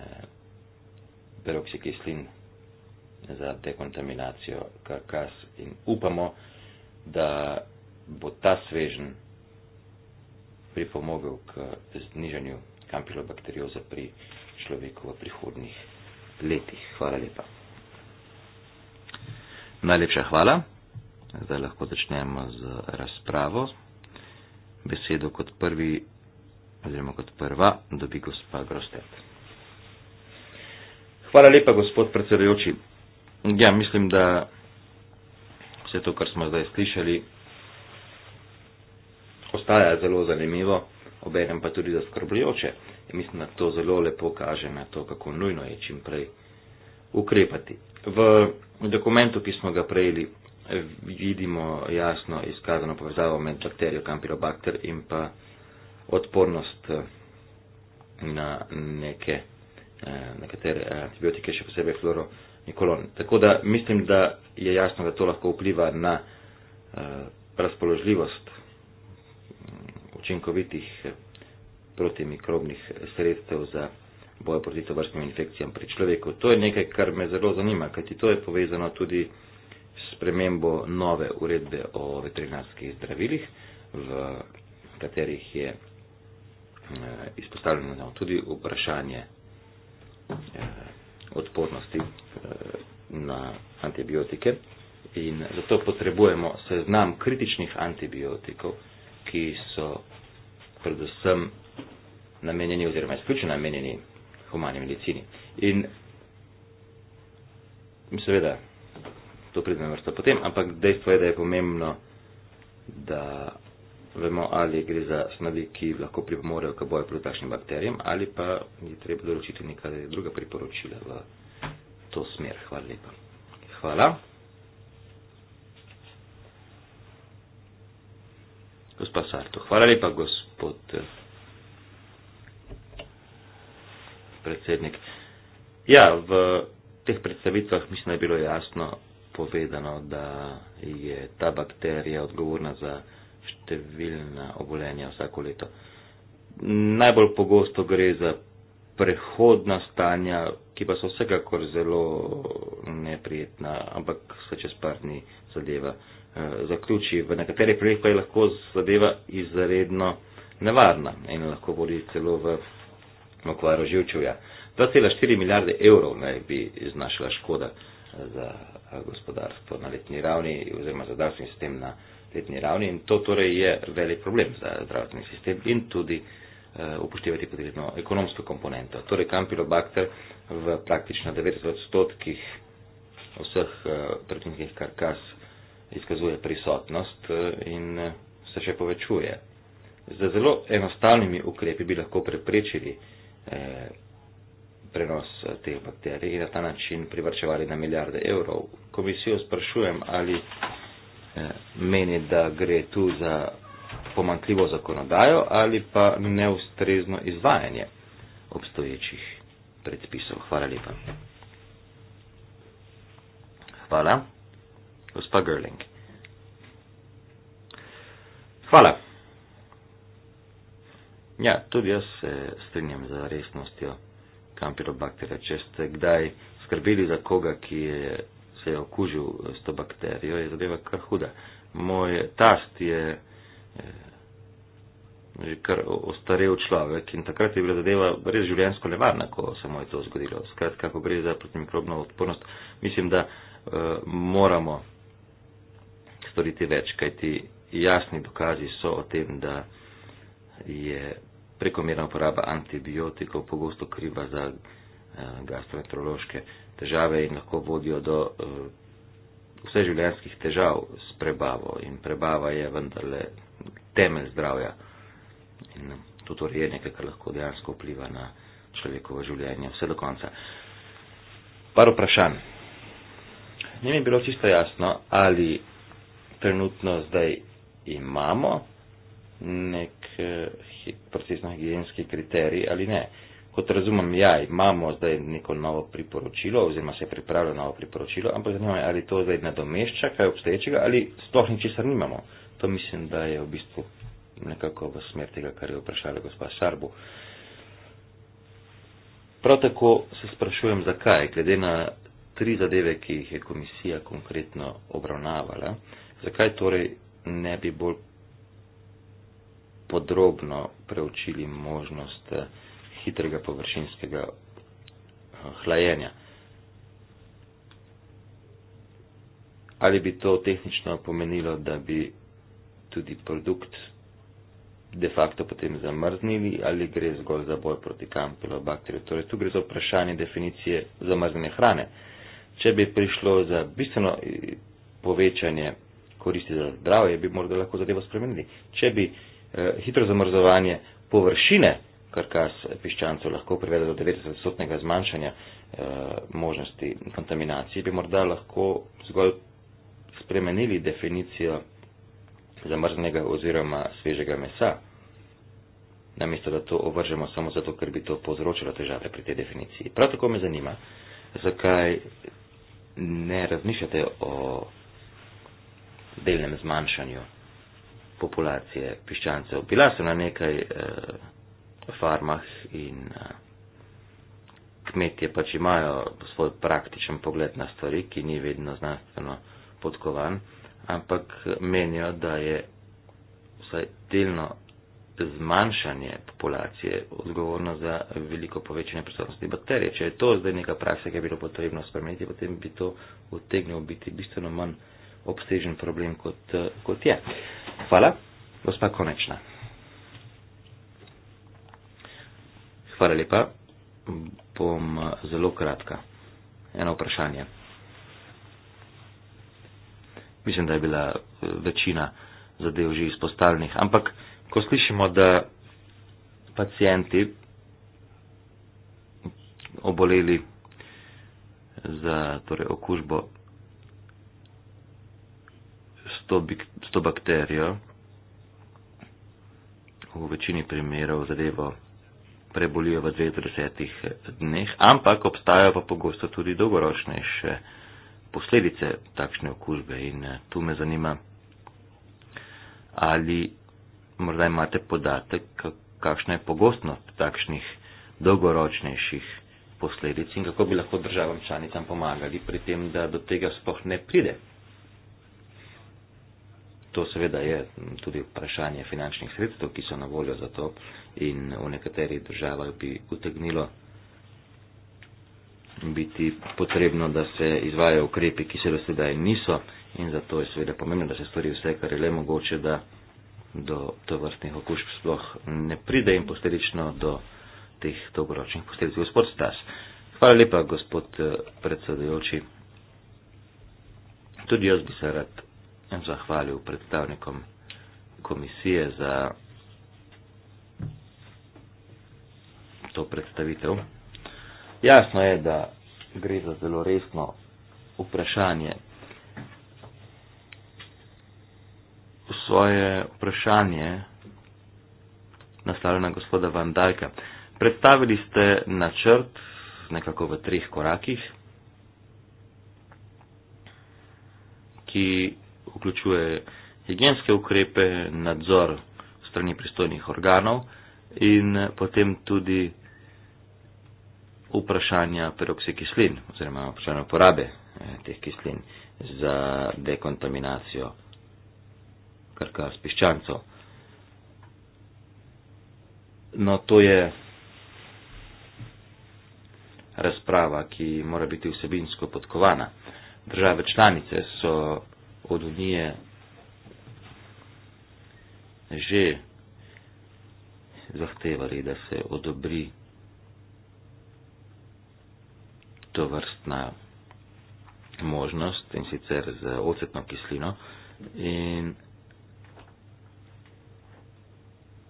peroksikislin za dekontaminacijo karkas in upamo, da bo ta svežen pripomogel k znižanju kampilobakterioza pri človeku v prihodnih letih. Hvala lepa. Najlepša hvala. Zdaj lahko začnemo z razpravo. Besedo kot prvi oziroma kot prva dobi gospa Grostet. Hvala lepa, gospod predsedujoči. Ja, mislim, da vse to, kar smo zdaj slišali, ostaja zelo zanimivo, obenem pa tudi zaskrbljujoče. In mislim, da to zelo lepo kaže na to, kako nujno je čim prej ukrepati. V dokumentu, ki smo ga prejeli vidimo jasno izkazano povezavo med bakterijo Campylobacter in pa odpornost eh, na neke, eh, nekatere eh, antibiotike, še posebej fluoronikolon. Tako da mislim, da je jasno, da to lahko vpliva na razpoložljivost mm, učinkovitih protimikrobnih sredstev za boj proti tovrstnim infekcijam pri človeku. To je nekaj, kar me zelo zanima, kajti to je povezano tudi spremembo nove uredbe o veterinarskih zdravilih, v katerih je eh, izpostavljeno tudi vprašanje eh, odpornosti eh, na antibiotike. In zato potrebujemo seznam kritičnih antibiotikov, ki so predvsem namenjeni oziroma izključno namenjeni humani medicini. In seveda, to pride na vrsto potem, ampak dejstvo je, da je pomembno, da vemo, ali gre za snovi, ki lahko pripomorejo k boju proti takšnim bakterijam, ali pa je treba določiti nekaj druga priporočila v to smer. Hvala lepa. Hvala. Gospod Sarto, hvala lepa, gospod predsednik. Ja, v teh predstavitvah mislim, da je bilo jasno, povedano, da je ta bakterija odgovorna za številna obolenja vsako leto. Najbolj pogosto gre za prehodna stanja, ki pa so vsekakor zelo neprijetna, ampak se čez par dni zadeva eh, zaključi. V nekaterih primerih pa je lahko zadeva izredno nevarna in lahko vodi celo v okvaro živčevja. 2,4 milijarde evrov naj bi znašala škoda eh, za Eh, gospodarstvo na letni ravni oziroma zdravstveni sistem na letni ravni in to torej je velik problem za zdravstveni sistem in tudi uh, upoštevati potrebno ekonomsko komponento. Torej kampilobakter v praktično 90 odstotkih vseh uh, eh, trdnih karkas izkazuje prisotnost uh, in uh, se še povečuje. Z zelo enostavnimi ukrepi bi lahko preprečili uh, prenos eh, teh bakterij in na ta način privrčevali na milijarde evrov. Komisijo sprašujem, ali eh, meni, da gre tu za pomankljivo zakonodajo ali pa neustrezno izvajanje obstoječih predpisov. Hvala lepa. Hvala. Gospa Gerling. Hvala. Ja, tudi jaz se strinjam za resnostjo kampirobakterije če ste kdaj skrbeli za koga, ki je, se je okužil eh, s to bakterijo, je zadeva kar huda. Moj tast je eh, že kar ostarev človek in takrat je bila zadeva res življensko nevarna, ko se mu je to zgodilo. Skratka, ko gre za protimikrobno odpornost, mislim, da eh, moramo storiti več, kajti jasni dokazi so o tem, da je prekomerna uporaba antibiotikov pogosto kriva za eh, gastroenterološke težave in lahko vodijo do eh, vseživljenjskih težav s prebavo. In prebava je vendarle temelj zdravja. In eh, to torej je nekaj, kar lahko dejansko vpliva na človekovo življenje vse do konca. Par vprašanj. Ne mi je bilo čisto jasno, ali trenutno zdaj imamo nek Eh, procesno higijenski kriterij ali ne. Kot razumem, ja, imamo zdaj neko novo priporočilo oziroma se pripravlja novo priporočilo, ampak zanima me, ali to zdaj nadomešča kaj obstoječega ali sploh ničesar nimamo. To mislim, da je v bistvu nekako v smer tega, kar je vprašala gospa Sarbu. Prav tako se sprašujem, zakaj, glede na tri zadeve, ki jih je komisija konkretno obravnavala, zakaj torej ne bi bolj podrobno preučili možnost eh, hitrega površinskega eh, hlajenja. Ali bi to tehnično pomenilo, da bi tudi produkt de facto potem zamrznili ali gre zgolj za boj proti kampilobakterju. Torej, tu gre za vprašanje definicije zamrznjene hrane. Če bi prišlo za bistveno eh, povečanje koristi za zdravje, bi morda lahko zadevo spremenili. Če bi uh, Eh, hitro zamrzovanje površine karkas piščancev lahko privede do 90-odstotnega zmanjšanja eh, možnosti kontaminacije, bi morda lahko zgolj spremenili definicijo zamrznega oziroma svežega mesa, namesto da to ovržemo samo zato, ker bi to povzročilo težave pri tej definiciji. Prav tako me zanima, zakaj ne razmišljate o delnem zmanjšanju populacije piščancev. Bila sem na nekaj eh, farmah in eh, kmetje pač imajo svoj praktičen pogled na stvari, ki ni vedno znanstveno podkovan, ampak menijo, da je vsaj delno zmanjšanje populacije odgovorno za veliko povečanje prisotnosti bakterije. Če je to zdaj neka praksa, ki je bilo potrebno spremeniti, potem bi to utegnil biti bistveno manj obsežen problem kot, eh, kot je. Uh, Hvala, gospa Konečna. Hvala lepa. Bom eh, zelo kratka. Eno vprašanje. Mislim, da je bila eh, večina zadev že izpostavljenih, ampak ko slišimo, da pacijenti oboleli za torej, okužbo s to bakterijo, v večini primerov zadevo prebolijo v 20 dneh, ampak obstajajo pa pogosto tudi dolgoročnejše posledice takšne okužbe in eh, tu me zanima, ali morda imate podatek, kakšna je pogostnost takšnih dolgoročnejših posledic in kako bi lahko državam članicam pomagali pri tem, da do tega sploh ne pride. To seveda je tudi vprašanje finančnih sredstev, ki so na voljo za to in v nekaterih državah bi utegnilo biti potrebno, da se izvajajo ukrepi, ki se do sedaj niso in zato je seveda pomembno, da se stori vse, kar je le mogoče, da do to vrstnih okužb sploh ne pride in posledično do teh dolgoročnih posledic. Gospod Stas, hvala lepa, gospod eh, predsedujoči. Tudi jaz bi se rad zahvalil predstavnikom komisije za to predstavitev. Jasno je, da gre za zelo resno vprašanje. Svoje vprašanje naslavljena gospoda Van Dajka. Predstavili ste načrt nekako v treh korakih, ki vključuje higijenske ukrepe, nadzor strani pristojnih organov in eh, potem tudi vprašanja peroksi kislin oziroma vprašanja uporabe eh, teh kislin za dekontaminacijo krka s piščancov. No, to je razprava, ki mora biti vsebinsko podkovana. Države članice so od unije že zahtevali, da se odobri to vrstna možnost in sicer z ocetno kislino. In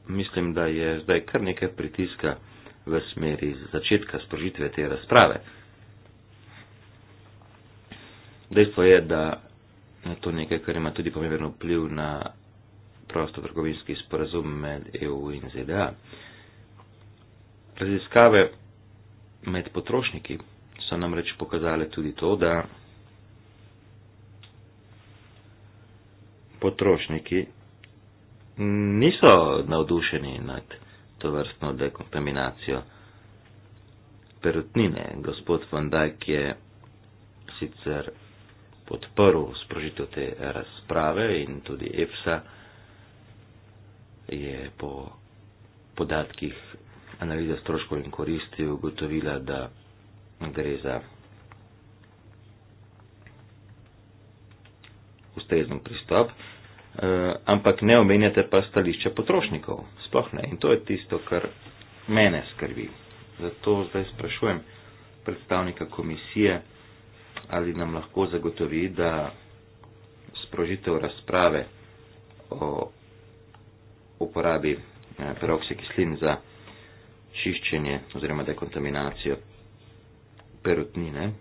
mislim, da je zdaj kar nekaj pritiska v smeri začetka sprožitve te razprave. Dejstvo je, da to nekaj, kar ima tudi pomemben vpliv na prostotrgovinski sporazum med EU in ZDA. Raziskave med potrošniki so nam reč pokazale tudi to, da potrošniki niso navdušeni nad to vrstno dekontaminacijo perutnine. Gospod Van Dijk je sicer podprl sprožitev te razprave in tudi EFSA je po podatkih analize stroškov in koristi ugotovila, da gre za ustrezen pristop, eh, ampak ne omenjate pa stališče potrošnikov, sploh ne. In to je tisto, kar mene skrbi. Zato zdaj sprašujem predstavnika komisije, ali nam lahko zagotovi, da sprožitev razprave o uporabi eh, peroksikislin za čiščenje oziroma dekontaminacijo perutnine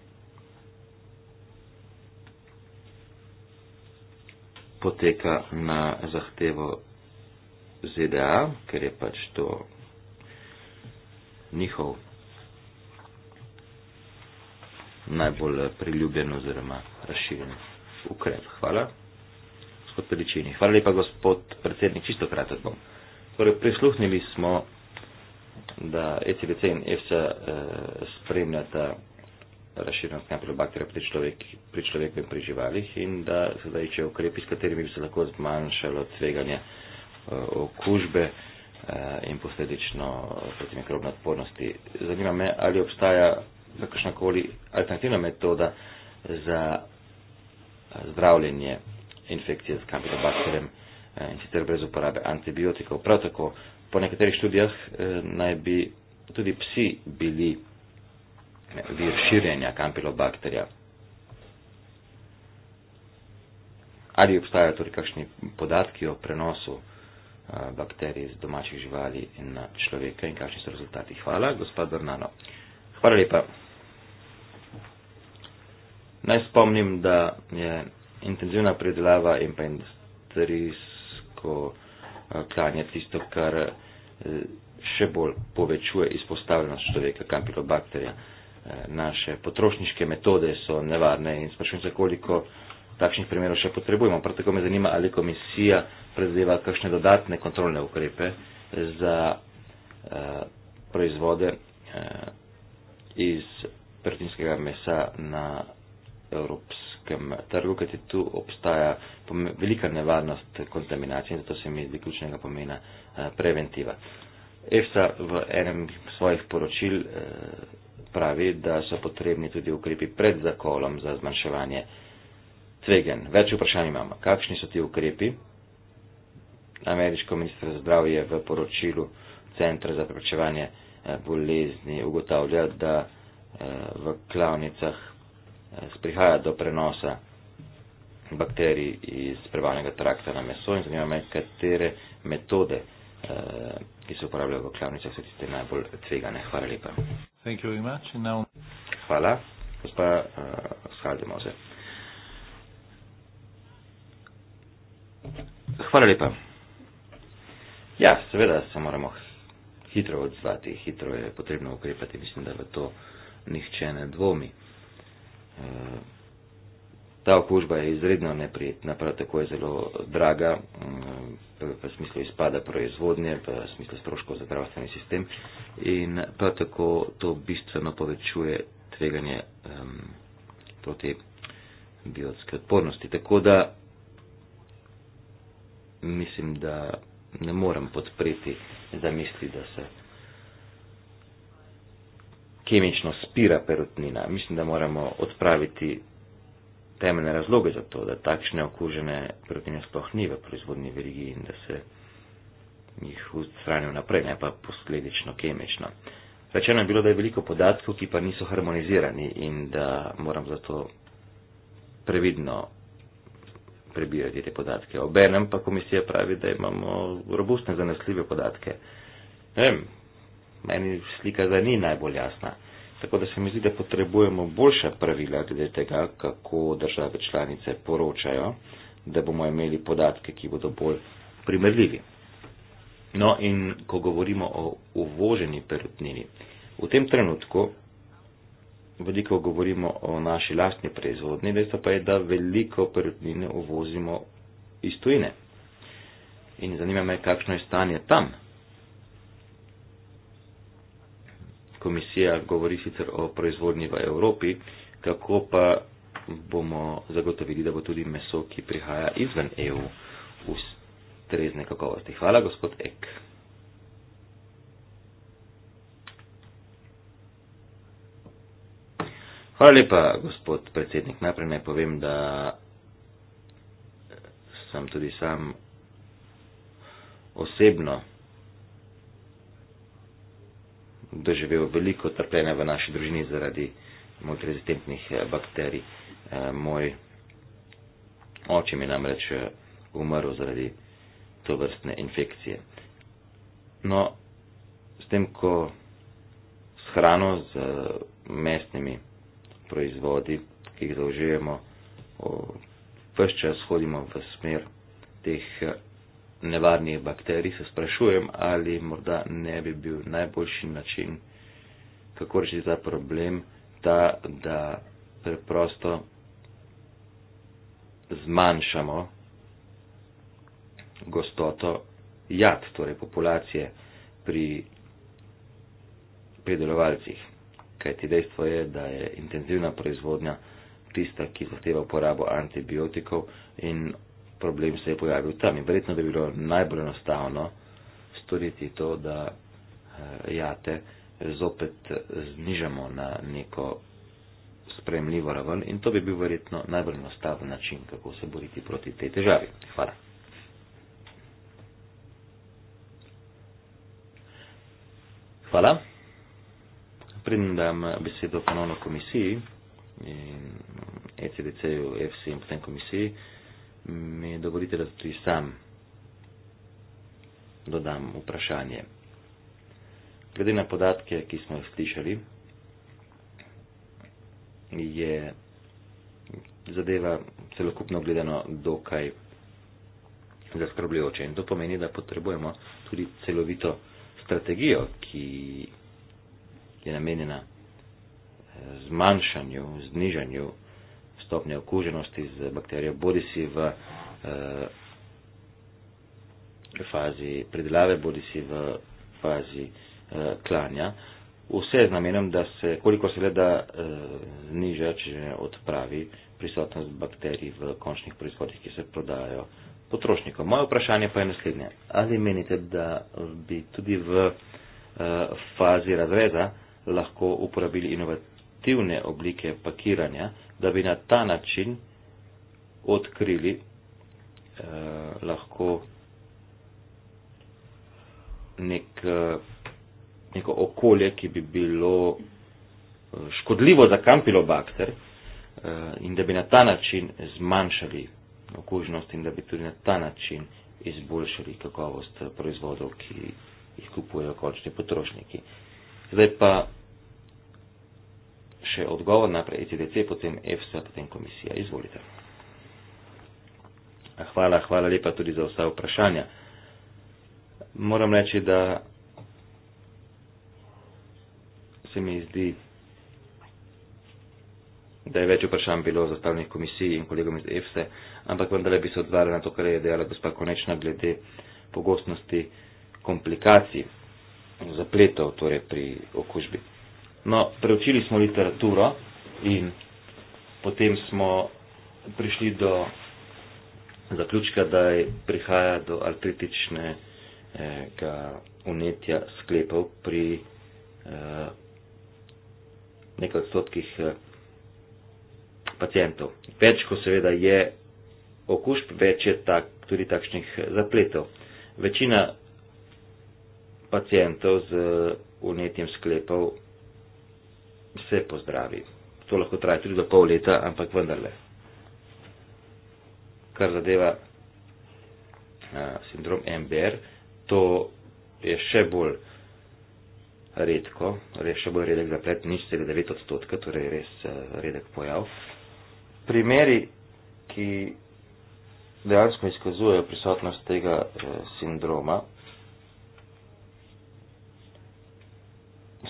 poteka na zahtevo ZDA, ker je pač to njihov najbolj priljubljen oziroma razširjen ukrep. Hvala, gospod Peličini. Hvala lepa, gospod predsednik, čisto kratek bom. Torej, prisluhnili smo, da ECDC in EFSA eh, spremljata razširjenost kampelobakterja pri, človek, pri človeku in pri živalih in da sedaj, če ukrepi, s katerimi bi se lahko zmanjšalo tveganje eh, okužbe eh, in posledično protimikrobne odpornosti. Zanima me, ali obstaja za kakšnakoli alternativna metoda za eh, zdravljenje infekcije z kampilobakterjem eh, in sicer brez uporabe antibiotikov. Prav tako, po nekaterih študijah eh, naj bi tudi psi bili vir širjenja kampilobakterja. Ali obstajajo tudi kakšni podatki o prenosu bakterij z domačih živali in na človeka in kakšni so rezultati. Hvala, gospod Brnano. Hvala lepa. Naj spomnim, da je intenzivna predelava in pa industrijsko eh, klanje tisto, kar eh, še bolj povečuje izpostavljenost človeka kampilobakterja. Eh, naše potrošniške metode so nevarne in sprašujem se, koliko takšnih primerov še potrebujemo. Prav tako me zanima, ali komisija predeva kakšne dodatne kontrolne ukrepe za eh, proizvode eh, iz pertinskega mesa na evropskem trgu, ker tu obstaja velika nevarnost kontaminacije in zato se mi zdi ključnega pomena eh, preventiva. EFSA v enem svojih poročil eh, pravi, da so potrebni tudi ukrepi pred zakolom za zmanjševanje tvegen. Več vprašanj imamo. Kakšni so ti ukrepi? Ameriško ministrstvo za zdravje v poročilu Centra za preprečevanje eh, bolezni ugotavlja, da v klavnicah Eh, prihaja do prenosa bakterij iz prebavnega trakta na meso in zanima me, katere metode, eh, ki se uporabljajo v klavnicah, so tiste najbolj tvegane. Hvala lepa. Thank you very much. Now... Hvala. Gospa uh, eh, Skaldemoze. Hvala lepa. Ja, seveda se moramo hitro odzvati, hitro je potrebno ukrepati, mislim, da v to nihče ne dvomi. Ta okužba je izredno neprijetna, prav tako je zelo draga v smislu izpada proizvodnje, v smislu stroškov za zdravstveni sistem in prav tako to bistveno povečuje tveganje um, proti biotske odpornosti. Tako da mislim, da ne morem podpreti zamisli, da se kemično spira perutnina. Mislim, da moramo odpraviti temeljne razloge za to, da takšne okužene perutnine sploh ni v proizvodni verigi in da se jih odstranijo naprej, ne pa posledično kemično. Rečeno je bilo, da je veliko podatkov, ki pa niso harmonizirani in da moram zato previdno prebirati te podatke. Obenem pa komisija pravi, da imamo robustne zanesljive podatke. Ne vem, meni slika zdaj ni najbolj jasna. Tako da se mi zdi, da potrebujemo boljša pravila glede tega, kako države članice poročajo, da bomo imeli podatke, ki bodo bolj primerljivi. No in ko govorimo o uvoženi perutnini, v tem trenutku veliko govorimo o naši lastni proizvodni, veste pa je, da veliko perutnine uvozimo iz tujine. In zanima me, kakšno je stanje tam. komisija govori sicer o proizvodnji v Evropi, kako pa bomo zagotovili, da bo tudi meso, ki prihaja izven EU, ustrezne kakovosti. Hvala, gospod Ek. Hvala lepa, gospod predsednik. Najprej naj povem, da sem tudi sam osebno doživel veliko trpljenja v naši družini zaradi multirezistentnih eh, bakterij. Eh, moj oče mi je namreč eh, umrl zaradi to vrstne infekcije. No, s tem, ko s hrano, z mestnimi proizvodi, ki jih zaužijemo, vse čas hodimo v smer teh nevarnih bakterij, se sprašujem, ali morda ne bi bil najboljši način, kako reči ta problem, ta, da preprosto zmanjšamo gostoto jad, torej populacije pri pridelovalcih. Kajti dejstvo je, da je intenzivna proizvodnja tista, ki zahteva uporabo antibiotikov in problem se je pojavil tam in verjetno bi bilo najbolj enostavno storiti to, da eh, jate zopet znižamo na neko spremljivo raven in to bi bil verjetno najbolj enostaven način, kako se boriti proti tej težavi. Hvala. Hvala. Predem dam besedo ponovno komisiji in ECDC-ju, e FC in potem komisiji mi dovolite, da tudi sam dodam vprašanje. Glede na podatke, ki smo jih slišali, je zadeva celokupno gledano dokaj zaskrbljujoče. In to pomeni, da potrebujemo tudi celovito strategijo, ki je namenjena eh, zmanjšanju, znižanju stopnje okuženosti z bakterijo, bodi si v eh, fazi predelave, bodi si v fazi eh, klanja. Vse z namenom, da se koliko se le da eh, zniža, če že odpravi prisotnost bakterij v končnih proizvodih, ki se prodajajo potrošnikom. Moje vprašanje pa je naslednje. Ali menite, da bi tudi v eh, fazi razreza lahko uporabili inovativne oblike pakiranja? da bi na ta način odkrili eh, lahko nek, eh, neko okolje, ki bi bilo eh, škodljivo za kampilobakter eh, in da bi na ta način zmanjšali okužnost in da bi tudi na ta način izboljšali kakovost proizvodov, ki jih kupujejo končni potrošniki. Zdaj pa še odgovor naprej ECDC, potem EFSA, potem komisija. Izvolite. Hvala, hvala lepa tudi za vsa vprašanja. Moram reči, da se mi zdi, da je več vprašanj bilo zastavljenih komisiji in kolegom iz EFSE, ampak vendarle bi se odvarjala na to, kar je dejala gospa Konečna glede pogostnosti komplikacij, zapletov torej pri okužbi. No, preučili smo literaturo in potem smo prišli do zaključka, da je prihaja do artritičnega unetja sklepov pri eh, nekaj odstotkih eh, pacijentov. Več, ko seveda je okužb, več je tak, tudi takšnih zapletov. Večina pacijentov z unetjem sklepov vse pozdravi. To lahko traja tudi do pol leta, ampak vendarle. Kar zadeva uh, sindrom MBR, to je še bolj redko, res torej še bolj redek zaplet, nič cele 9 odstotka, torej res uh, redek pojav. Primeri, ki dejansko izkazujejo prisotnost tega uh, sindroma,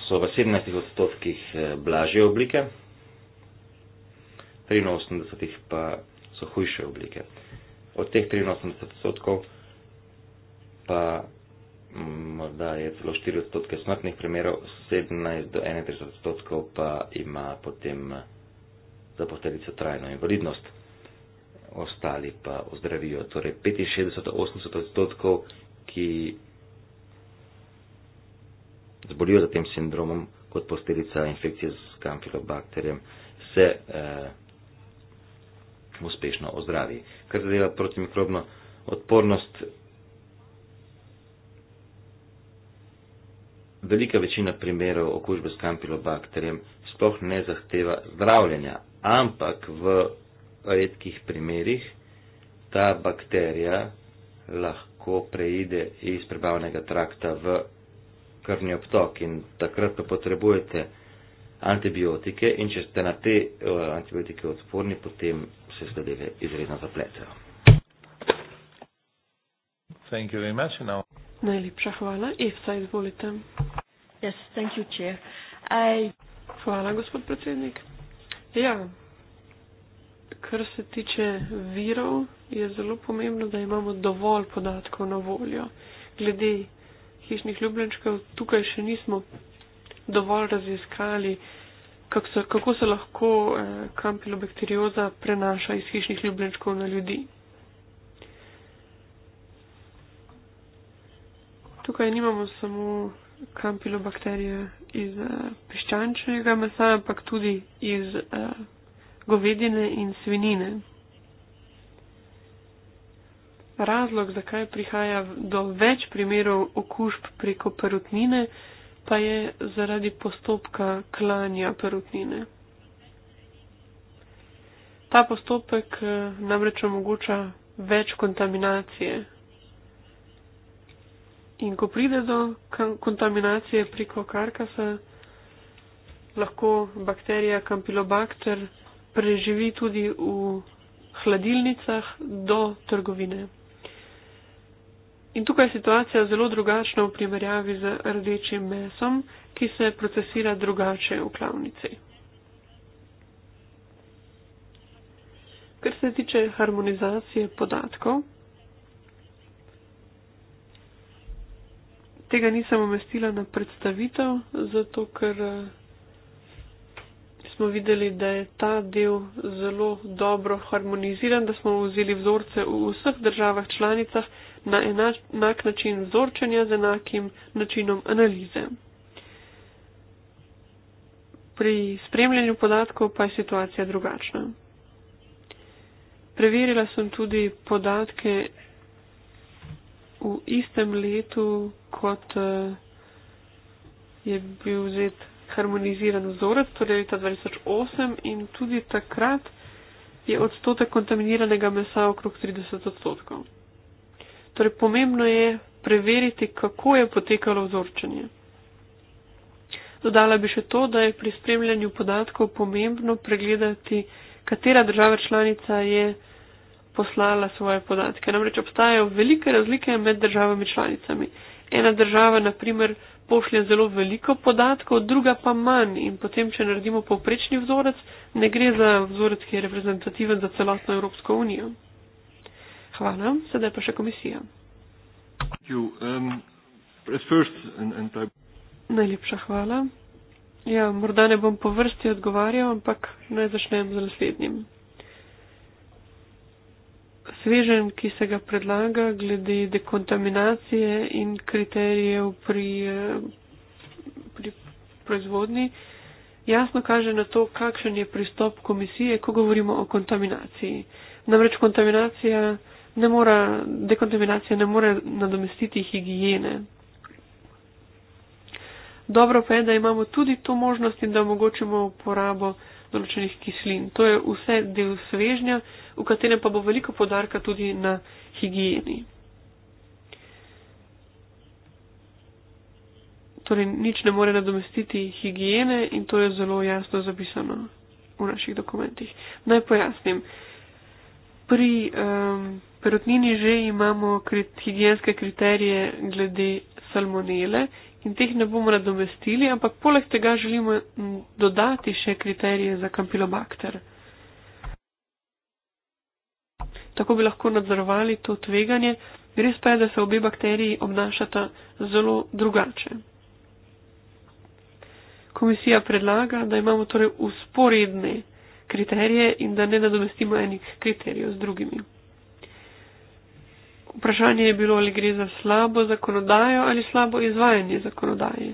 so v 17 odstotkih eh, blažje oblike, 83 pa so hujše oblike. Od teh 83 odstotkov pa morda je celo 4 odstotke smrtnih primerov, 17 do 31 odstotkov pa ima potem eh, za posledico trajno invalidnost, ostali pa ozdravijo. Torej 65 do 80 odstotkov, ki zbolijo za tem sindromom kot posledica infekcije z kampilobakterjem, se eh, uspešno ozdravi. Kar zadeva protimikrobno odpornost, velika večina primerov okužbe s kampilobakterjem sploh ne zahteva zdravljenja, ampak v redkih primerjih ta bakterija lahko preide iz prebavnega trakta v krvni obtok in takrat pa potrebujete antibiotike in če ste na te eh, antibiotike odporni, potem se zadeve izredno zapletejo. Thank you very much. Now. Najlepša hvala. Evsa, izvolite. Yes, thank you, chair. I... Hvala, gospod predsednik. Ja, kar se tiče virov, je zelo pomembno, da imamo dovolj podatkov na voljo. Glede hišnih ljubljenčkov tukaj še nismo dovolj raziskali, kako se, kako se lahko eh, kampilobakterioza prenaša iz hišnih ljubljenčkov na ljudi. Tukaj nimamo samo kampilobakterije iz uh, piščančnega mesa, ampak tudi iz uh, govedine in svinine. Razlog, zakaj prihaja do več primerov okužb preko perutnine, pa je zaradi postopka klanja perutnine. Ta postopek eh, namreč omogoča več kontaminacije. In ko pride do kontaminacije preko karkasa, lahko bakterija Campylobacter preživi tudi v hladilnicah do trgovine. In tukaj je situacija zelo drugačna v primerjavi z rdečim mesom, ki se procesira drugače v klavnici. Kar se tiče harmonizacije podatkov, tega nisem umestila na predstavitev, zato ker eh, smo videli, da je ta del zelo dobro harmoniziran, da smo vzeli vzorce v vseh državah članicah na enak način vzorčenja z enakim načinom analize. Pri spremljanju podatkov pa je situacija drugačna. Preverila sem tudi podatke v istem letu, kot eh, je bil vzet harmoniziran vzorec, torej leta 2008 in tudi takrat je odstotek kontaminiranega mesa okrog 30 odstotkov. Torej, pomembno je preveriti, kako je potekalo vzorčenje. Dodala bi še to, da je pri spremljanju podatkov pomembno pregledati, katera država članica je poslala svoje podatke. Namreč obstajajo velike razlike med državami članicami. Ena država, naprimer, pošlje zelo veliko podatkov, druga pa manj in potem, če naredimo povprečni vzorec, ne gre za vzorec, ki je reprezentativen za celotno Evropsko unijo. Hvala. Sedaj pa še komisija. Um, Najlepša hvala. Ja, morda ne bom po vrsti odgovarjal, ampak naj začnem z naslednjim. Svežen, ki se ga predlaga glede dekontaminacije in kriterijev pri, eh, pri proizvodni, jasno kaže na to, kakšen je pristop komisije, ko govorimo o kontaminaciji. Namreč kontaminacija ne more, dekontaminacija ne more nadomestiti higijene. Dobro pa je, da imamo tudi to možnost in da omogočimo uporabo določenih kislin. To je vse del svežnja, v katerem pa bo veliko podarka tudi na higijeni. Torej, nič ne more nadomestiti higijene in to je zelo jasno zapisano v naših dokumentih. Naj pojasnim. Pri um, perutnini že imamo krit, higijenske kriterije glede salmonele in teh ne bomo nadomestili, ampak poleg tega želimo dodati še kriterije za kampilobakter. Tako bi lahko nadzorovali to tveganje. Res pa je, da se obe bakteriji obnašata zelo drugače. Komisija predlaga, da imamo torej usporedne kriterije in da ne nadomestimo enih kriterijev z drugimi vprašanje je bilo, ali gre za slabo zakonodajo ali slabo izvajanje zakonodaje.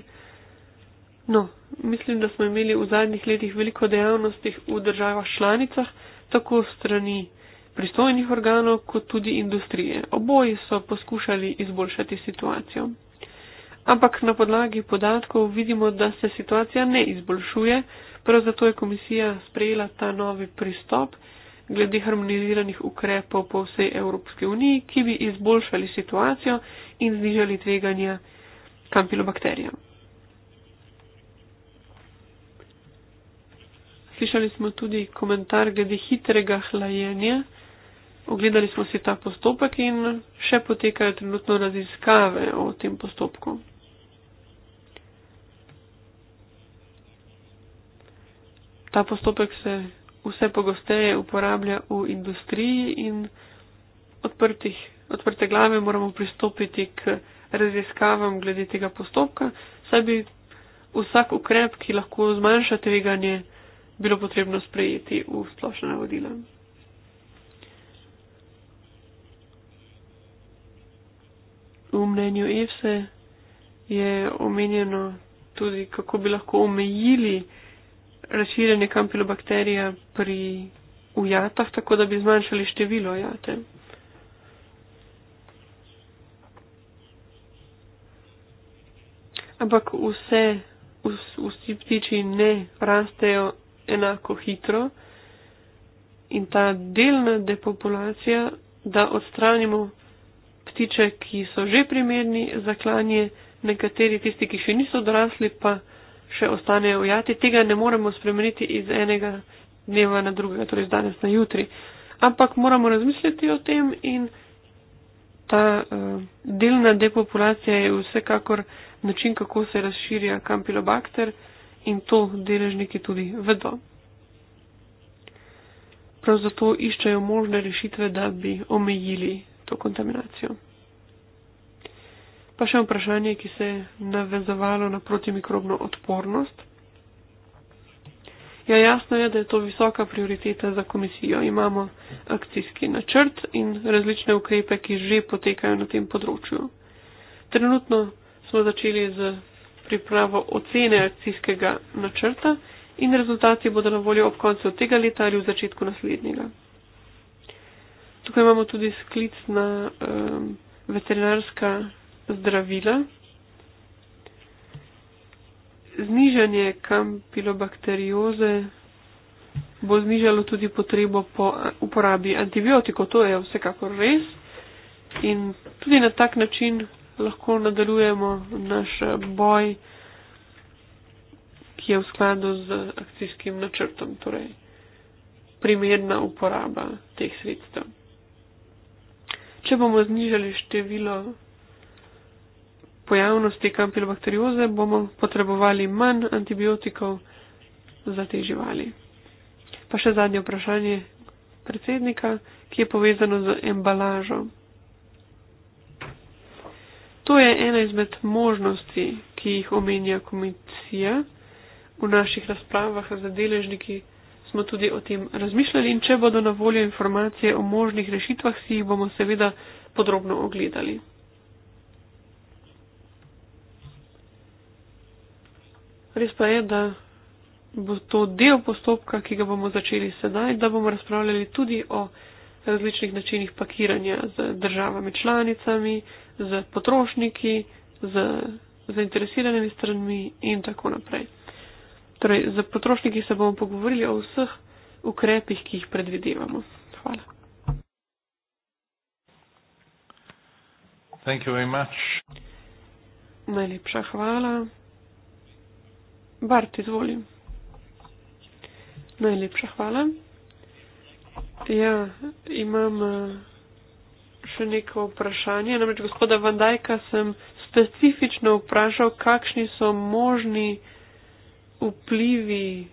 No, mislim, da smo imeli v zadnjih letih veliko dejavnosti v državah članicah, tako strani pristojnih organov, kot tudi industrije. Oboji so poskušali izboljšati situacijo. Ampak na podlagi podatkov vidimo, da se situacija ne izboljšuje, prav zato je komisija sprejela ta novi pristop glede harmoniziranih ukrepov po vsej Evropske uniji, ki bi izboljšali situacijo in znižali tveganje kampilobakterijam. Slišali smo tudi komentar glede hitrega hlajenja. Ogledali smo si ta postopek in še potekajo trenutno raziskave o tem postopku. Ta postopek se vse pogosteje uporablja v industriji in odprtih, odprte glave moramo pristopiti k raziskavam glede tega postopka, saj bi vsak ukrep, ki lahko zmanjša tveganje, bilo potrebno sprejeti v splošna navodila. V mnenju EFSE je omenjeno tudi, kako bi lahko omejili razširjanje kampilobakterija pri ujatah, tako da bi zmanjšali število jate. Ampak vse, vsi ptiči ne rastejo enako hitro in ta delna depopulacija, da odstranimo ptiče, ki so že primerni za klanje, nekateri tisti, ki še niso odrasli, pa še ostanejo ujati, tega ne moremo spremeniti iz enega dneva na drugega, torej iz danes na jutri. Ampak moramo razmisliti o tem in ta uh, delna depopulacija je vsekakor način, kako se razširja kampilobakter in to deležniki tudi vedo. Prav zato iščejo možne rešitve, da bi omejili to kontaminacijo. Pa še vprašanje, ki se je navezovalo na protimikrobno odpornost. Ja, jasno je, da je to visoka prioriteta za komisijo. Imamo akcijski načrt in različne ukrepe, ki že potekajo na tem področju. Trenutno smo začeli z pripravo ocene akcijskega načrta in rezultati bodo na voljo ob koncu tega leta ali v začetku naslednjega. Tukaj imamo tudi sklic na um, veterinarska zdravila, znižanje kampilobakterioze bo znižalo tudi potrebo po eh, uporabi antibiotikov, to je vsekakor res. In tudi na tak način lahko nadaljujemo naš eh, boj, ki je v skladu z akcijskim načrtom, torej primerna uporaba teh sredstev. Če bomo znižali število pojavnosti kampilobakterioze bomo potrebovali manj antibiotikov za te živali. Pa še zadnje vprašanje predsednika, ki je povezano z embalažo. To je ena izmed možnosti, ki jih omenja komisija. V naših razpravah za deležniki smo tudi o tem razmišljali in če bodo na voljo informacije o možnih rešitvah, si jih bomo seveda podrobno ogledali. Res pa je, da bo to del postopka, ki ga bomo začeli sedaj, da bomo razpravljali tudi o različnih načinih pakiranja z državami članicami, z potrošniki, z zainteresiranimi stranmi in tako naprej. Torej, z potrošniki se bomo pogovorili o vseh ukrepih, ki jih predvidevamo. Hvala. Najlepša hvala. Bart, izvolim. Najlepša hvala. Ja, imam eh, še neko vprašanje. Namreč gospoda Vandajka sem specifično vprašal, kakšni so možni vplivi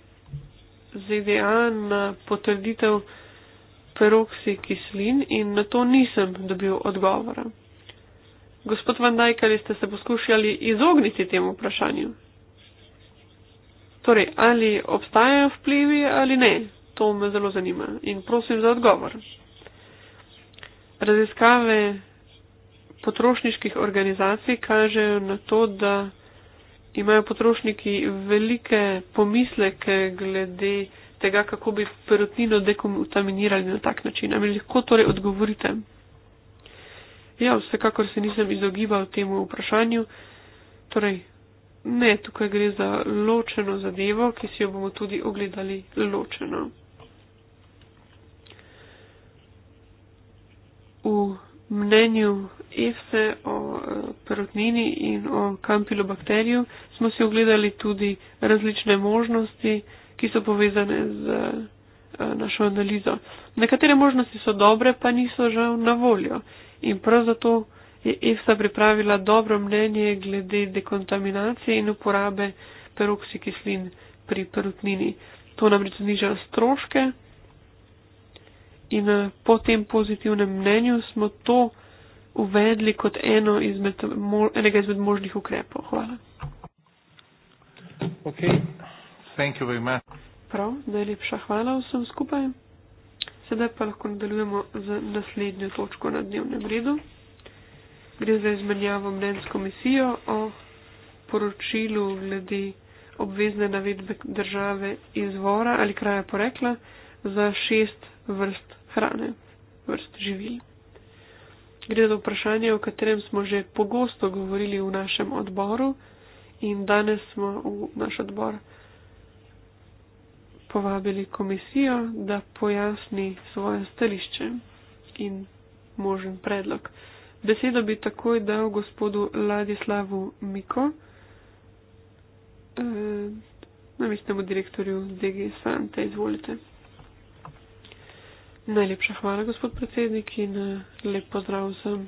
ZDA na potrditev peroksi kislin in na to nisem dobil odgovora. Gospod Vandajka, ali ste se poskušali izogniti temu vprašanju? Torej, ali obstajajo vplivi ali ne? To me zelo zanima in prosim za odgovor. Raziskave potrošniških organizacij kažejo na to, da imajo potrošniki velike pomisleke glede tega, kako bi perutnino dekontaminirali na tak način. Ali lahko torej odgovorite? Ja, vsekakor se nisem izogibal temu vprašanju. Torej, Ne, tukaj gre za ločeno zadevo, ki si jo bomo tudi ogledali ločeno. V mnenju EFSE o e, perotnini in o kampilobakteriju smo si ogledali tudi različne možnosti, ki so povezane z e, našo analizo. Nekatere možnosti so dobre, pa niso žal na voljo. In prav zato je IFSA pripravila dobro mnenje glede dekontaminacije in uporabe peroksikislin pri perutnini. To namreč zniža stroške in eh, po tem pozitivnem mnenju smo to uvedli kot eno izmed, enega izmed možnih ukrepov. Hvala. Okay. Thank you very much. Prav, najlepša hvala vsem skupaj. Sedaj pa lahko nadaljujemo z naslednjo točko na dnevnem redu gre za izmenjavo mnen s komisijo o poročilu glede obvezne navedbe države izvora ali kraja porekla za šest vrst hrane, vrst živil. Gre za vprašanje, o katerem smo že pogosto govorili v našem odboru in danes smo v naš odbor povabili komisijo, da pojasni svoje stališče in možen predlog. Besedo bi takoj dal gospodu Ladislavu Miko, eh, namestnemu direktorju DG Sante. Izvolite. Najlepša hvala, gospod predsednik, in eh, lep pozdrav vsem.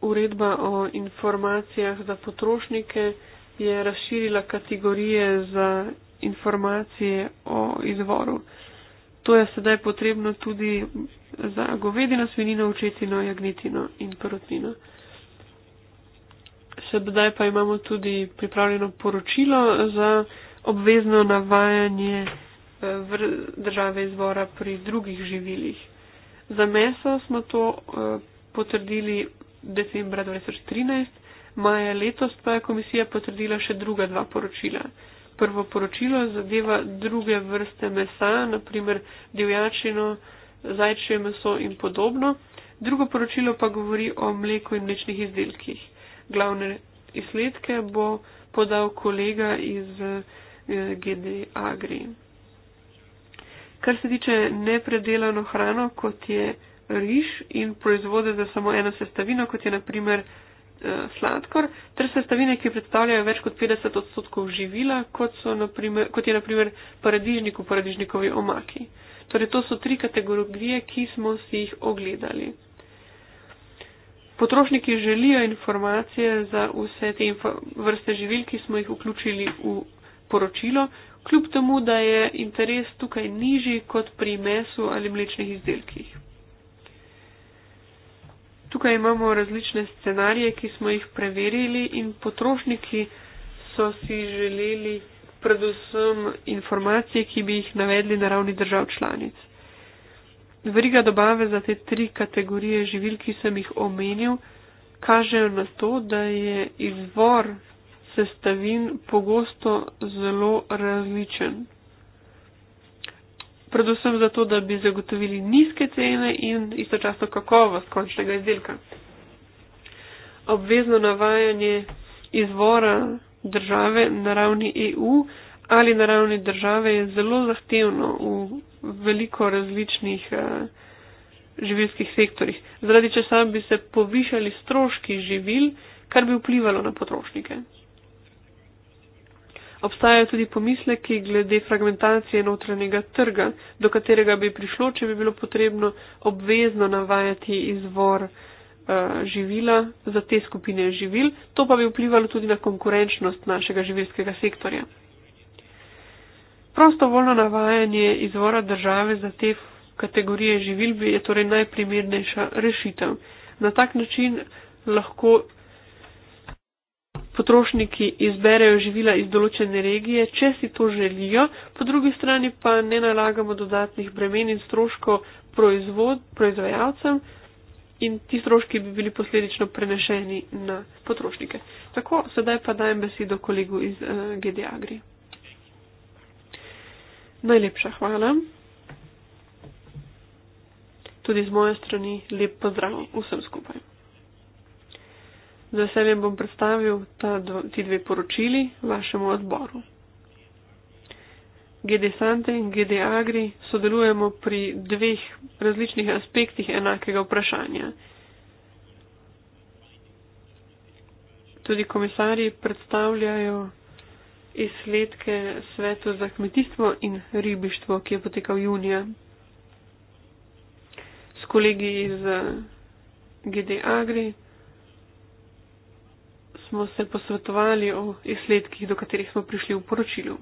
Uredba o informacijah za potrošnike je razširila kategorije za informacije o izvoru eh, To je sedaj potrebno tudi za govedino, svinino, očetino, jagnetino in porotnino. Sedaj pa imamo tudi pripravljeno poročilo za obvezno navajanje eh, države izvora pri drugih živilih. Za meso smo to eh, potrdili decembra 2013, maja letos pa je komisija potrdila še druga dva poročila prvo poročilo zadeva druge vrste mesa, naprimer divjačino, zajčje meso in podobno. Drugo poročilo pa govori o mleku in mlečnih izdelkih. Glavne izsledke bo podal kolega iz eh, GD Agri. Kar se tiče nepredelano hrano, kot je riž in proizvode za samo eno sestavino, kot je naprimer Eh, sladkor, ter sestavine, ki predstavljajo več kot 50 odstotkov živila, kot, naprimer, kot je naprimer paradižnik v paradižnikovi omaki. Torej, to so tri kategorije, ki smo si jih ogledali. Potrošniki želijo informacije za vse te info, vrste živil, ki smo jih vključili v poročilo, kljub temu, da je interes tukaj nižji kot pri mesu ali mlečnih izdelkih. Tukaj imamo različne scenarije, ki smo jih preverili in potrošniki so si želeli predvsem informacije, ki bi jih navedli na ravni držav članic. Veriga dobave za te tri kategorije živil, ki sem jih omenil, kažejo na to, da je izvor sestavin pogosto zelo različen predvsem zato, da bi zagotovili nizke cene in istočasno kakovost končnega izdelka. Obvezno navajanje izvora države na ravni EU ali na ravni države je zelo zahtevno v veliko različnih eh, živilskih sektorjih. Zaradi česa bi se povišali stroški živil, kar bi vplivalo na potrošnike. Obstajajo tudi pomisleki glede fragmentacije notranjega trga, do katerega bi prišlo, če bi bilo potrebno obvezno navajati izvor uh, živila za te skupine živil, to pa bi vplivalo tudi na konkurenčnost našega živilskega sektorja. Prostovoljno navajanje izvora države za te kategorije živil bi je torej najprimernejša rešitev. Na tak način lahko potrošniki izberejo živila iz določene regije, če si to želijo, po drugi strani pa ne nalagamo dodatnih bremen in stroškov proizvajalcem in ti stroški bi bili posledično prenešeni na potrošnike. Tako, sedaj pa dajem besedo kolegu iz uh, eh, GDAGRI. Najlepša hvala. Tudi z moje strani lep pozdrav vsem skupaj. Z veseljem bom predstavil ta dv ti dve poročili vašemu odboru. GD Sante in GD Agri sodelujemo pri dveh različnih aspektih enakega vprašanja. Tudi komisarji predstavljajo izsledke svetu za kmetijstvo in ribištvo, ki je potekal junija. S kolegi iz GD Agri smo se posvetovali o izsledkih, do katerih smo prišli v poročilu.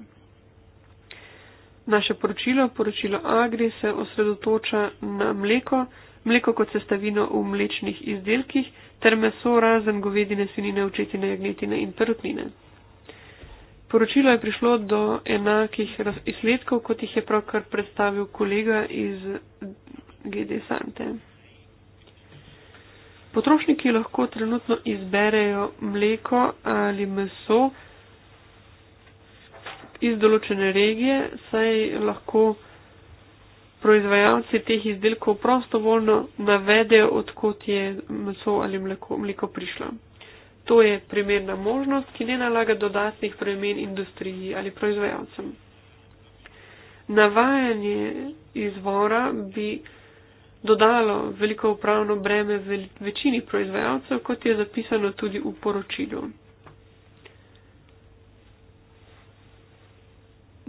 Naše poročilo, poročilo Agri, se osredotoča na mleko, mleko kot sestavino v mlečnih izdelkih ter meso razen govedine, svinine, očetine, jagnetine in trtnine. Poročilo je prišlo do enakih izsledkov, kot jih je pravkar predstavil kolega iz GD Sante. Potrošniki lahko trenutno izberejo mleko ali meso iz določene regije, saj lahko proizvajalci teh izdelkov prostovoljno navedejo, odkot je meso ali mleko, mleko prišlo. To je primerna možnost, ki ne nalaga dodatnih premen industriji ali proizvajalcem. Navajanje izvora bi dodalo veliko upravno breme večini proizvajalcev, kot je zapisano tudi v poročilu.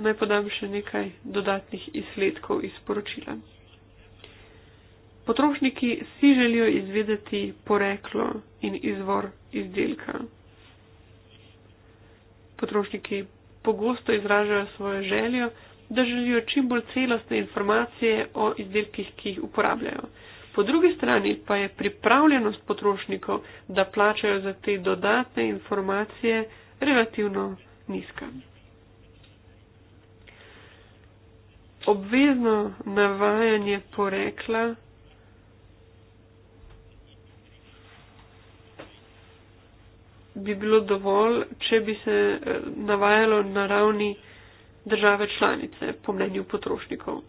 Naj podam še nekaj dodatnih izsledkov iz poročila. Potrošniki si želijo izvedeti poreklo in izvor izdelka. Potrošniki pogosto izražajo svojo željo, da želijo čim bolj celostne informacije o izdelkih, ki jih uporabljajo. Po drugi strani pa je pripravljenost potrošnikov, da plačajo za te dodatne informacije, relativno nizka. Obvezno navajanje porekla bi bilo dovolj, če bi se eh, navajalo na ravni države članice po mnenju potrošnikov.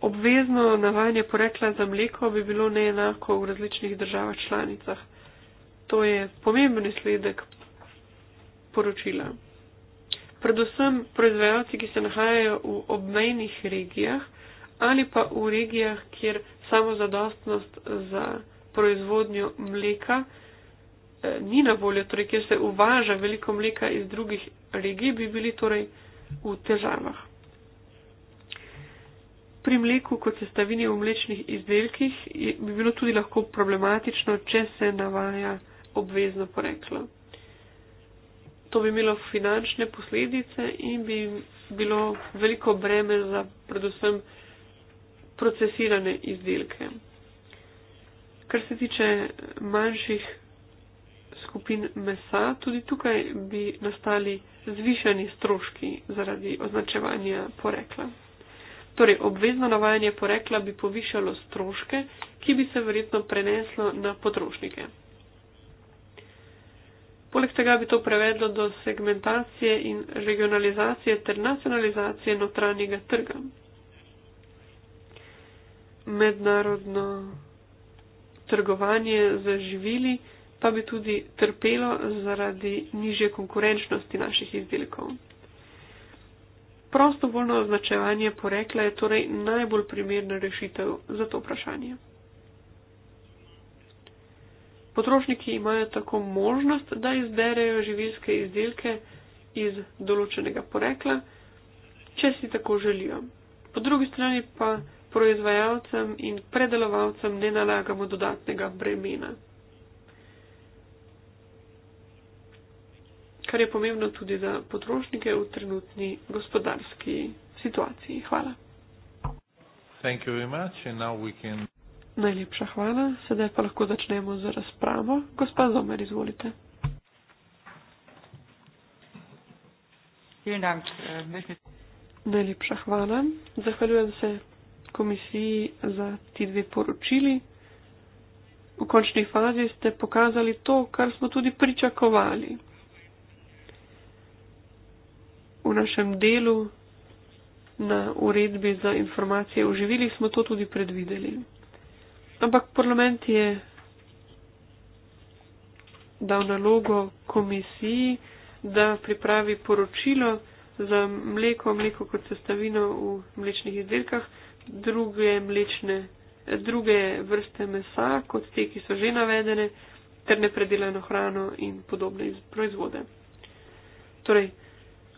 Obvezno navajanje porekla za mleko bi bilo neenako v različnih državah članicah. To je pomemben sledek poročila. Predvsem proizvajalci, ki se nahajajo v obmejnih regijah ali pa v regijah, kjer samozadostnost za proizvodnjo mleka ni na voljo, torej kjer se uvaža veliko mleka iz drugih regij, bi bili torej v težavah. Pri mleku kot sestavini v mlečnih izdelkih bi bilo tudi lahko problematično, če se navaja obvezno poreklo. To bi imelo finančne posledice in bi bilo veliko breme za predvsem procesirane izdelke. Kar se tiče manjših skupin mesa, tudi tukaj bi nastali zvišani stroški zaradi označevanja porekla. Torej, obvezno navajanje porekla bi povišalo stroške, ki bi se verjetno preneslo na potrošnike. Poleg tega bi to prevedlo do segmentacije in regionalizacije ter nacionalizacije notranjega trga. Mednarodno trgovanje za živili pa bi tudi trpelo zaradi nižje konkurenčnosti naših izdelkov. Prostovoljno označevanje porekla je torej najbolj primerna rešitev za to vprašanje. Potrošniki imajo tako možnost, da izberejo živilske izdelke iz določenega porekla, če si tako želijo. Po drugi strani pa proizvajalcem in predelovalcem ne nalagamo dodatnega bremena. kar je pomembno tudi za potrošnike v trenutni gospodarski situaciji. Hvala. Najlepša hvala. Sedaj pa lahko začnemo z razpravo. Gospa Zomer, izvolite. Äh, Najlepša hvala. Zahvaljujem se komisiji za ti dve poročili. V končni fazi ste pokazali to, kar smo tudi pričakovali, v našem delu na uredbi za informacije o živilih smo to tudi predvideli. Ampak parlament je dal nalogo komisiji, da pripravi poročilo za mleko, mleko kot sestavino v mlečnih izdelkah, druge, mlečne, druge vrste mesa, kot te, ki so že navedene, ter nepredelano hrano in podobne proizvode. Torej,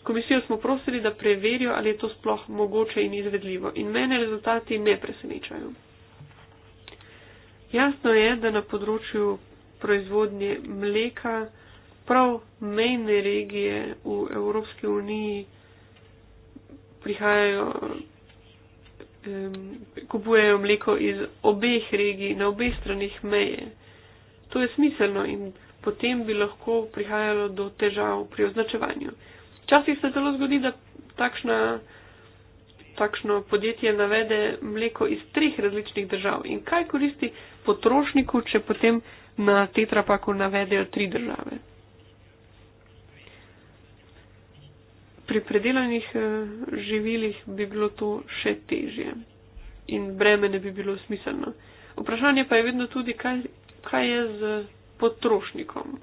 Komisijo smo prosili, da preverijo, ali je to sploh mogoče in izvedljivo. In mene rezultati ne presenečajo. Jasno je, da na področju proizvodnje mleka prav mejne regije v Evropski uniji prihajajo, kupujejo mleko iz obeh regij na obeh stranih meje. To je smiselno in potem bi lahko prihajalo do težav pri označevanju. Včasih se celo zgodi, da takšna, takšno podjetje navede mleko iz treh različnih držav. In kaj koristi potrošniku, če potem na tetrapaku navedejo tri države? Pri predelanih eh, živilih bi bilo to še težje in breme ne bi bilo smiselno. Vprašanje pa je vedno tudi, kaj, kaj je z potrošnikom.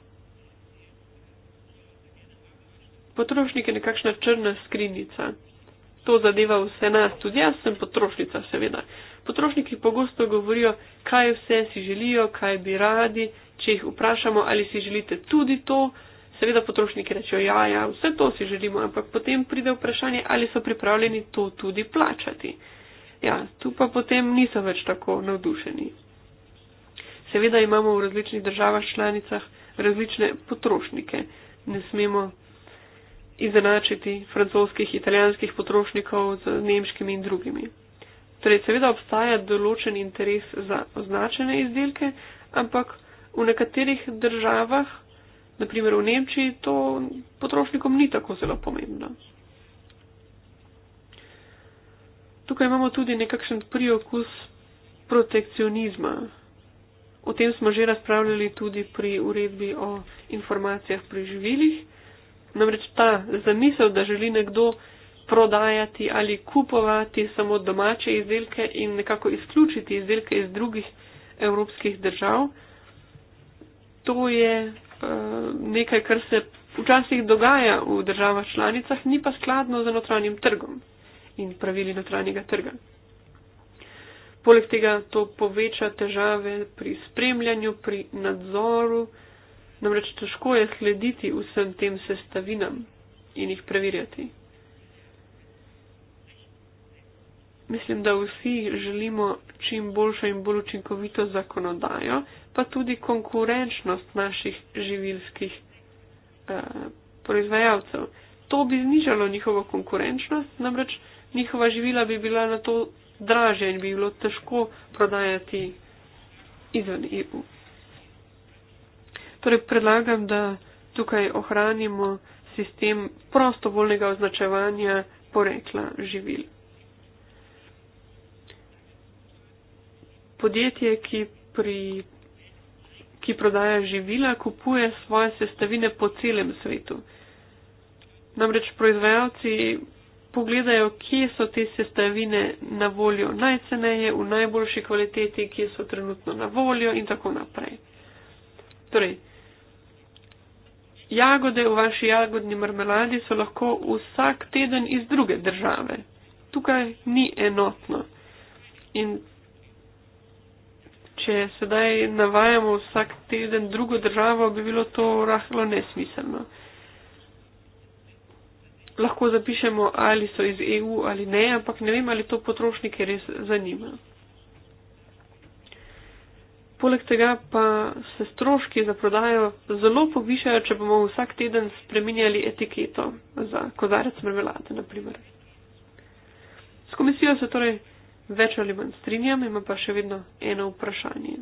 potrošnik je nekakšna črna skrinjica. To zadeva vse nas, tudi jaz sem potrošnica, seveda. Potrošniki pogosto govorijo, kaj vse si želijo, kaj bi radi, če jih vprašamo, ali si želite tudi to. Seveda potrošniki rečejo, ja, ja, vse to si želimo, ampak potem pride vprašanje, ali so pripravljeni to tudi plačati. Ja, tu pa potem niso več tako navdušeni. Seveda imamo v različnih državah članicah različne potrošnike. Ne smemo izenačiti francoskih, italijanskih potrošnikov z nemškimi in drugimi. Torej, seveda obstaja določen interes za označene izdelke, ampak v nekaterih državah, naprimer v Nemčiji, to potrošnikom ni tako zelo pomembno. Tukaj imamo tudi nekakšen priokus protekcionizma. O tem smo že razpravljali tudi pri uredbi o informacijah pri živilih. Namreč ta zamisel, da želi nekdo prodajati ali kupovati samo domače izdelke in nekako izključiti izdelke iz drugih evropskih držav, to je uh, nekaj, kar se včasih dogaja v državah članicah, ni pa skladno z notranjim trgom in pravili notranjega trga. Poleg tega to poveča težave pri spremljanju, pri nadzoru, uh, Namreč težko je slediti vsem tem sestavinam in jih preverjati. Mislim, da vsi želimo čim boljšo in bolj učinkovito zakonodajo, pa tudi konkurenčnost naših živilskih eh, proizvajalcev. To bi znižalo njihovo konkurenčnost, namreč njihova živila bi bila na to dražja in bi bilo težko prodajati izven EU. Torej predlagam, da tukaj ohranimo sistem prostovoljnega označevanja porekla živil. Podjetje, ki, pri, ki prodaja živila, kupuje svoje sestavine po celem svetu. Namreč proizvajalci pogledajo, kje so te sestavine na voljo najceneje, v najboljši kvaliteti, kje so trenutno na voljo in tako naprej. Torej, jagode v vaši jagodni marmeladi so lahko vsak teden iz druge države. Tukaj ni enotno. In če sedaj navajamo vsak teden drugo državo, bi bilo to rahlo nesmiselno. Lahko zapišemo, ali so iz EU ali ne, ampak ne vem, ali to potrošnike res zanima. Poleg tega pa se stroški za prodajo zelo povišajo, če bomo vsak teden spreminjali etiketo za kozarec mrmelade, naprimer. S komisijo se torej več ali manj strinjam, ima pa še vedno eno vprašanje.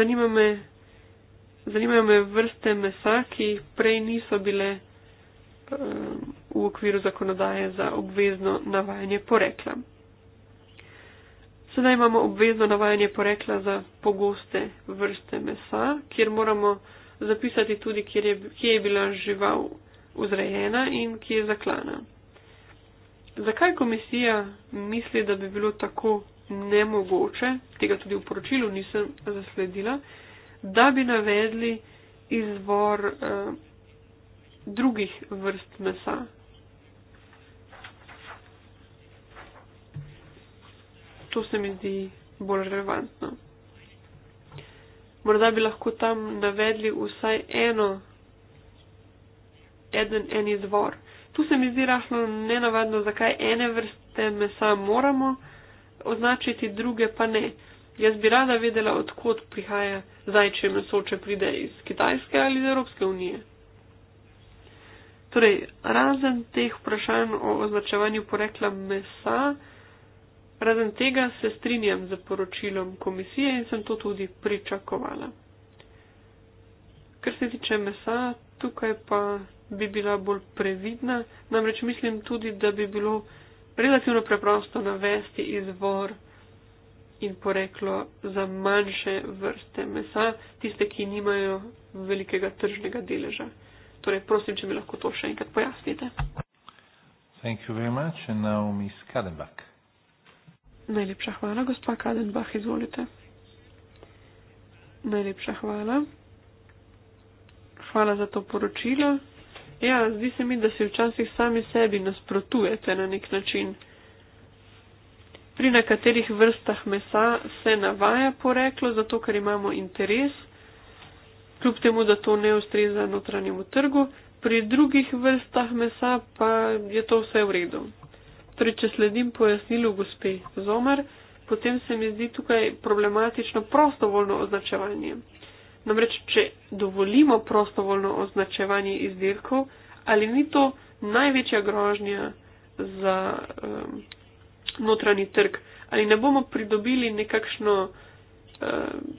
Zanima me, zanimajo me vrste mesa, ki prej niso bile um, v okviru zakonodaje za obvezno navajanje porekla. Sedaj imamo obvezno navajanje porekla za pogoste vrste mesa, kjer moramo zapisati tudi, kje je bila žival vzrejena in kje je zaklana. Zakaj komisija misli, da bi bilo tako nemogoče, tega tudi v poročilu nisem zasledila, da bi navedli izvor eh, drugih vrst mesa, to se mi zdi bolj relevantno. Morda bi lahko tam navedli vsaj eno, eden, en izvor. Tu se mi zdi rahlo nenavadno, zakaj ene vrste mesa moramo označiti, druge pa ne. Jaz bi rada vedela, odkot prihaja zajče meso, če pride iz Kitajske ali iz Evropske unije. Torej, razen teh vprašanj o označevanju porekla mesa, Razen tega se strinjam z poročilom komisije in sem to tudi pričakovala. Kar se tiče mesa, tukaj pa bi bila bolj previdna, namreč mislim tudi, da bi bilo relativno preprosto navesti izvor in poreklo za manjše vrste mesa, tiste, ki nimajo velikega tržnega deleža. Torej, prosim, če mi lahko to še enkrat pojasnite. Thank you very much and now Ms. Kadenbach. Najlepša hvala, gospa Kadenbach, izvolite. Najlepša hvala. Hvala za to poročilo. Ja, zdi se mi, da si včasih sami sebi nasprotujete na nek način. Pri nekaterih vrstah mesa se navaja poreklo, zato ker imamo interes, kljub temu, da to ne ustreza notranjemu trgu, pri drugih vrstah mesa pa je to vse v redu. Torej, če sledim pojasnilu gospe Zomer, potem se mi zdi tukaj problematično prostovoljno označevanje. Namreč, če dovolimo prostovoljno označevanje izdelkov, ali ni to največja grožnja za um, notranji trg, ali ne bomo pridobili nekakšno um,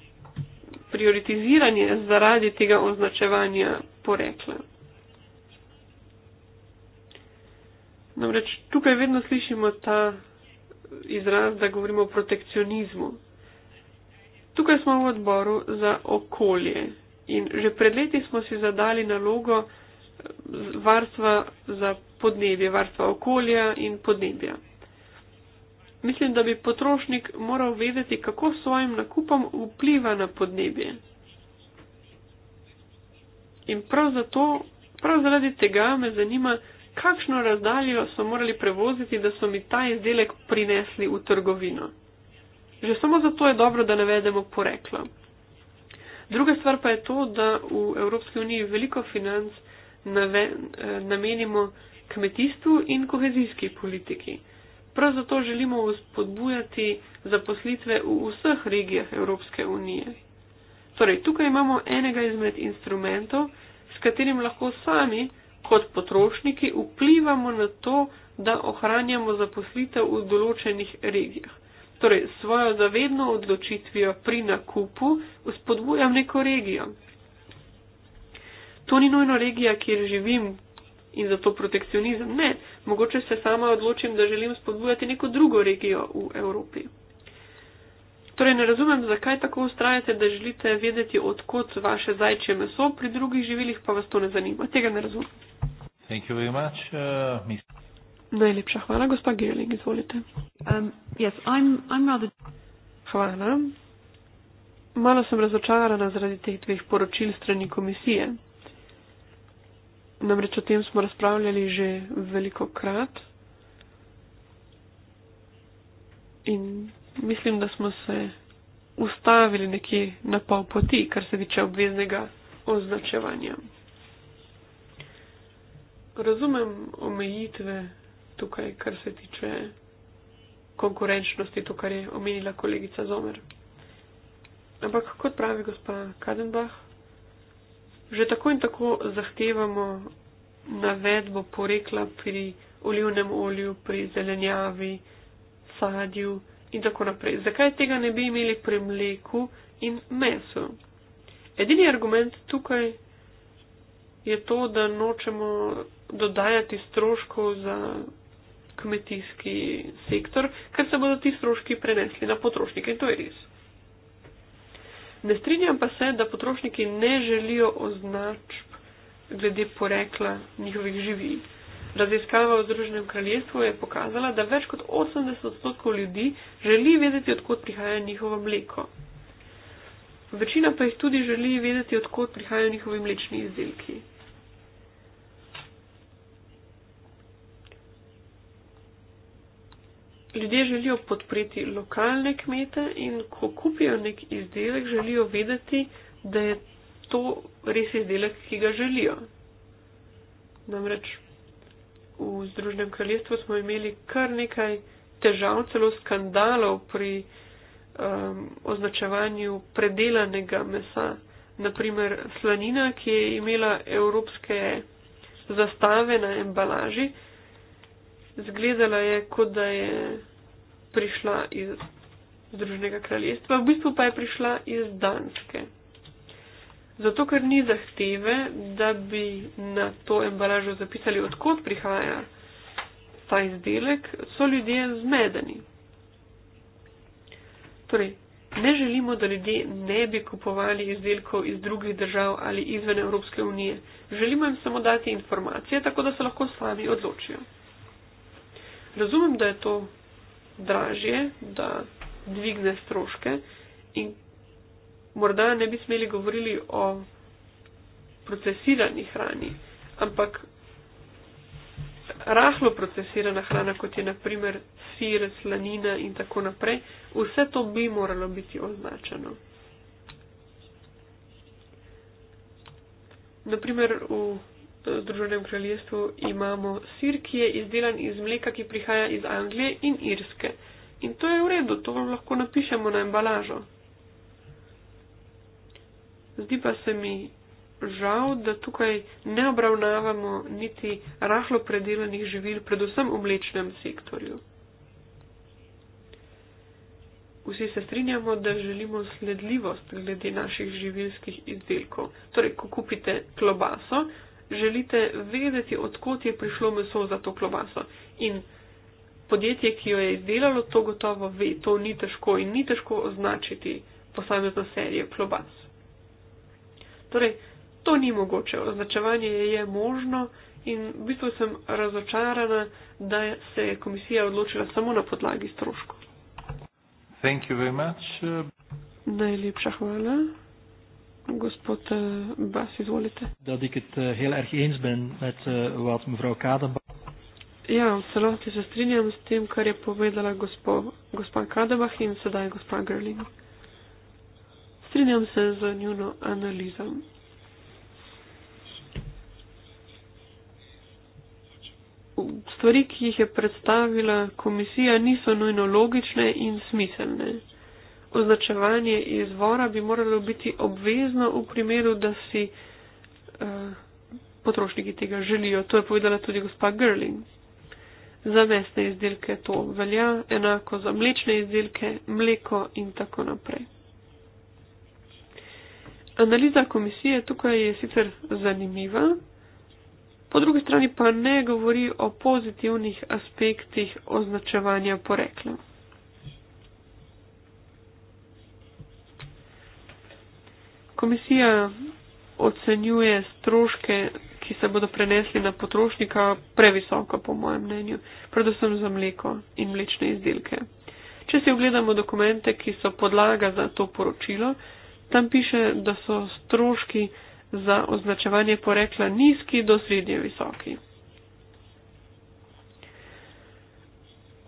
prioritiziranje zaradi tega označevanja porekla. Namreč tukaj vedno slišimo ta izraz, da govorimo o protekcionizmu. Tukaj smo v odboru za okolje in že pred leti smo si zadali nalogo eh, varstva za podnebje, varstva okolja in podnebja. Mislim, da bi potrošnik moral vedeti, kako svojim nakupom vpliva na podnebje. In prav zato, prav zaradi tega me zanima, kakšno razdaljo so morali prevoziti, da so mi ta izdelek prinesli v trgovino. Že samo zato je dobro, da navedemo poreklo. Druga stvar pa je to, da v Evropski uniji veliko financ eh, namenimo kmetijstvu in kohezijski politiki. Prav zato želimo spodbujati zaposlitve v vseh regijah Evropske unije. Torej, tukaj imamo enega izmed instrumentov, s katerim lahko sami kot potrošniki vplivamo na to, da ohranjamo zaposlitev v določenih regijah. Torej, s svojo zavedno odločitvijo pri nakupu spodbujam neko regijo. To ni nujno regija, kjer živim in zato protekcionizem. Ne, mogoče se sama odločim, da želim spodbujati neko drugo regijo v Evropi. Torej, ne razumem, zakaj tako ustrajate, da želite vedeti, odkot vaše zajčje meso, pri drugih živilih pa vas to ne zanima. Tega ne razumem. Thank you very much, uh, Miss. Najlepša hvala, gospa Gerling, izvolite. Um, yes, I'm, I'm rather... Hvala. Malo sem razočarana zaradi teh dveh poročil strani komisije. Namreč o tem smo razpravljali že veliko krat in mislim, da smo se ustavili nekje na pol poti, kar se tiče obveznega označevanja razumem omejitve tukaj, kar se tiče konkurenčnosti, to, kar je omenila kolegica Zomer. Ampak, kot pravi gospa Kadenbach, že tako in tako zahtevamo navedbo porekla pri olivnem olju, pri zelenjavi, sadju in tako naprej. Zakaj tega ne bi imeli pri mleku in mesu? Edini argument tukaj je to, da nočemo dodajati stroškov za kmetijski sektor, ker se bodo ti stroški prenesli na potrošnike in to je res. Ne strinjam pa se, da potrošniki ne želijo označb glede porekla njihovih živil. Raziskava v Združenem kraljestvu je pokazala, da več kot 80 odstotkov ljudi želi vedeti, odkot prihaja njihovo mleko. Večina pa jih tudi želi vedeti, odkot prihajajo njihovi mlečni izdelki. ljudje želijo podpreti lokalne kmete in ko kupijo nek izdelek, želijo vedeti, da je to res izdelek, ki ga želijo. Namreč v Združenem kraljestvu smo imeli kar nekaj težav, celo skandalov pri um, označevanju predelanega mesa. Naprimer slanina, ki je imela evropske zastave na embalaži, Zgledala je, kot da je prišla iz Združenega kraljestva, v bistvu pa je prišla iz Danske. Zato, ker ni zahteve, da bi na to embalažo zapisali, odkot prihaja ta izdelek, so ljudje zmedeni. Torej, ne želimo, da ljudje ne bi kupovali izdelkov iz drugih držav ali izven Evropske unije. Želimo jim samo dati informacije, tako da se lahko sami odločijo razumem, da je to dražje, da dvigne stroške in morda ne bi smeli govorili o procesirani hrani, ampak rahlo procesirana hrana, kot je naprimer sir, slanina in tako naprej, vse to bi moralo biti označeno. Naprimer v Združenem kraljestvu imamo sir, ki je izdelan iz mleka, ki prihaja iz Anglije in Irske. In to je v redu, to vam lahko napišemo na embalažo. Zdi pa se mi žal, da tukaj ne obravnavamo niti rahlo predelanih živil, predvsem v mlečnem sektorju. Vsi se strinjamo, da želimo sledljivost glede naših živilskih izdelkov. Torej, ko kupite klobaso, želite vedeti, odkot je prišlo meso za to klobaso. In podjetje, ki jo je izdelalo, to gotovo ve, to ni težko in ni težko označiti posamezno serijo klobas. Torej, to ni mogoče, označevanje je možno in v bistvu sem razočarana, da se je komisija odločila samo na podlagi stroškov. Thank you very much. Najlepša hvala. Gospod eh, Bas, izvolite. Dat ik het eh, heel erg eens ben met eh, wat mevrouw Kadenbach. Ja, v celoti se strinjam s tem, kar je povedala gospa Kadebah in sedaj gospa Grlin. Strinjam se z njuno analizo. Stvari, ki jih je predstavila komisija, niso nujno logične in smiselne označevanje izvora bi moralo biti obvezno v primeru, da si uh, potrošniki tega želijo. To je povedala tudi gospa Gerling. Za mesne izdelke to velja, enako za mlečne izdelke, mleko in tako naprej. Analiza komisije tukaj je sicer zanimiva, po drugi strani pa ne govori o pozitivnih aspektih označevanja porekla. Komisija ocenjuje stroške, ki se bodo prenesli na potrošnika, previsoko, po mojem mnenju, predvsem za mleko in mlečne izdelke. Če si ogledamo dokumente, ki so podlaga za to poročilo, tam piše, da so stroški za označevanje porekla nizki do srednje visoki.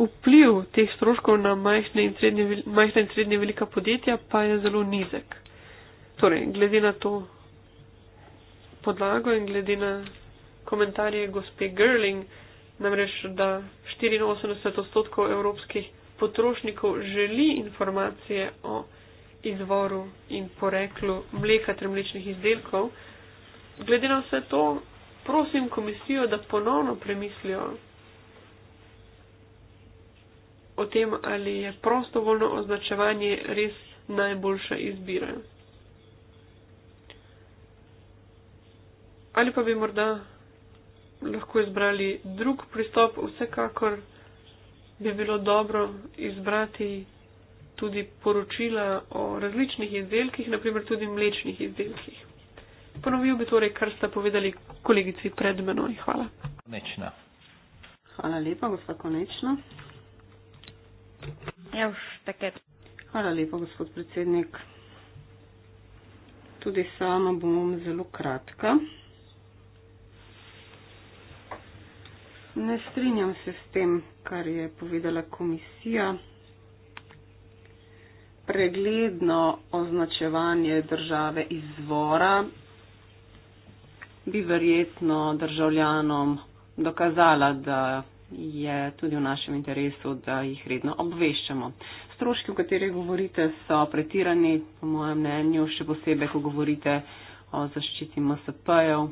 Vpliv teh stroškov na majhne in srednje, majhne in srednje velika podjetja pa je zelo nizek. Torej, glede na to podlago in glede na komentarje gospe Girling, namreč, da 84 odstotkov evropskih potrošnikov želi informacije o izvoru in poreklu mleka ter mlečnih izdelkov. Glede na vse to, prosim komisijo, da ponovno premislijo o tem, ali je prostovoljno označevanje res najboljša izbira. ali pa bi morda lahko izbrali drug pristop, vsekakor bi bilo dobro izbrati tudi poročila o različnih izdelkih, naprimer tudi mlečnih izdelkih. Ponovil bi torej, kar sta povedali kolegici pred menoj. Hvala. Konečna. Hvala lepa, gospod Konečna. Ja, už tako. Hvala lepa, gospod predsednik. Tudi sama bom zelo kratka. Ne strinjam se s tem, kar je povedala komisija. Pregledno označevanje države izvora bi verjetno državljanom dokazala, da je tudi v našem interesu, da jih redno obveščamo. Stroški, o katerih govorite, so pretirani, po mojem mnenju, še posebej, ko govorite o zaščiti MSP-jev,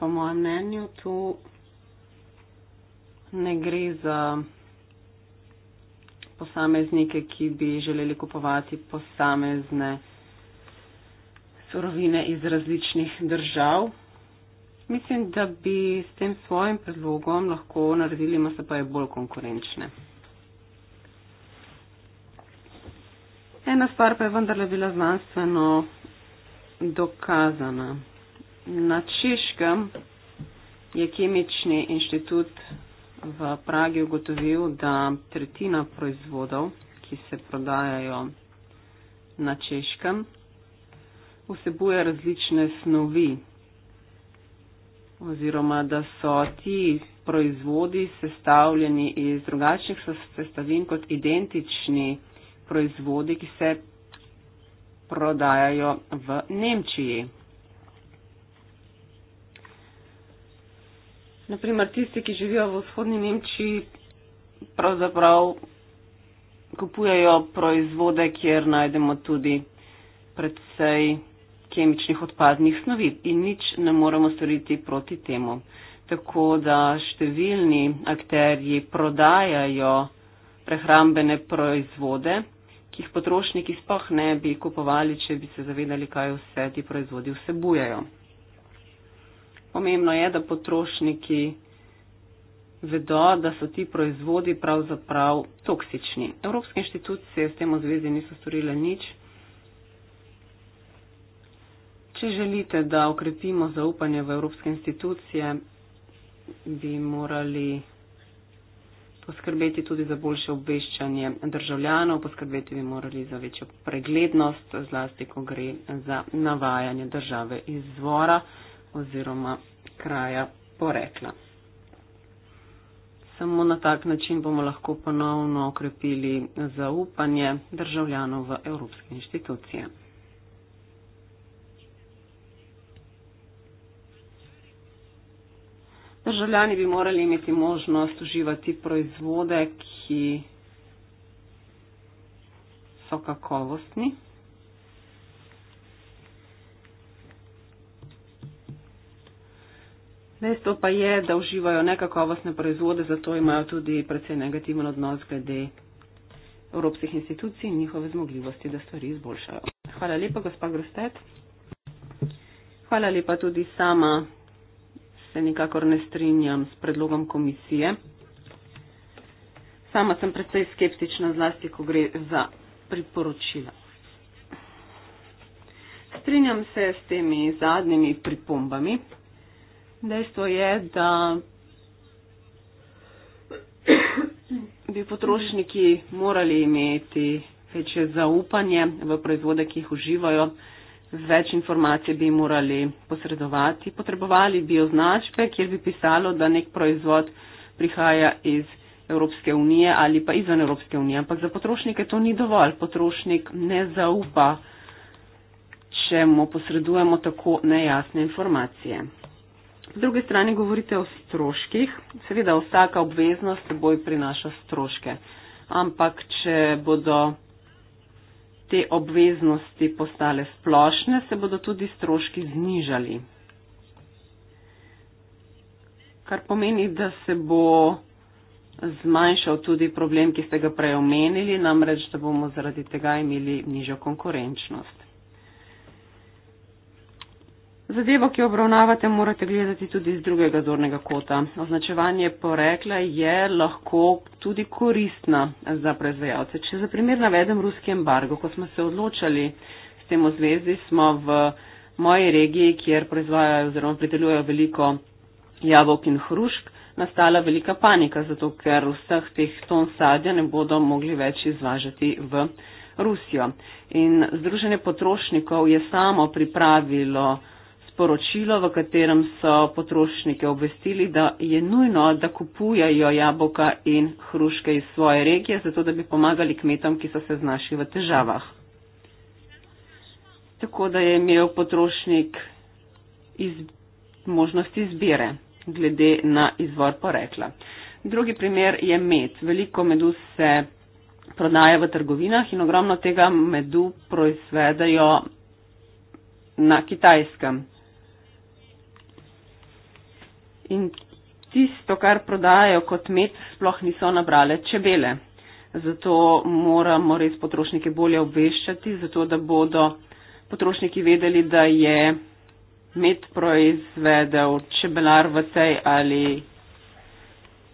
po mojem mnenju tu ne gre za posameznike, ki bi želeli kupovati posamezne surovine iz različnih držav. Mislim, da bi s tem svojim predlogom lahko naredili MSP-je bolj konkurenčne. Ena stvar pa je vendarle bila znanstveno dokazana. Na Češkem je kemični inštitut v Pragi ugotovil, da tretjina proizvodov, ki se prodajajo na Češkem, vsebuje različne snovi oziroma da so ti proizvodi sestavljeni iz drugačnih sestavin kot identični proizvodi, ki se prodajajo v Nemčiji. naprimer tisti, ki živijo v vzhodni Nemčiji, pravzaprav kupujejo proizvode, kjer najdemo tudi predvsej kemičnih odpadnih snovi in nič ne moremo storiti proti temu. Tako da številni akterji prodajajo prehrambene proizvode, ki jih potrošniki spoh ne bi kupovali, če bi se zavedali, kaj vse ti proizvodi vsebujajo. Pomembno je, da potrošniki vedo, da so ti proizvodi pravzaprav toksični. Evropske inštitucije s tem v zvezi niso storile nič. Če želite, da okrepimo zaupanje v evropske institucije, bi morali poskrbeti tudi za boljše obveščanje državljanov, poskrbeti bi morali za večjo preglednost, zlasti, ko gre za navajanje države izvora oziroma kraja porekla. Samo na tak način bomo lahko ponovno okrepili zaupanje državljanov v evropske inštitucije. Državljani bi morali imeti možnost uživati proizvode, ki so kakovostni. Dejstvo pa je, da uživajo nekakovostne proizvode, zato imajo tudi predvsej negativen odnos glede evropskih institucij in njihove zmogljivosti, da stvari izboljšajo. Hvala lepa, gospa Grostet. Hvala lepa tudi sama. Se nikakor ne strinjam s predlogom komisije. Sama sem predvsej skeptična, zlasti ko gre za priporočila. Strinjam se s temi zadnjimi pripombami. Dejstvo je, da bi potrošniki morali imeti večje zaupanje v proizvode, ki jih uživajo, več informacij bi morali posredovati. Potrebovali bi označbe, kjer bi pisalo, da nek proizvod prihaja iz Evropske unije ali pa izven Evropske unije. Ampak za potrošnike to ni dovolj. Potrošnik ne zaupa, če mu posredujemo tako nejasne informacije. Po drugi strani govorite o stroških. Seveda vsaka obveznost seboj prinaša stroške. Ampak, če bodo te obveznosti postale splošne, se bodo tudi stroški znižali. Kar pomeni, da se bo zmanjšal tudi problem, ki ste ga prej omenili, namreč, da bomo zaradi tega imeli nižjo konkurenčnost. Zadevo, ki jo obravnavate, morate gledati tudi z drugega zornega kota. Označevanje porekla je lahko tudi koristna za proizvajalce. Če za primer navedem ruski embargo, ko smo se odločali s tem v zvezi, smo v moji regiji, kjer proizvajajo oziroma pridelujejo veliko jabolk in hrušk, nastala velika panika, zato ker vseh teh ton sadja ne bodo mogli več izvažati v Rusijo. In Združenje potrošnikov je samo pripravilo sporočilo, v katerem so potrošnike obvestili, da je nujno, da kupujajo jaboka in hruške iz svoje regije, zato da bi pomagali kmetom, ki so se znašli v težavah. Tako da je imel potrošnik iz, možnost izbire glede na izvor porekla. Drugi primer je med. Veliko medu se prodaja v trgovinah in ogromno tega medu proizvedajo na kitajskem in tisto, kar prodajajo kot med, sploh niso nabrale čebele. Zato moramo res potrošnike bolje obveščati, zato da bodo potrošniki vedeli, da je med proizvedel čebelar v tej ali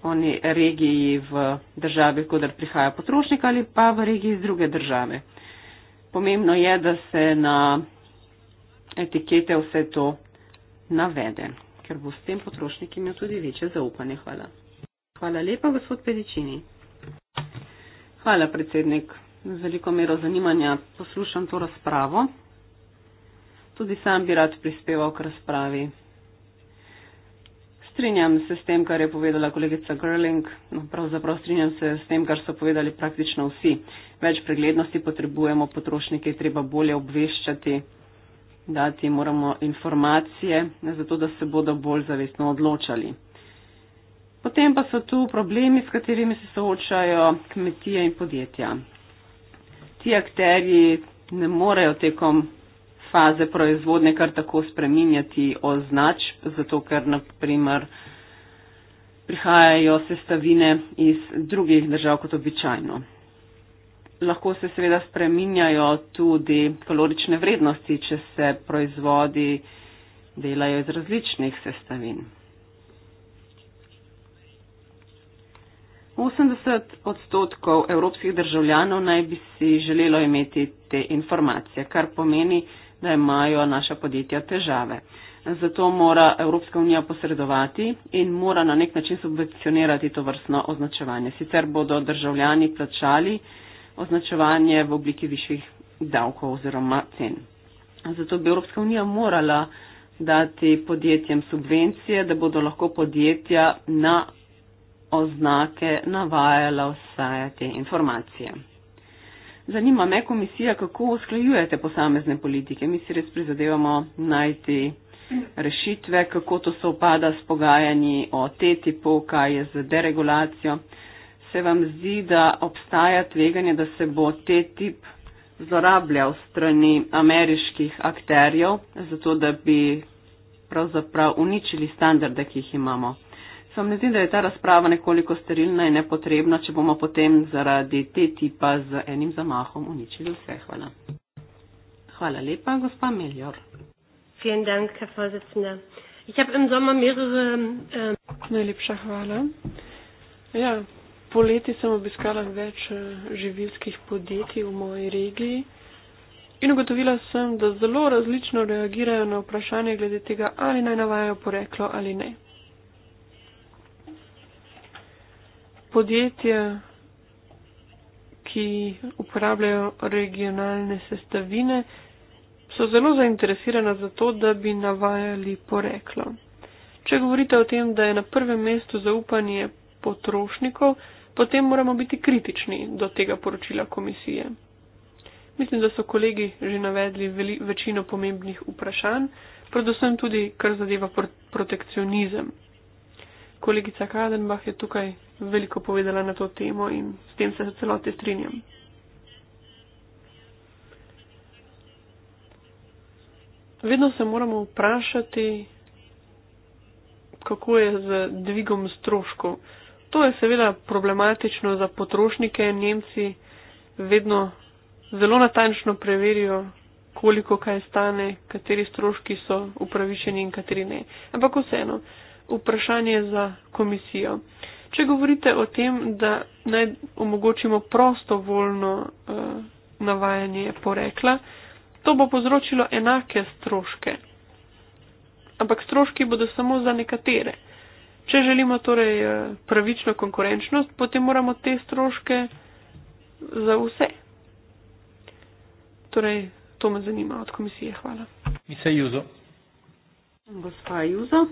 oni regiji v državi, kodar prihaja potrošnik ali pa v regiji iz druge države. Pomembno je, da se na etikete vse to navede ker bo s tem potrošnik imel tudi večje zaupanje. Hvala. Hvala lepa, gospod Pedičini. Hvala, predsednik. Z veliko mero zanimanja poslušam to razpravo. Tudi sam bi rad prispeval k razpravi. Strinjam se s tem, kar je povedala kolegica Gerling. No, pravzaprav strinjam se s tem, kar so povedali praktično vsi. Več preglednosti potrebujemo, potrošnike je treba bolje obveščati dati jim moramo informacije, ne, zato da se bodo bolj zavestno odločali. Potem pa so tu problemi, s katerimi se soočajo kmetije in podjetja. Ti akterji ne morejo tekom faze proizvodnje kar tako spreminjati označ, zato ker naprimer prihajajo sestavine iz drugih držav kot običajno lahko se seveda spreminjajo tudi kalorične vrednosti, če se proizvodi delajo iz različnih sestavin. 80 odstotkov evropskih državljanov naj bi si želelo imeti te informacije, kar pomeni, da imajo naša podjetja težave. Zato mora Evropska unija posredovati in mora na nek način subvencionirati to vrstno označevanje. Sicer bodo državljani plačali označevanje v obliki višjih davkov oziroma cen. Zato bi Evropska unija morala dati podjetjem subvencije, da bodo lahko podjetja na oznake navajala vse te informacije. Zanima me komisija, kako usklajujete posamezne politike. Mi si res prizadevamo najti rešitve, kako to se upada s pogajanji o TTIP-u, kaj je z deregulacijo se vam zdi, da obstaja tveganje, da se bo te tip zlorabljal strani ameriških akterjev, zato da bi pravzaprav uničili standarde, ki jih imamo. Se vam ne zdi, da je ta razprava nekoliko sterilna in nepotrebna, če bomo potem zaradi te tipa z enim zamahom uničili vse? Hvala. Hvala lepa, gospa Miljor. Vielen Dank, Herr Vorsitzende. Ich habe im Sommer mehrere. Ähm Najlepša hvala. Ja, Poleti sem obiskala več eh, živilskih podjetij v moji regiji in ugotovila sem, da zelo različno reagirajo na vprašanje glede tega, ali naj navajajo poreklo ali ne. Podjetja, ki uporabljajo regionalne sestavine, so zelo zainteresirana za to, da bi navajali poreklo. Če govorite o tem, da je na prvem mestu zaupanje potrošnikov, potem moramo biti kritični do tega poročila komisije. Mislim, da so kolegi že navedli veli, večino pomembnih vprašanj, predvsem tudi, kar zadeva pro, protekcionizem. Kolegica Kadenbach je tukaj veliko povedala na to temo in s tem se celote strinjam. Vedno se moramo vprašati, kako je z dvigom stroškov. To je seveda problematično za potrošnike. Nemci vedno zelo natančno preverijo, koliko kaj stane, kateri stroški so upravičeni in kateri ne. Ampak vseeno, vprašanje za komisijo. Če govorite o tem, da naj omogočimo prosto voljno uh, eh, navajanje porekla, to bo povzročilo enake stroške. Ampak stroški bodo samo za nekatere. Če želimo torej eh, pravično konkurenčnost, potem moramo te stroške za vse. Torej, to me zanima od komisije. Hvala. Misa Juzo. Gospa Juzo.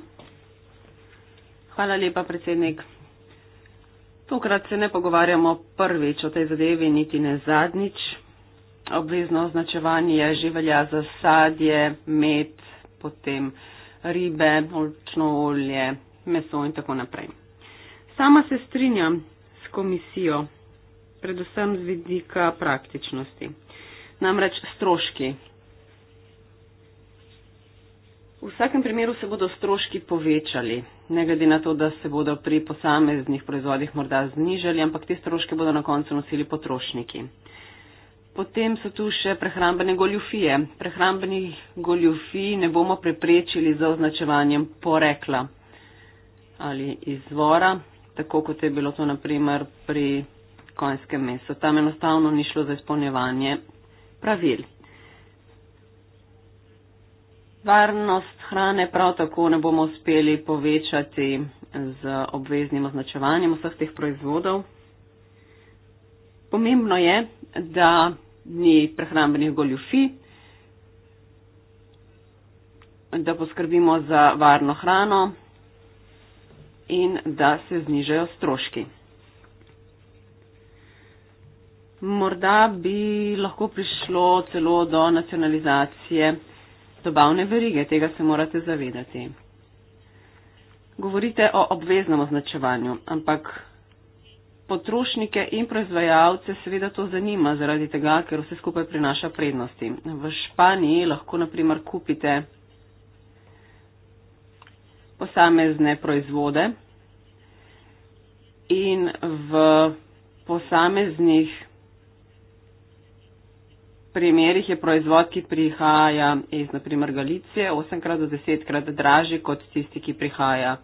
Hvala lepa, predsednik. Tokrat se ne pogovarjamo prvič o tej zadevi, niti ne zadnjič. Obvezno označevanje živelja za sadje, med, potem ribe, olčno olje, meso in tako naprej. Sama se strinjam s komisijo, predvsem z vidika praktičnosti, namreč stroški. V vsakem primeru se bodo stroški povečali, ne glede na to, da se bodo pri posameznih proizvodih morda znižali, ampak te stroške bodo na koncu nosili potrošniki. Potem so tu še prehrambene goljufije. Prehrambenih goljufij ne bomo preprečili z označevanjem porekla ali izvora, tako kot je bilo to naprimer pri konjskem mesu. Tam enostavno ni šlo za izpolnjevanje pravil. Varnost hrane prav tako ne bomo uspeli povečati z obveznim označevanjem vseh teh proizvodov. Pomembno je, da ni prehrambenih goljufi, da poskrbimo za varno hrano, in da se znižajo stroški. Morda bi lahko prišlo celo do nacionalizacije dobavne verige, tega se morate zavedati. Govorite o obveznem označevanju, ampak potrošnike in proizvajalce seveda to zanima zaradi tega, ker vse skupaj prinaša prednosti. V Španiji lahko naprimer kupite posamezne proizvode in v posameznih primerih je proizvod, ki prihaja iz naprimer Galicije, 8krat do 10krat dražji kot tisti, ki prihaja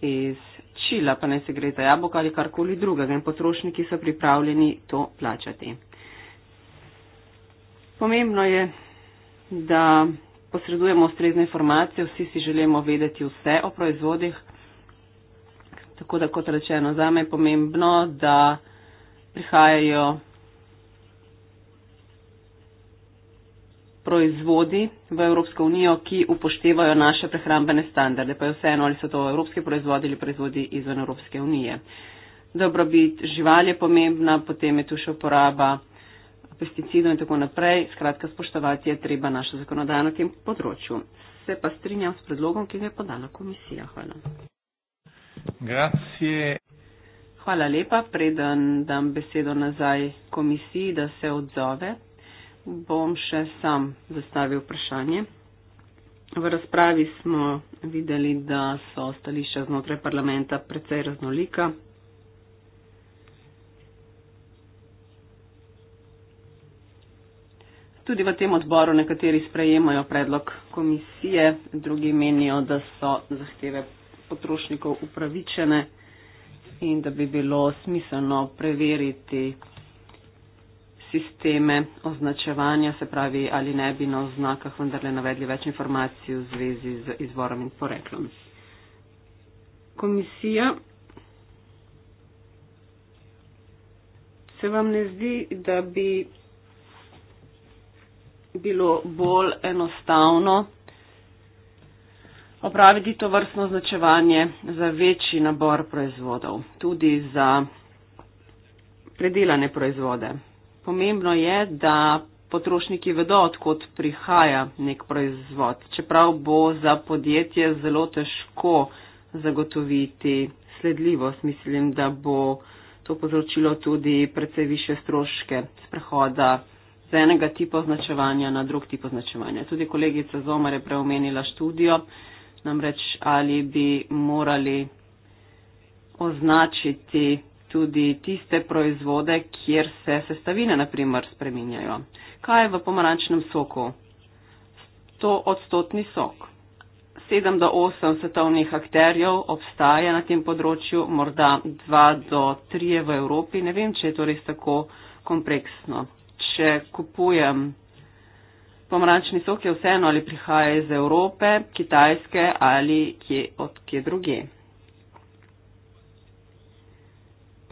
iz Čila, pa ne se gre za jabolko ali karkoli drugega in potrošniki so pripravljeni to plačati. Pomembno je, da posredujemo ustrezne informacije, vsi si želimo vedeti vse o proizvodih. Tako da, kot rečeno, za me je pomembno, da prihajajo proizvodi v Evropsko unijo, ki upoštevajo naše prehrambene standarde, pa je vseeno, ali so to evropski proizvodi ali proizvodi izven Evropske unije. Dobrobit živali je pomembna, potem je tu še uporaba pesticidov in tako naprej. Skratka, spoštovati je treba našo zakonodajo na tem področju. Se pa strinjam s predlogom, ki ga je podala komisija. Hvala. Grazie. Hvala lepa. Preden dam besedo nazaj komisiji, da se odzove, bom še sam zastavil vprašanje. V razpravi smo videli, da so stališča znotraj parlamenta precej raznolika. Tudi v tem odboru nekateri sprejemajo predlog komisije, drugi menijo, da so zahteve potrošnikov upravičene in da bi bilo smiselno preveriti sisteme označevanja, se pravi, ali ne bi na oznakah vendarle navedli več informacij v zvezi z izvorom in poreklom. Komisija. Se vam ne zdi, da bi bilo bolj enostavno opraviti to vrstno značevanje za večji nabor proizvodov, tudi za predelane proizvode. Pomembno je, da potrošniki vedo, odkot prihaja nek proizvod, čeprav bo za podjetje zelo težko zagotoviti sledljivost. Mislim, da bo to povzročilo tudi precej više stroške sprehoda z enega tipa označevanja na drug tip označevanja. Tudi kolegica Zomar je preomenila študijo, namreč ali bi morali označiti tudi tiste proizvode, kjer se sestavine, naprimer, spreminjajo. Kaj je v pomarančnem soku? 100 odstotni sok. 7 do 8 svetovnih akterjev obstaja na tem področju, morda 2 do 3 v Evropi. Ne vem, če je to res tako kompleksno še kupujem. Pomarančni sok je vseeno ali prihaja iz Evrope, Kitajske ali kje, od kje druge.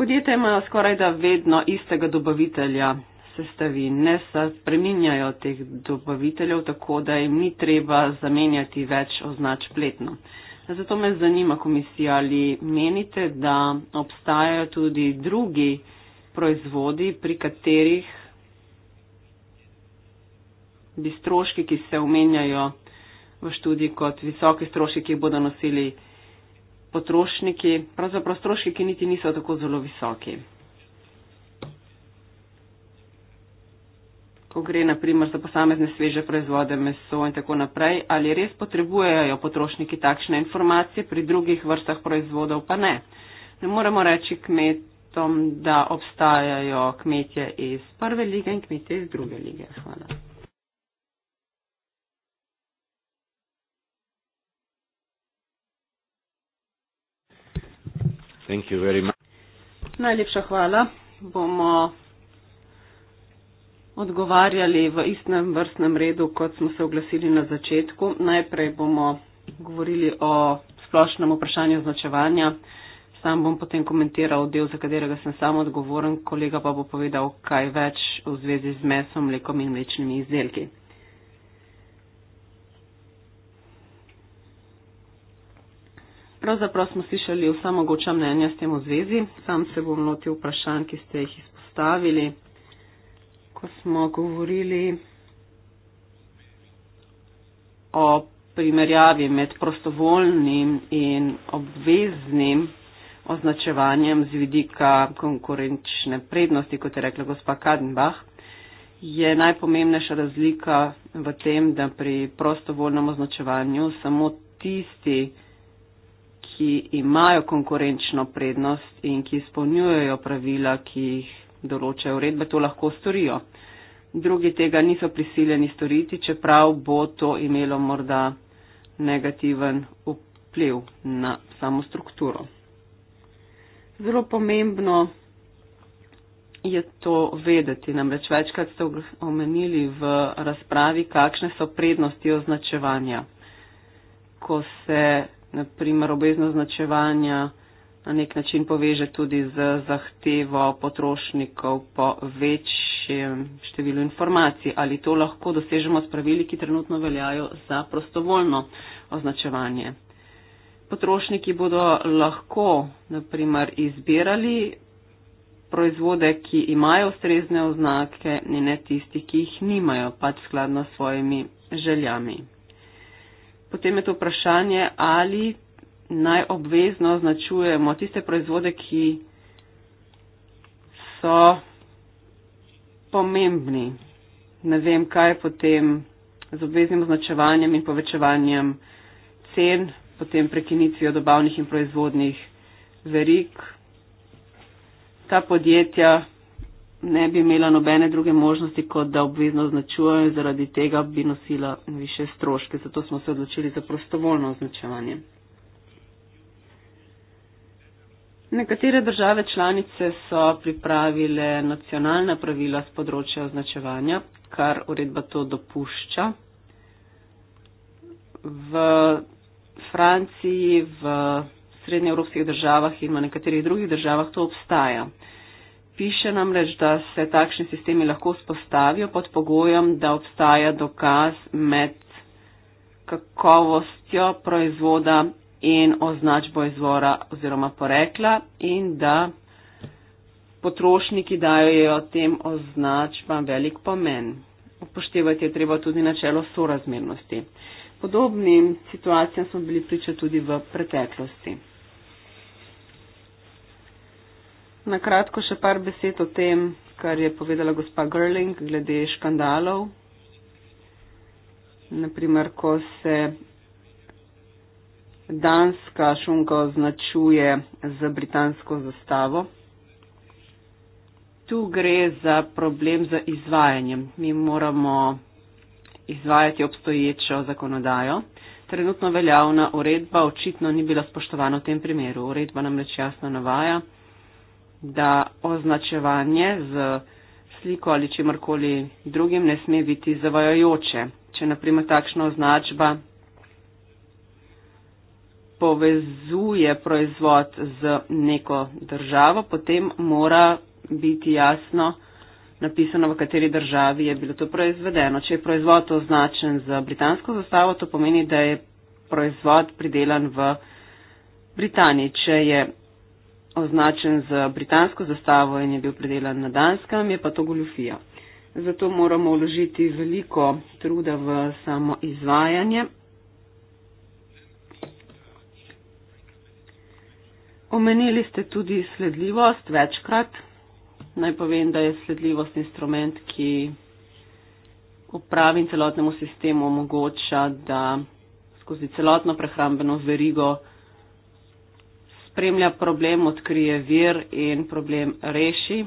Podjetja imajo skoraj da vedno istega dobavitelja sestavin, ne se preminjajo teh dobaviteljev tako, da jim ni treba zamenjati več označ pletno. Zato me zanima komisija, ali menite, da obstajajo tudi drugi proizvodi, pri katerih bi stroški, ki se omenjajo v študiji kot visoki stroški, ki bodo nosili potrošniki, pravzaprav stroški, ki niti niso tako zelo visoki. Ko gre naprimer za posamezne sveže proizvode, meso in tako naprej, ali res potrebujejo potrošniki takšne informacije, pri drugih vrstah proizvodov pa ne. Ne moremo reči kmetom, da obstajajo kmetje iz prve lige in kmetje iz druge lige. Hvala. Najlepša hvala. Bomo odgovarjali v istem vrstnem redu, kot smo se oglasili na začetku. Najprej bomo govorili o splošnem vprašanju označevanja. Sam bom potem komentiral del, za katerega sem sam odgovoren, kolega pa bo povedal kaj več v zvezi z mesom, mlekom in mlečnimi izdelki. Pravzaprav smo slišali vsa mogoča mnenja s tem v zvezi. Sam se bom lotil vprašanj, ki ste jih izpostavili, ko smo govorili o primerjavi med prostovoljnim in obveznim označevanjem z vidika konkurenčne prednosti, kot je rekla gospa Kadenbach. Je najpomembnejša razlika v tem, da pri prostovoljnem označevanju samo tisti, ki imajo konkurenčno prednost in ki izpolnjujejo pravila, ki jih določajo uredbe, to lahko storijo. Drugi tega niso prisiljeni storiti, čeprav bo to imelo morda negativen vpliv na samo strukturo. Zelo pomembno je to vedeti, namreč večkrat ste omenili v razpravi, kakšne so prednosti označevanja. Ko se naprimer obvezno značevanja na nek način poveže tudi z zahtevo potrošnikov po večjem številu informacij. Ali to lahko dosežemo s pravili, ki trenutno veljajo za prostovoljno označevanje? Potrošniki bodo lahko naprimer izbirali proizvode, ki imajo ustrezne oznake in ne tisti, ki jih nimajo, pač skladno s svojimi željami potem je to vprašanje, ali naj obvezno označujemo tiste proizvode, ki so pomembni. Ne vem, kaj je potem z obveznim označevanjem in povečevanjem cen, potem prekinitvijo dobavnih in proizvodnih verik. Ta podjetja ne bi imela nobene druge možnosti, kot da obvezno označujejo in zaradi tega bi nosila više stroške. Zato smo se odločili za prostovoljno označevanje. Nekatere države članice so pripravile nacionalna pravila z področja označevanja, kar uredba to dopušča. V Franciji, v srednjeevropskih državah in v nekaterih drugih državah to obstaja. Piše namreč, da se takšni sistemi lahko vzpostavijo pod pogojem, da obstaja dokaz med kakovostjo proizvoda in označbo izvora oziroma porekla in da potrošniki dajo tem označbam velik pomen. Upoštevati je treba tudi načelo sorazmernosti. Podobnim situacijam smo bili priča tudi v preteklosti. Na kratko še par besed o tem, kar je povedala gospa Gerling glede škandalov. Naprimer, ko se danska šunka označuje za britansko zastavo. Tu gre za problem za izvajanjem. Mi moramo izvajati obstoječo zakonodajo. Trenutno veljavna uredba očitno ni bila spoštovana v tem primeru. Uredba namreč jasno navaja, da označevanje z sliko ali čimarkoli drugim ne sme biti zavajajoče. Če naprimer takšna označba povezuje proizvod z neko državo, potem mora biti jasno napisano, v kateri državi je bilo to proizvedeno. Če je proizvod označen z britansko zastavo, to pomeni, da je proizvod pridelan v Britaniji. Če je označen z britansko zastavo in je bil predelan na danskem, je pa to goljofija. Zato moramo vložiti veliko truda v samo izvajanje. Omenili ste tudi sledljivost večkrat. Naj povem, da je sledljivost instrument, ki upravi celotnemu sistemu omogoča, da skozi celotno prehrambeno verigo spremlja problem, odkrije vir in problem reši.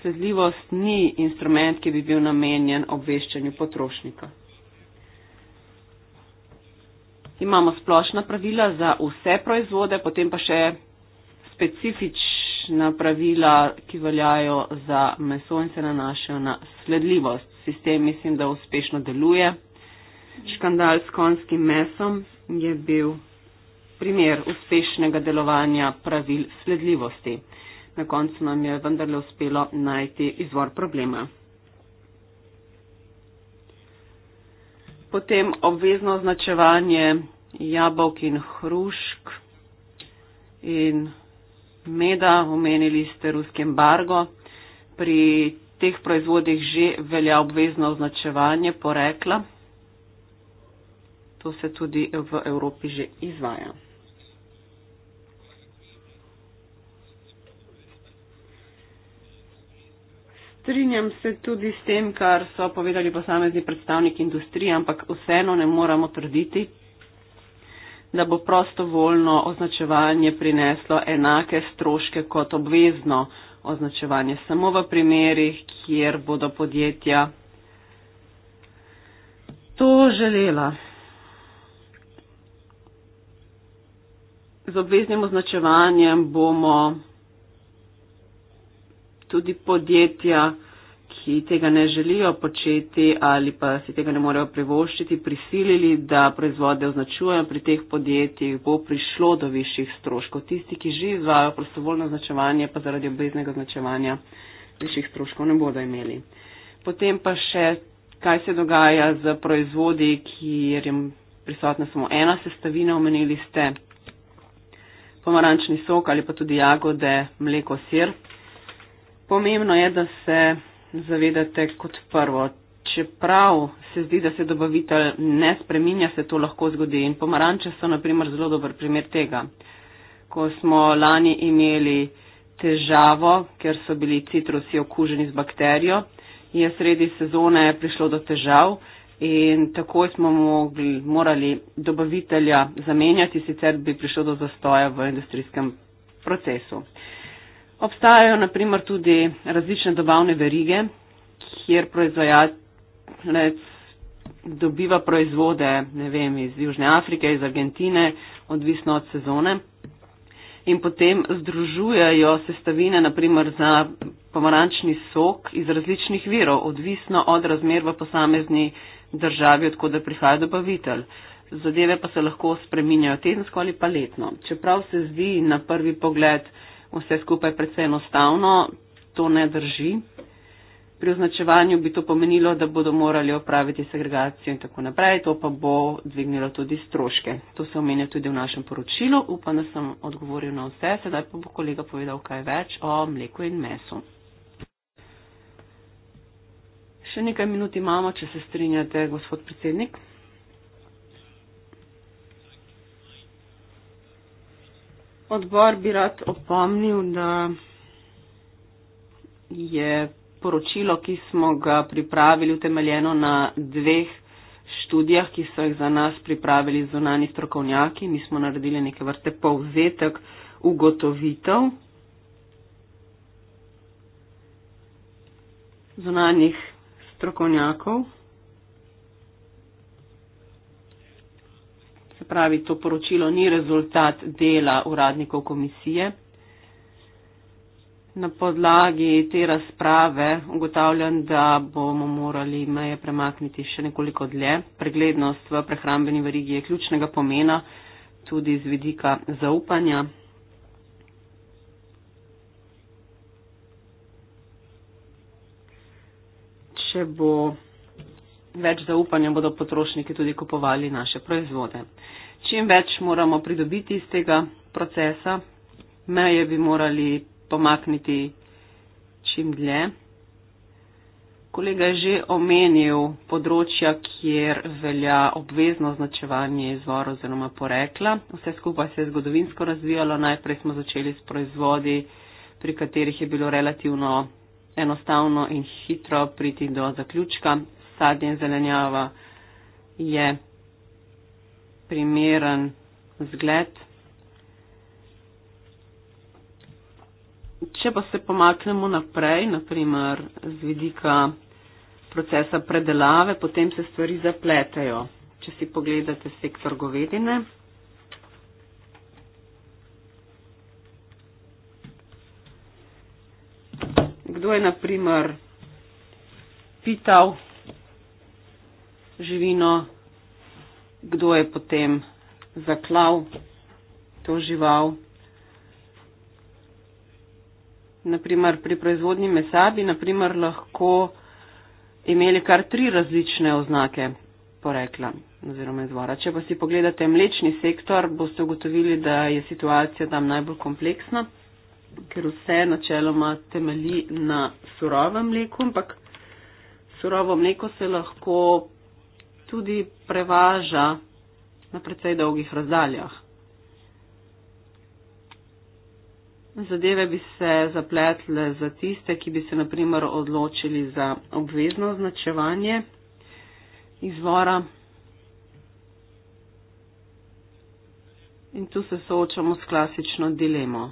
Sledljivost ni instrument, ki bi bil namenjen obveščanju potrošnika. Imamo splošna pravila za vse proizvode, potem pa še specifična pravila, ki veljajo za meso in se nanašajo na sledljivost. Sistem mislim, da uspešno deluje. Škandal s konjskim mesom je bil primer uspešnega delovanja pravil sledljivosti. Na koncu nam je vendarle uspelo najti izvor problema. Potem obvezno označevanje jabolk in hrušk in meda, omenili ste ruski embargo. Pri teh proizvodih že velja obvezno označevanje porekla. To se tudi v Evropi že izvaja. strinjam se tudi s tem, kar so povedali posamezni predstavniki industrije, ampak vseeno ne moramo trditi, da bo prostovoljno označevanje prineslo enake stroške kot obvezno označevanje. Samo v primerih, kjer bodo podjetja to želela. Z obveznim označevanjem bomo tudi podjetja, ki tega ne želijo početi ali pa si tega ne morejo privoščiti, prisilili, da proizvode označujejo pri teh podjetjih, bo prišlo do višjih stroškov. Tisti, ki že izvajo prostovoljno označevanje, pa zaradi obveznega označevanja višjih stroškov ne bodo imeli. Potem pa še, kaj se dogaja z proizvodi, kjer je prisotna samo ena sestavina, omenili ste pomarančni sok ali pa tudi jagode, mleko, sir. Pomembno je, da se zavedate kot prvo. Čeprav se zdi, da se dobavitelj ne spreminja, se to lahko zgodi in pomaranče so naprimer zelo dober primer tega. Ko smo lani imeli težavo, ker so bili citrusi okuženi z bakterijo, je sredi sezone prišlo do težav in takoj smo mogli, morali dobavitelja zamenjati, sicer bi prišlo do zastoja v industrijskem procesu. Obstajajo naprimer tudi različne dobavne verige, kjer proizvajalec dobiva proizvode vem, iz Južne Afrike, iz Argentine, odvisno od sezone. In potem združujejo sestavine, naprimer za pomarančni sok, iz različnih virov, odvisno od razmer v posamezni državi, odkuda prihaja dobavitelj. Zadeve pa se lahko spreminjajo tedensko ali pa letno. Čeprav se zdi na prvi pogled, vse skupaj predvsej enostavno, to ne drži. Pri označevanju bi to pomenilo, da bodo morali opraviti segregacijo in tako naprej, to pa bo dvignilo tudi stroške. To se omenja tudi v našem poročilu. Upam, da sem odgovoril na vse, sedaj pa bo kolega povedal kaj več o mleku in mesu. Še nekaj minut imamo, če se strinjate, gospod predsednik. odbor bi rad opomnil, da je poročilo, ki smo ga pripravili, utemeljeno na dveh študijah, ki so jih za nas pripravili zunani strokovnjaki. Mi smo naredili neke vrste povzetek ugotovitev. zunanih strokovnjakov. se pravi, to poročilo ni rezultat dela uradnikov komisije. Na podlagi te razprave ugotavljam, da bomo morali meje premakniti še nekoliko dlje. Preglednost v prehrambeni verigi je ključnega pomena tudi z vidika zaupanja. Če bo več zaupanja bodo potrošniki tudi kupovali naše proizvode. Čim več moramo pridobiti iz tega procesa, meje bi morali pomakniti čim dlje. Kolega je že omenil področja, kjer velja obvezno označevanje izvora oziroma porekla. Vse skupaj se je zgodovinsko razvijalo. Najprej smo začeli s proizvodi, pri katerih je bilo relativno enostavno in hitro priti do zaključka sadje in zelenjava je primeren zgled. Če pa se pomaknemo naprej, naprimer z vidika procesa predelave, potem se stvari zapletejo. Če si pogledate sektor govedine, kdo je naprimer pital živino, kdo je potem zaklal to žival. Naprimer, pri proizvodnji mesa bi naprimer, lahko imeli kar tri različne oznake porekla oziroma izvora. Če pa si pogledate mlečni sektor, boste ugotovili, da je situacija tam najbolj kompleksna, ker vse načeloma temelji na surovem mleku, ampak surovo mleko se lahko tudi prevaža na precej dolgih razdaljah. Zadeve bi se zapletle za tiste, ki bi se naprimer odločili za obvezno označevanje izvora. In tu se soočamo s klasično dilemo.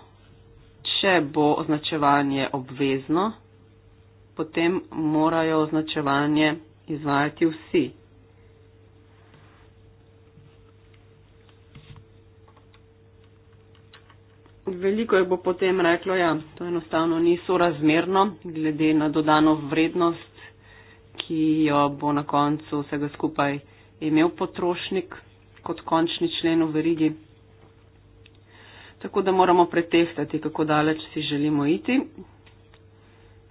Če bo označevanje obvezno, potem morajo označevanje izvajati vsi. Veliko je bo potem reklo, da ja, to enostavno ni sorazmerno, glede na dodano vrednost, ki jo bo na koncu vsega skupaj imel potrošnik kot končni člen v verigi. Tako da moramo pretehtati, kako daleč si želimo iti.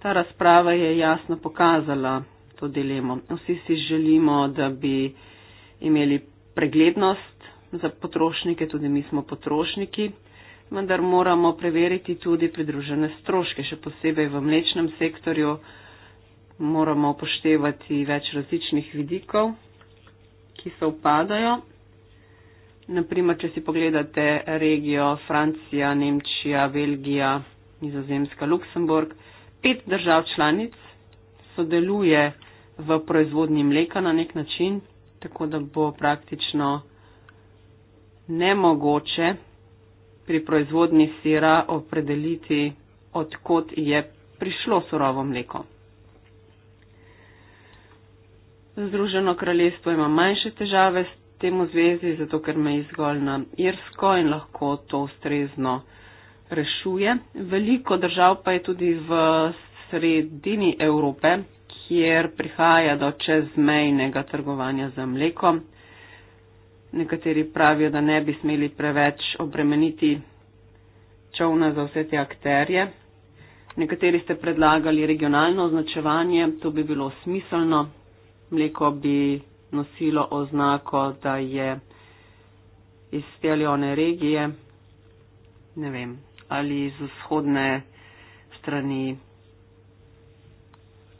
Ta razprava je jasno pokazala to dilemo. Vsi si želimo, da bi imeli preglednost za potrošnike, tudi mi smo potrošniki vendar moramo preveriti tudi pridružene stroške, še posebej v mlečnem sektorju moramo upoštevati več različnih vidikov, ki se upadajo. Naprimer, če si pogledate regijo Francija, Nemčija, Belgija, Nizozemska, Luksemburg, pet držav članic sodeluje v proizvodnji mleka na nek način, tako da bo praktično nemogoče pri proizvodnji sira opredeliti, odkot je prišlo surovo mleko. Združeno kraljestvo ima manjše težave s tem v zvezi, zato ker me izgolj na Irsko in lahko to ustrezno rešuje. Veliko držav pa je tudi v sredini Evrope, kjer prihaja do čezmejnega trgovanja za mlekom nekateri pravijo, da ne bi smeli preveč obremeniti čovna za vse te akterje. Nekateri ste predlagali regionalno označevanje, to bi bilo smiselno. Mleko bi nosilo oznako, da je iz te ali one regije, ne vem, ali iz vzhodne strani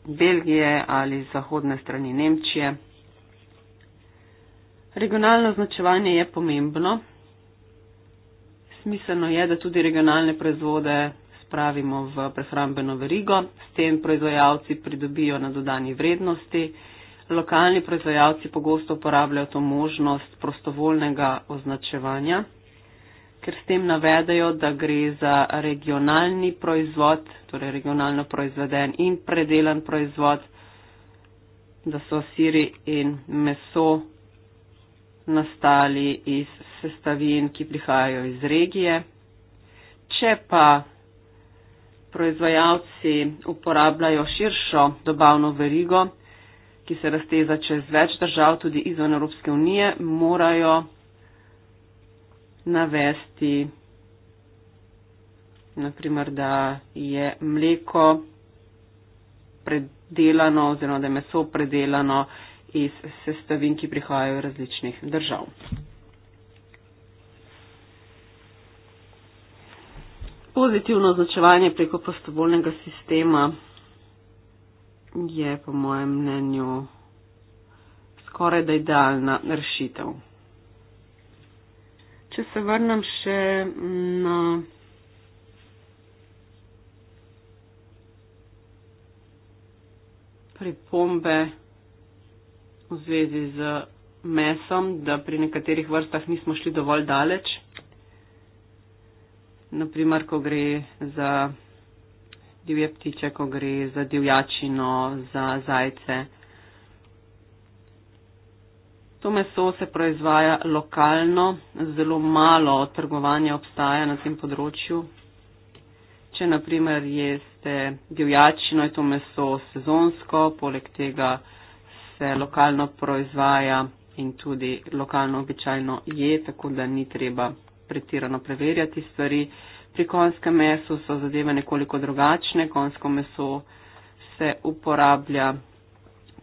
Belgije ali iz zahodne strani Nemčije. Regionalno označevanje je pomembno. Smiselno je, da tudi regionalne proizvode spravimo v prehrambeno verigo, s tem proizvajalci pridobijo na dodani vrednosti. Lokalni proizvajalci pogosto uporabljajo to možnost prostovoljnega označevanja, ker s tem navedajo, da gre za regionalni proizvod, torej regionalno proizveden in predelan proizvod, da so siri in meso nastali iz sestavin, ki prihajajo iz regije. Če pa proizvajalci uporabljajo širšo dobavno verigo, ki se razteza čez več držav, tudi izven Evropske unije, morajo navesti, naprimer, da je mleko predelano oziroma da je meso predelano iz sestavin, ki prihajajo iz različnih držav. Pozitivno označevanje preko prostovoljnega sistema je po mojem mnenju skoraj da idealna rešitev. Če se vrnem še na pripombe v zvezi z mesom, da pri nekaterih vrstah nismo šli dovolj daleč. Naprimer, ko gre za divje ptiče, ko gre za divjačino, za zajce. To meso se proizvaja lokalno, zelo malo trgovanja obstaja na tem področju. Če naprimer jeste divjačino, je to meso sezonsko, poleg tega se lokalno proizvaja in tudi lokalno običajno je, tako da ni treba pretirano preverjati stvari. Pri konjskem mesu so zadeve nekoliko drugačne. Konjsko meso se uporablja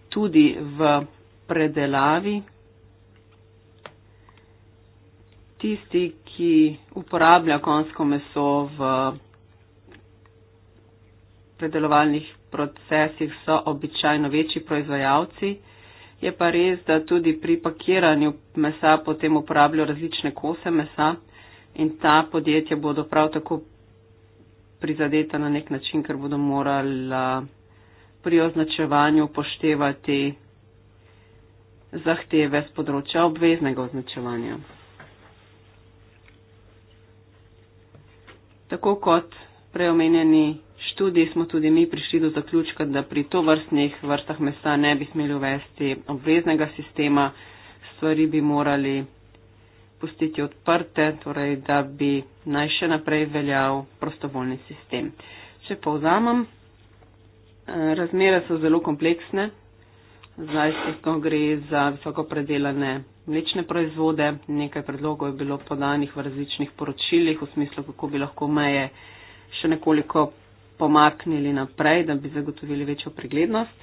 tudi v predelavi. Tisti, ki uporablja konjsko meso v predelovalnih procesih so običajno večji proizvajalci. Je pa res, da tudi pri pakiranju mesa potem uporabljajo različne kose mesa in ta podjetja bodo prav tako prizadeta na nek način, ker bodo morala pri označevanju upoštevati zahteve z področja obveznega označevanja. Tako kot preomenjeni študiji smo tudi mi prišli do zaključka, da pri to vrstnih vrstah mesa ne bi smeli uvesti obveznega sistema, stvari bi morali pustiti odprte, torej da bi naj še naprej veljal prostovoljni sistem. Če povzamem, razmere so zelo kompleksne, zdaj se to gre za visoko predelane mlečne proizvode, nekaj predlogov je bilo podanih v različnih poročilih v smislu, kako bi lahko meje še nekoliko pomaknili naprej, da bi zagotovili večjo preglednost.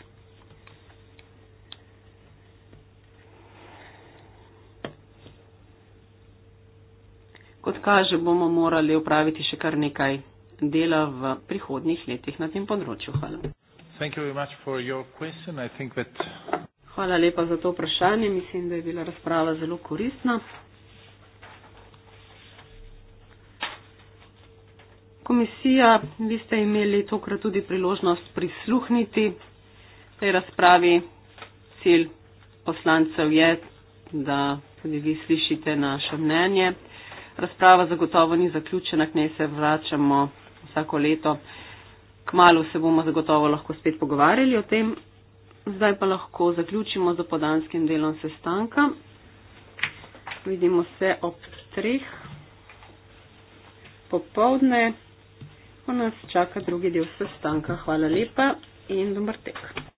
Kot kaže, bomo morali upraviti še kar nekaj dela v prihodnjih letih na tem področju. Hvala. Hvala lepa za to vprašanje. Mislim, da je bila razprava zelo koristna. komisija, vi ste imeli tokrat tudi priložnost prisluhniti tej razpravi. Cilj poslancev je, da tudi vi slišite naše mnenje. Razprava zagotovo ni zaključena, k njej se vračamo vsako leto. Kmalo se bomo zagotovo lahko spet pogovarjali o tem. Zdaj pa lahko zaključimo z opodanskim delom sestanka. Vidimo se ob treh popovdne nas čaka drugi del sestanka. Hvala lepa in dober tek.